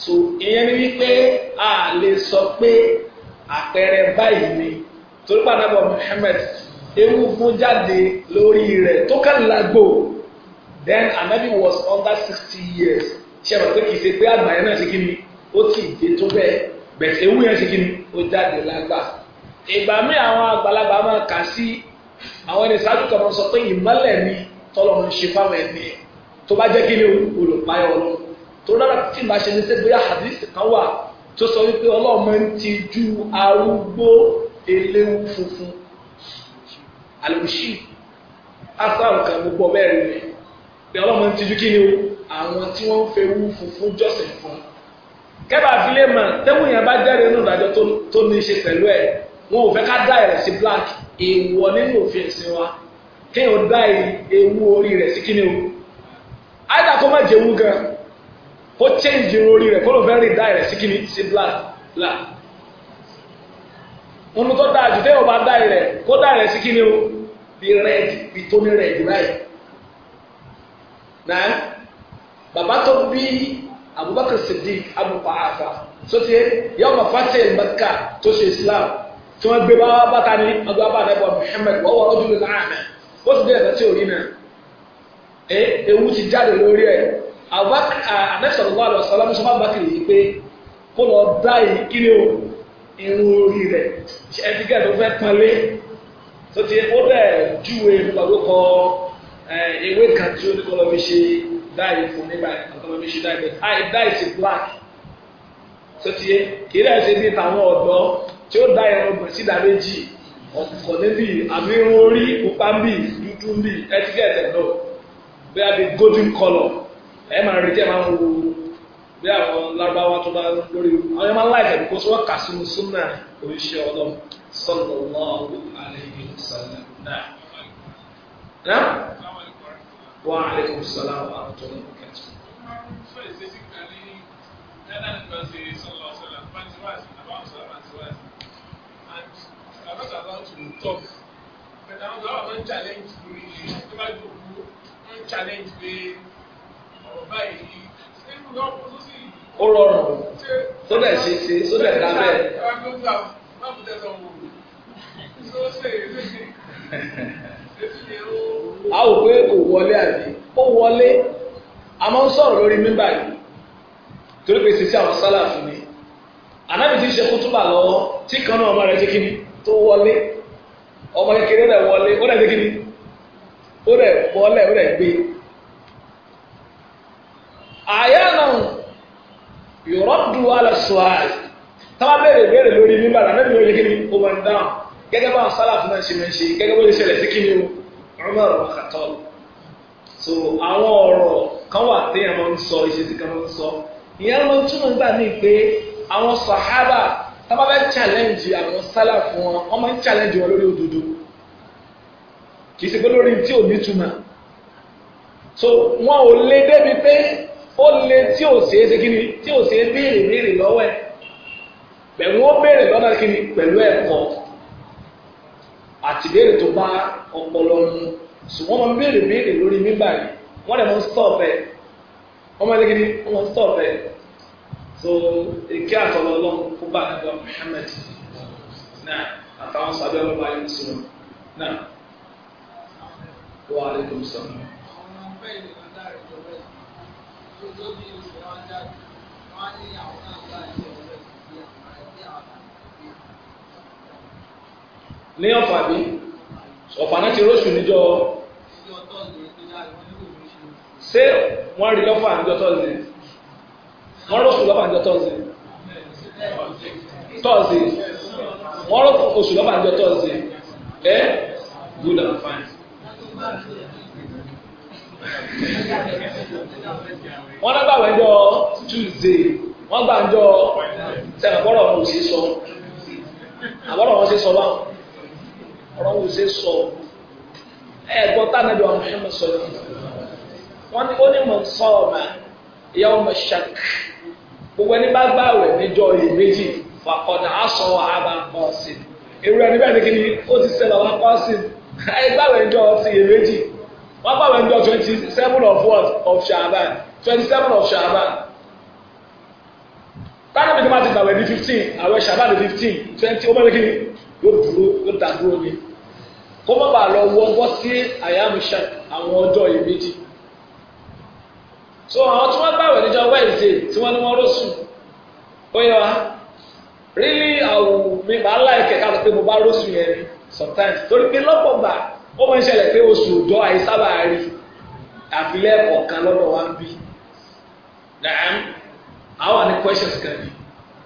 so ìyẹn ni wípé a lè sọ pé àpẹẹrẹ báyìí ni torí pé anábọ̀ Muhammad ewu fún jáde lórí rẹ̀ tó kàn lágbo then anabi was under sixty years ṣe àmọ̀ pé kì í ṣe pé àgbà yẹn náà ṣe kí ni ó ti dé tó bẹ́ẹ̀ bẹ̀tẹ̀ ewu yẹn ṣe kí ni ó jáde lágbà ìgbà mi àwọn àgbàlagbà máa kà sí àwọn ẹni sáájú kan máa sọ pé ìmọ́lẹ̀ ni tọ́lọ́run ṣe fáwọn ẹni tó bá jẹ́ kí ni olùpáyọ̀ ọlọ́run tó rárá tí màá ṣe ní sẹ́ bóyá hadith kan wà tó sọ wípé ọlọ́run máa ń ti ju arúgbó eléwu funfun àlùsí asáàrù kan gbogbo ọbẹ̀ rẹ̀ rẹ̀ pé ọlọ́run máa ń ti ju kí ni o àwọn tí wọ́n ń fẹ́ wú funfun jọ́sìn fún un kẹ́bà fílẹ̀ mọ̀ tẹ́wọ̀n yẹn bá jáde nínú ìdájọ́ tó ní í ṣe pẹ̀lú ẹ̀ wọn ò fẹ́ ká dá ẹ̀rẹ̀ sí black èèwọ̀ nínú òfin ẹ̀sìn wa kéèyàn dá ewu orí rẹ̀ sí kíni o àìdá kó má jẹun gan kó change irun orí rẹ̀ kó ló fẹ́ rìn dá rẹ̀ sí kí ni sí black black ohun tó dáa jù téèyàn bá dá rẹ̀ kó dá rẹ̀ sí kí ni o bí red bí tó red báyìí náà bàbá tó bí Abubakar Siddiq Abu Quhafa sọtí yàwó ma fàtẹ́ mbaka tó ṣe Islam tí wọ́n gbé bá bàtà ní ọgbà bàtà ẹ̀bọ̀ Muhammad wọ́n wọ́n ọdún ní láàmì ó sì dé ẹ̀ka tí ò rí náà ewu ti jáde lórí ẹ̀ anẹ́sọ̀rọ̀lá àlọ́ sàlámù sọ́mà bákìrì yìí pé kó lọ dá ìkíni o irun orí rẹ̀ ẹ̀dígẹ́ ló fẹ́ pẹ́lẹ́ tó ti ó bẹ̀ júwe lọ́dúnkọ eh, ewé kan tí ó ní kọ́lọ́ fi ṣe dáì fún nígbà kọ́lọ́ fi ṣe dáì bẹ́ẹ̀ àì dáì sí black tó ti kì í dẹ̀ ṣe bí tàwọn ọ̀dọ́ tí ó dá ẹran gbọ̀n sí ìdáméjì ọ̀kọ̀ níbi àmì irun orí pupa ń bì dúdú ń bì ẹ̀dígẹ́ ẹ̀dẹ̀ náà bẹ́ẹ̀ bí golden colour ẹ máa retí ẹ máa ń wo bí àwọn lárúbáwá tó bá lórí àwọn ẹ máa ń láìpẹ́ kó sọ kà sínú súnà oríṣẹ́ ọlọ́run sallallahu alayhi wa sallam náà. wa aleykum salaam wa rahmatullahi wa barakatuh. And I'm not allowed to talk but àwọn ọ̀gá wa máa ń challenge lórí ìgbàgbọ́ wọn challenge ó rọrùn tó dẹ̀ ṣe ṣe tó dẹ̀ dá bẹ́ẹ̀. a ò pé kò wọlé àbí ó wọlé a máa ń sọ̀rọ̀ lórí mímbà yìí torí pé sísí àwọn sálà fún mi ànábì tí ń ṣe kútúbà lọ́wọ́ tí kan náà ọmọ rẹ̀ ṣe kí ni tó wọlé ọmọ kékeré rẹ̀ wọlé ó rẹ̀ ṣe kí ni ó rẹ̀ wọlé ó rẹ̀ gbé àyànà yòròdù alẹ́sùwàì táwa béèrè béèrè lórí mímbà rẹ̀ nẹ́bí lórí kíni ó máa ń dáhùn gẹ́gẹ́ bá sálàfù náà ṣe máa ń ṣe gẹ́gẹ́ bó ṣe ṣẹlẹ̀ sí kíni o Umar kàtọ́ so àwọn ọ̀rọ̀ kan wà téèyàn máa ń sọ ìṣesí kan máa ń sọ ìyẹn máa ń túmọ̀ nígbà míì pé àwọn sàhábà táwa bá challenge àwọn sálàfù wọn wọ́n máa ń challenge wọn lórí òdodo kì í ṣe pé lórí tí ò ní túmọ̀ so wọn ò lé débi pé ó lé tí ò ṣeé ṣe kí ni tí ò ṣeé béèrè béèrè lọ́wọ́ ẹ̀ pẹ̀lú ó béèrè lọ́nà kí ni pẹ̀lú ẹ̀kọ́ àtìbéèrè tó bá ọpọlọ mu ṣùgbọ́n wọn béèrè béèrè lórí mímbà yìí wọ́n lè mọ stop ẹ̀ wọ́n máa ń lékiri wọ́n mọ stop ẹ̀ so èké àtọ̀lọ́ ọlọ́run kó bá àgbà Muhammad náà àtàwọn sábẹ́ ọlọ́ba ayé ti wọn náà wọ́n á lè kó sọ ní ọ̀fà bí ọ̀fà náà ti róṣù níjọ́ ṣé wọ́n rí lọ́fà níjọ́ tọ́sí wọ́n róṣù lọ́fà níjọ́ tọ́sí tọ́sí wọ́n róṣù lọ́fà níjọ́ tọ́sí ẹ́ eh? good and fine wọ́n náà gbàgbọ́ ẹjọ́ Tuesday wọ́n gbà ń jọ sẹ́yìn àbọ̀rọ̀ wọn ò ṣe sọ àbọ̀rọ̀ wọn ṣe sọ báwọn ọ̀rọ̀ wọn ò ṣe sọ ẹ̀gbọ́n tánàbí wa Muhammad sọ̀rọ̀ wọ́n ní ó ní mọ̀ sọ́ọ̀mà ìyá ọmọ ṣak gbogbo ẹni bá gbàwẹ̀ níjọ́ yìí méjì fàkọ̀dà aṣọ àbá kọ́ọ̀sì èrò ẹni bẹ́ẹ̀ ni kí ni ó ti ṣẹlẹ̀ wá kọ́ọ̀sì ẹgbàwẹ̀ níjọ́ ti yìí méjì wọ́n gbà wọ́n jọ twenty seven of what of Shaban twenty seven of Shaban táwọn ọmọdé máa ti gbàwẹ̀ ní fifteen àwẹ̀ Shaban ní fifteen twenty ó mọ̀lẹ́kì yóò dúró yóò dá dúró ni kó má bàa lọ wọ́ bọ́ sí àyàmùsà àwọn ọjọ́ yìí méjì so àwọn tí wọ́n gbàwẹ̀ níjọ́ Wednesday tí wọ́n ní wọ́n rò sùn ó yẹ wa really àwùmí màá láì kẹ̀kẹ́ àti pé mo bá rò sùn yẹn sometimes torí pé lọ́pọ̀ gbà. ó máa ń ṣẹlẹ̀ pé oṣù òjọ́ àìsábà rí àfilẹ́ ọ̀kan lọ́dọ̀ wa ń bí dàám àwọn àní questions kan bí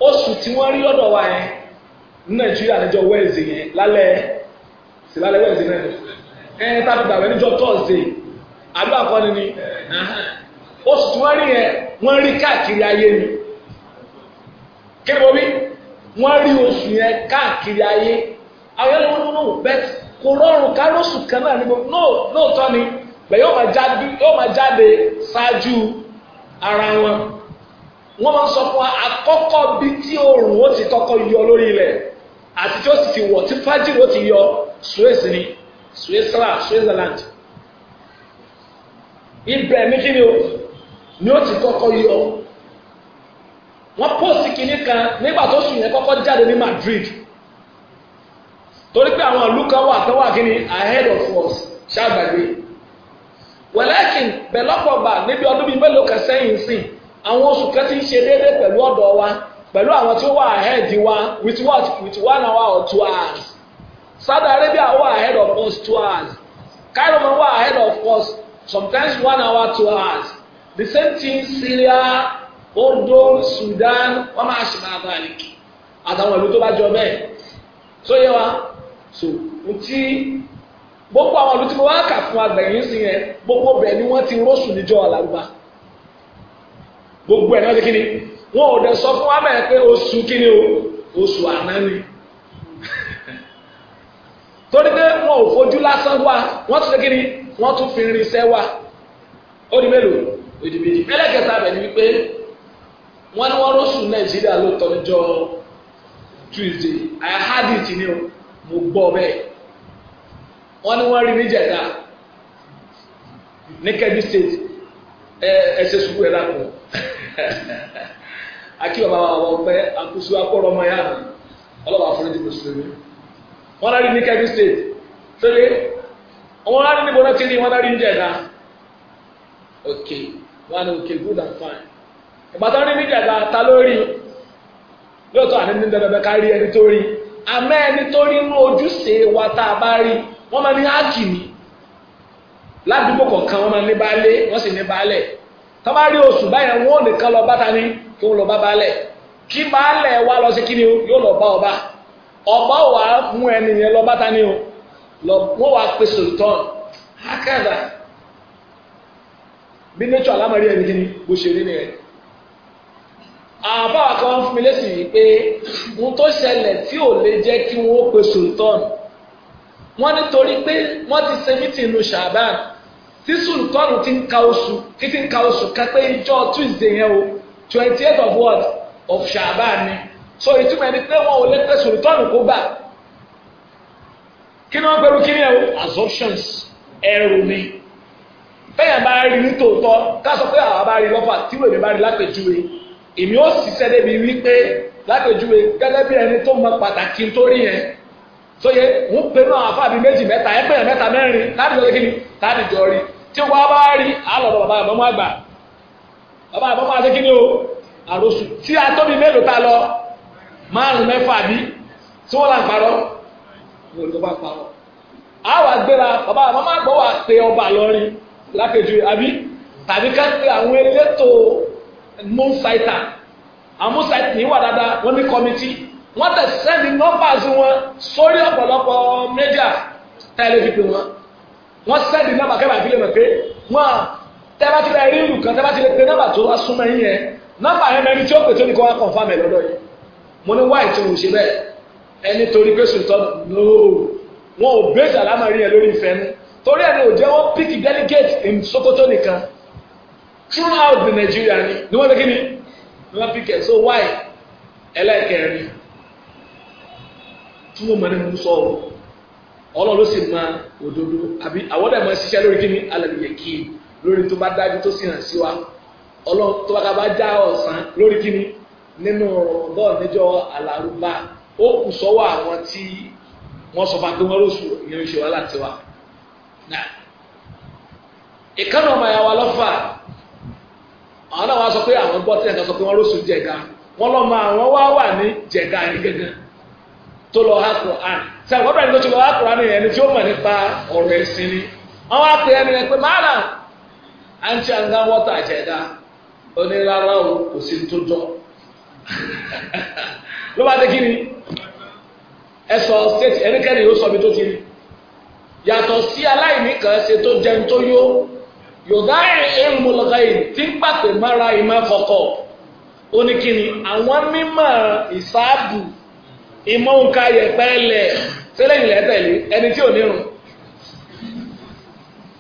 oṣù tí wọ́n rí lọ́dọ̀ wa yẹn ní nàìjíríà níjọ́ wẹ́ẹ̀sì yẹn lálẹ́ sí lálẹ́ wẹ́ẹ̀sì náà ẹ̀ tàbí gbàgbé níjọ́ tọ́ọ̀sì ni oṣù tí wọ́n rí yẹn wọ́n rí káàkiri kò rọrùn kárọ́sù kan náà ní gbogbo lóòótọ́ ni pẹ̀ yóò máa jáde ṣáájú ara wọn wọ́n máa ń sọ fún wa àkọ́kọ́ bí tí oòrùn ó ti kọ́kọ́ yọ lórí ilẹ̀ àti tí ó sì ti wọ̀ tí fájìrì ó ti yọ Suez ni Suezra Switzerland ibẹ̀ ní kí ni o ni ó ti kọ́kọ́ yọ wọ́n pòsì kìíní kan nígbà tó sùn yẹn kọ́kọ́ jáde ní Madrid torí pé àwọn ìlú kan wà kan wà kí ni ahead of us ṣàgbàgbé wẹ̀lẹ́kìn bẹ̀lọ́pọ̀ gbà níbi ọdún bíi mélòó kan sẹ́yìn sí àwọn oṣù kan ti ń ṣe déédéé pẹ̀lú ọ̀dọ̀ wa pẹ̀lú àwọn tí ó wà ahead wa with what with one hour or two hours Saudi Arabia wà ahead of us two hours Cairo wà ahead of us sometimes one hour two hours the same thing Syria Jordan Sudan wọn máa ṣe máa bá a lè kí àtàwọn ìlú tó bá jọ bẹ́ẹ̀ tó yẹ wa so ntí gbogbo àwọn ọdún tí mo wá kà fún agbẹ̀yìn sí yẹn gbogbo bẹ̀ ni wọ́n ti rọ́ṣù níjọ́ àlàrúbá gbogbo ẹ̀ náà ti kíni wọn ò dẹ̀ sọ fún wa bẹ́ẹ̀ pé oṣù kíni o oṣù àná ni torí pé wọn ò fojú lásán wá wọ́n tún ṣe kíni wọ́n tún fi irinṣẹ́ wá ó di mélòó ó di méjì ẹlẹ́kẹta bẹ̀ ni wípé wọ́n ní wọ́n rọ́ṣù Nàìjíríà lóòótọ́ níjọ́ Tuesday I had it ni o. mo gbọ́ bẹ́ẹ̀ wọ́n ní wọ́n rí níjẹ̀dá ní Kebbi state ẹ ẹ ṣe ẹ̀ pé akusu ya àforíjì wọ́n rí ní Kebbi state wọ́n rí níbo náà wọ́n rí ok wọ́n ok good and fine ìgbà tó rí ta ló rí àní ní dandan bẹ́ẹ̀ ká àmọ́ ẹni tó rí inú ojúṣe wa tá a bá rí wọ́n máa ní áàkì mi ládùúgbò kọ̀ọ̀kan wọ́n máa ní baálé wọ́n sì ní baálẹ̀ tó bá rí oṣù báyẹn wọ́n ò nìkan lọ bá ta ní kí wọ́n lọ bá baálẹ̀ kí baálẹ̀ wa lọ sí kíni yóò lọ bá ọba ọba wa mú ẹni yẹn lọ bá ta ní o wọ́n wá pe sultan akẹ́dà bí nature alámọ̀rí ẹni kíni bó ṣe rí nìyẹn àbáwá kan fún mi lésì wípé ohun tó ṣẹlẹ̀ tí ò lè jẹ́ kí wọ́n pe sultan wọ́n nítorí pé wọ́n ti ṣe mítì inú ṣàbán tí sultan ti ń ka oṣù kí ti ń ka oṣù ká pé tuesday yẹn o twenty eight of what of ṣàbán ni so ìtumọ̀ ẹni pé wọ́n ò lè pe sultan kó gbà kí ni wọ́n pẹ̀lú kí ni ẹ̀ o assumptions ẹ̀rù ni bẹ́ẹ̀ bá rí nítòótọ́ ká sọ pé àwa bá rí lọ́fà tí wèmi bá rí lápèjúwe èmi ó ṣiṣẹ́ débi wípé lápèjúwe gẹ́gẹ́ bí ẹni tó mọ pàtàkì nítorí yẹn tó yẹ ń pe náà àfáàbí méjì mẹ́ta ẹ pẹ̀lẹ́ mẹ́ta mẹ́rin láti jọ kíni láti jọ rí tí wọ́n bá rí àlọ́bọ̀ bàbá àbọ̀mọ́ àgbà bàbá àbọ̀mọ́ àti kíni o àròsù tí a tóbi mélòó ta lọ márùn mẹ́fà bí tí wọ́n là ń parọ́ wọ́n ló bá ń parọ́ àwọn àgbéra bàbá àbọ̀mọ́ àgbọ̀ wà pé ọba lọ́rin lápèjúwe àbí tàbí ká pé àwọn elétò mọ́nsáìtà àwọn mọ́nsáìtì yìí wà dáadáa wọ́n ní kọ́mítì wọ́n tẹ̀ sẹ́ndì nọ́mbàsì wọn sórí ọ̀pọ̀lọpọ̀ mẹ́díà táyà lè fi pè wọ́n wọ́n sẹ́ndì nọ́mbà kẹ́bà fi lè mọ̀ pé wọ́n tẹ́bà ti rẹ̀ rí ìlú kan tẹ́bà ti lè pe nọ́mbà tó wá súnmọ́ yín yẹn nọ́mbà yẹn mẹ́rin tí ó pè tó ní kọ́ wá kọ̀ǹfà mẹ́ lọ́dọ̀ yìí mo ní wáì tí mo ṣe bẹ́ẹ̀ ẹni torí pé sùtọ́ nóò wọn ò bẹ́ẹ̀ sàlámà rí yẹn lórí ìfẹ́ nu torí ẹni ò píkì delegate in Sokoto nìkan throughout the Nigeria ni ni wọ́n ti kí ni ni wọ́n pick so why ẹlẹ́kẹ̀rin tí wọ́n mọ̀ ní mú sọ̀rọ̀ ọlọ́run ló sì mọ òdodo àbí àwọn ọ̀dà máa ṣiṣẹ́ lórí kí ni alàyè kí lórí tó bá dájú tó sì hàn sí wa ọlọ́run tó bá bá já ọ̀sán lórí kí ni nínú ọ̀dọ́ níjọ́ alárúbá ó kù sọ́wọ́ àwọn tí wọ́n sọ fún akéwọ́n lóṣù ìyẹn ìṣèwà láti wa. ìkànnì ọmọ ìyàwó alọ́fà àwọn náà wá sọ pé àwọn gbọ́ tẹ̀ka sọ pé wọ́n lóṣù jẹ̀ga wọ́n lọ́ mọ àwọn wá wà ní jẹ̀ga yẹn gẹ́gẹ́ tó lọ ha Qur'an ṣe àwọn ọ̀dọ́ ẹni tó ti lọ ha Qur'an yẹn ẹni tí ó mọ̀ nípa ọ̀rọ̀ ẹ̀sìn ni wọ́n wá pè ẹni yẹn pé màálà à ń àǹgá wọ́tà jẹ̀ga onírara o kò sí tó jọ ló bá dé kí ni ẹ sọ state ẹnikẹ́ni yóò sọ mi tó ti rí yàtọ̀ sí aláìní kan ṣe tó jẹun tó yó yòdá ìmùlọ̀gá yìí tí ń pàpè mára ìmọ̀ kọ̀kọ̀ oníkìní àwọn mímọ̀ ìsáàbù ìmọ̀ nǹka yẹ̀pẹ́lẹ̀ sẹ́lẹ̀yìn lẹ́tẹ̀lé ẹni tí ò nírun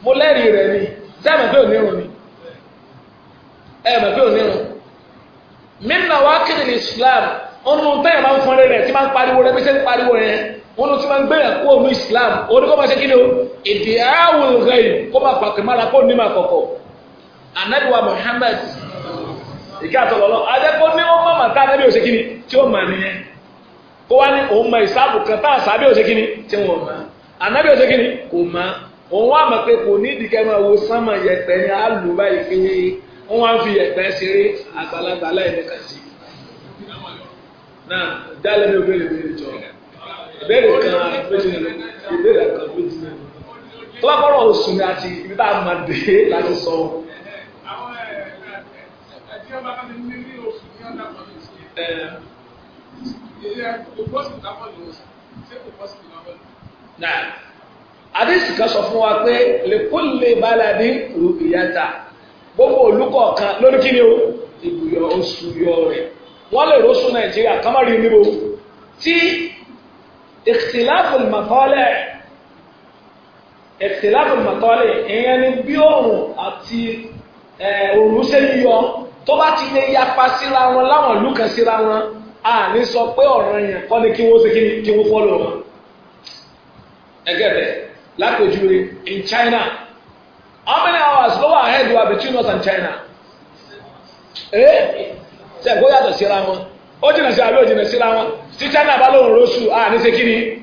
mo lẹ́rìí rẹ̀ ni sẹ́mi pé ò nírun ni ẹ mọ̀ pé ò nírun mímọ̀ wá kéde ní Islam ọ̀nù tẹ́yìn máa ń fọ́nrẹ́ rẹ̀ tí máa ń pariwo rẹ̀ bí sẹ́ ń pariwo rẹ̀ ọ̀nù tí máa ń gbẹ̀yàn kó òun Islam oníkọ́ máa ṣe kí ni o. ìdí àwòl gẹ̀yìn kó kó ma anabi wa Muhammad ìkí àtọ̀lọ́lọ́ adẹ́kọ́ ní ó anabi ní ma máa kata kan tá àsábì òsè kíni tí anabi ní ìdíkẹ́ máa wo ní àlù báyìí kéwé wọ́n wá ń ní òbẹ̀rẹ̀ ìbéèrè jọ ìbéèrè kan kan tó bá kọ́rọ̀ oṣù ni àti ibi tá a mọ̀ dé láti sọ. àdéhùn kan sọ fún wa pé lèkúlè balàdé rú ìyáta gbogbo olùkọ̀ọ̀kan lórí kí ni o ìbùyọ̀ oṣù yọ rẹ̀ wọ́n lè rọ́ṣù nàìjíríà kámárì níbo tí ìtìláfù màkọ́lẹ̀ ẹ̀tìláàbù mọ̀tọ́lẹ̀ ìyẹn ni bí òòrùn àti òòrùn ṣe ń yọ tó bá ti lè yapa síra wọn láwọn ìlú kan síra wọn a ní sọ pé ọ̀ràn yẹn kọ́ ni kí wọ́n ṣe wọn. ẹgẹ́ bẹ̀ in China how many hours go wà ahead wa between us and China? ee ṣe kó yàtọ̀ síra wọn ó jìnnà sí àbí ó jìnnà síra wọn tí a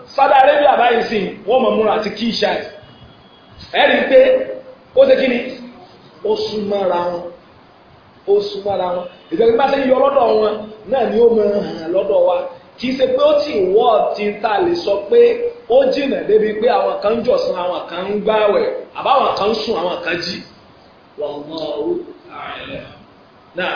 Saudi Arabia báyìí sìn wọ́n mọ̀ múra àti kí ìṣá ẹ̀ ẹ̀ rí i pé ó ṣe kí ni ó súnmọ́ra wọn ó súnmọ́ra wọn ìjọba bá ṣe yọ lọ́dọ̀ wọn náà ni ó mọ hàn lọ́dọ̀ wa kì í ṣe pé ti wọ́ ti ta lè sọ pé ó jìnà débi pé àwọn kan ń jọ̀sán àwọn kan ń gbàwẹ̀ àbáwọn kan ń sùn àwọn kan wọ́n mọ̀ ọ́ náà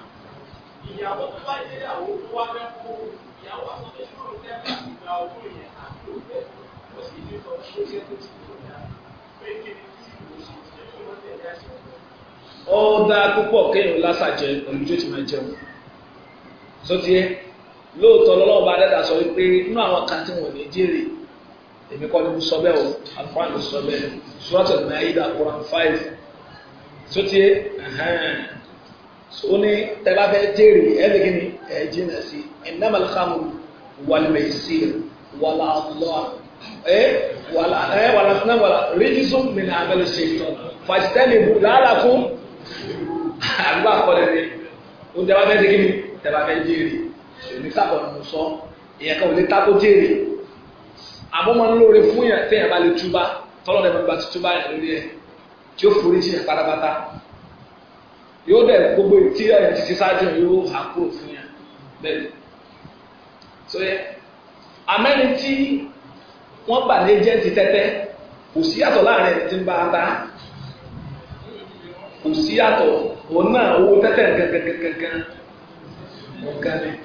ìyàwó tó bá ìyàwó tó wá fẹ́ ìyàwó àtọ́jú ìgbà yẹn àti ó sì ní sọ tó ti tó púpọ̀ kéèyàn lásàjẹ pẹ̀lú tó ti máa jẹun bá dẹ́ta sọ wípé inú o sọ bẹ́ẹ̀ sọ́tẹ̀ sọtiẹ ó ní tẹ́lá fẹ́ jèrè ẹ̀ẹ́dẹ́gì ni ẹ̀ jìnà sí innamal khamru wal maisir wàlà àlọ́ ẹ̀ wàlà ẹ̀ wàlà fúnà wàlà rijsun min amali shaytan fajtanibu la'allakum àgbà kọ́lẹ̀ ni ó tẹ́lá fẹ́ jèrè tẹ́lá fẹ́ jèrè òní sábà mú sọ ìyẹn kan ò ní tako jèrè àmọ́ máa ń lóore fún yàn tẹ́yàn bá lè túbà tọ́lọ́ yóò dẹ̀ gbogbo ìtí ẹ̀ títí sáájú yóò hà kúrò fún yẹn bẹ́ẹ̀ so yẹ amẹ́ni tí wọ́n bà ní jẹ́ ti tẹ́tẹ́ kò sí yàtọ̀ láàrin ẹni tí ń bá a ta kò sí yàtọ̀ òun náà owó tẹ́tẹ́ gangan gangan ni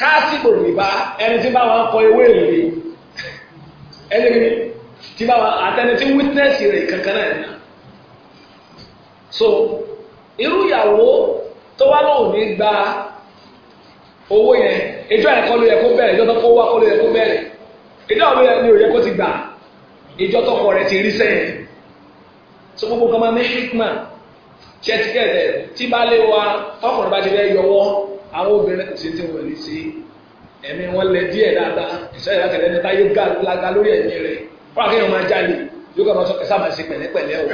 kásìkò rìbá ẹni tí bá wọn kọ ewé rèé ẹni tí bá wọn àtẹni tí wítínẹ́sì rẹ̀ kankan náà so irú ìyàwó tó wá lóun ní gba owó yẹn ìjọ yẹn kọ́ ló yẹ kó bẹ̀rẹ̀ ìjọ tó kó wá kó ló yẹ kó bẹ̀rẹ̀ ìjọ ló yẹ ni ò yẹ kó ti gbà ìjọ tọkọ rẹ̀ ti rí sẹ́yìn so gbogbo kan máa ní hikma ṣẹtikẹtẹ tí bá lé wa tọkùnrin bá ti fẹ́ yọwọ́ àwọn obìnrin kò sí ti wọlé sí ẹ̀mí wọn lẹ díẹ̀ dáadáa ìṣẹ́ ìyá tẹ̀lé níta yóò ga laga lórí ẹ̀mí rẹ̀ fún akéèyàn máa jáde yóò kàn máa sọ kẹsà pẹ̀lẹ́pẹ̀lẹ́ o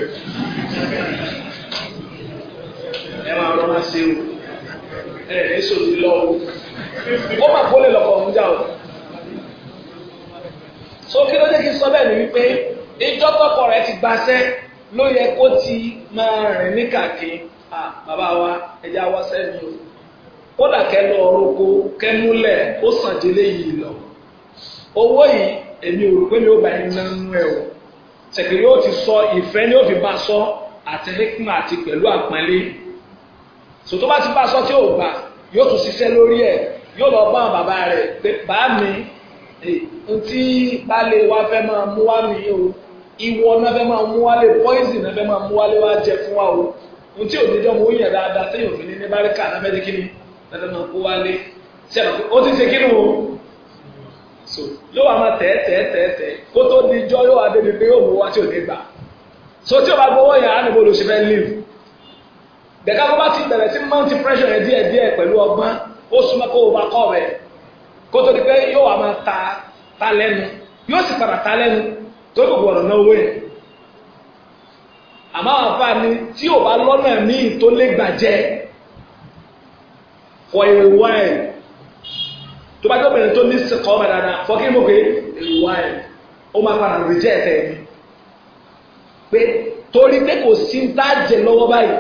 ẹ máa rọ máa ṣe o ẹ ẹ sòdì lọ o ó mà kó lè ọ̀hún já o. so kí ló dé kí n sọ bẹ́ẹ̀ ni wípé ìjọ tọkọ rẹ ti gbaṣẹ́ ló yẹ kó ti máa rìn ní kàkín à bàbá wa ẹja wá sẹ́ni o kódà kẹlọ ọrọ̀kọ kẹmúlẹ̀ ó sàn délé yìí lọ owó yìí èmi ò rò pé mi ò bá iná nú ẹ o ṣèkìrì ó ti sọ ìfẹ́ ni ó fi bá sọ àti àti pẹ̀lú àpọ́nlé sòtó bá ti bá aṣọ tí ò gbà yóò tún ṣiṣẹ́ lórí ẹ̀ yóò lọ bá bàbá rẹ̀ pé bá mi ntí balẹ̀ wa fẹ́ máa mú wá mi o ìwọ náà fẹ́ máa mú wálé poison náà fẹ́ máa mú wálé wá jẹ fún wa o ntí òdìjọ́ mo yàn dáadáa téèyàn fi ní báríkà náà fẹ́ di kíni náà fẹ́ máa kó wálé ṣẹlẹ̀ ó ti ṣe kíni o so ló wà máa tẹ̀ tẹ̀ tẹ̀ tẹ̀ kó tó di jọ́ yóò wá débi pé yóò mú wá tí ò bẹ̀ka bó bá ti bẹ̀rẹ̀ sí mount pressure yẹn díẹ̀ díẹ̀ pẹ̀lú ọgbọ́n ó súnmọ́ kó o bá kọ́ rẹ̀ kó tó di pé yóò wá máa ta ta lẹ́nu yóò sì padà ta lẹ́nu tó lè wọ̀rọ̀ náà owó àmọ́ àwọn afá ni tí ò bá lọ́nà míì tó gbàjẹ́ for a while tó bá jẹ́ obìnrin tó ní kọ́ ọmọ dáadáa for kí ni mo pè é a while ó máa padà reject ẹ̀ pé torí pé kò sí ń tá jẹ lọ́wọ́ báyìí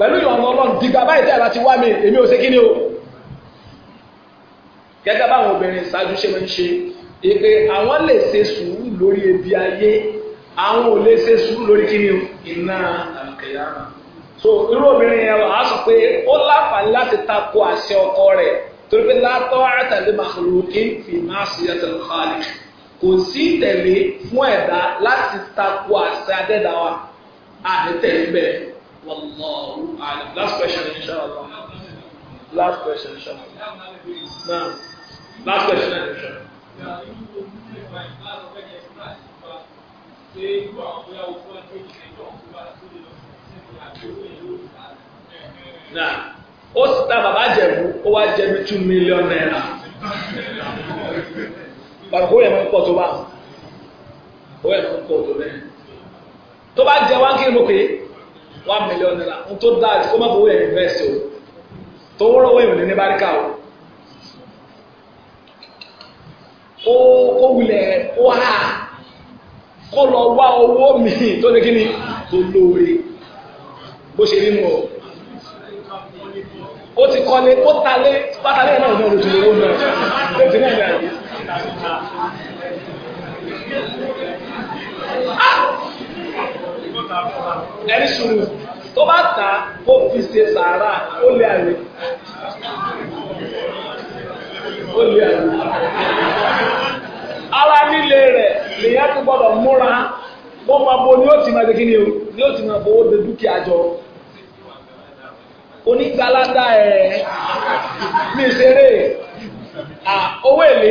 pẹ̀lú ìyọ̀nà ọlọ́run dìgbà báyìí tẹ́ ẹ̀ láti wá mi èmi ò ṣe kí ni o. gẹ́gẹ́ báwọn obìnrin ṣáájú ṣe máa ń ṣe é àwọn lè ṣe sùúrù lórí ebi ayé àwọn ò lè ṣe sùúrù lórí kí ni o iná àkẹyàmà. so irú obìnrin yẹn wàá sọ pé ó láǹfààní láti tako àṣẹ ọkọ rẹ̀ torí pé látọ́ àtàlẹ́ màkàlùkì fi máa ṣe àtàlù khaliq kò sí ìtẹ̀lé fún ẹ̀dá láti tako àṣẹ adẹ́dáwa àdẹ́tẹ̀lé bẹ́ẹ̀. Wallahu Last question, inshallah. Last question, inshallah. Now, last question, inshallah. Now, ó ta bàbá jẹ̀bú ó wá jẹ̀bi two million naira. But who am I pọ̀ tó bá. Ó yẹ kó pọ̀ to bẹ́ẹ̀. to bá jẹ wá kí ni mo one million naira n tó dáa kó má fowó yẹn invest o tó wọ́rọ̀ wọ́n ìròyìn ní báríkà o kó kó wulẹ̀ kó hà kó lọ wá owó mi tó ní kí ni tó lóore bó ṣe rí mu o ó ti kọ́lé o talé pátalé náà náà o owó náà lójú náà náà. ẹni tó bá tà á fi ṣe sàárà ó lé àlè ó lé ara líle rẹ̀ lèyàn tó gbọ́dọ̀ múra bó máa bo ni ó ti máa gbégé ni o ni ó ti máa bo ó dúkìá jọ onígbàládà ẹ̀ mi ṣeré owó èlé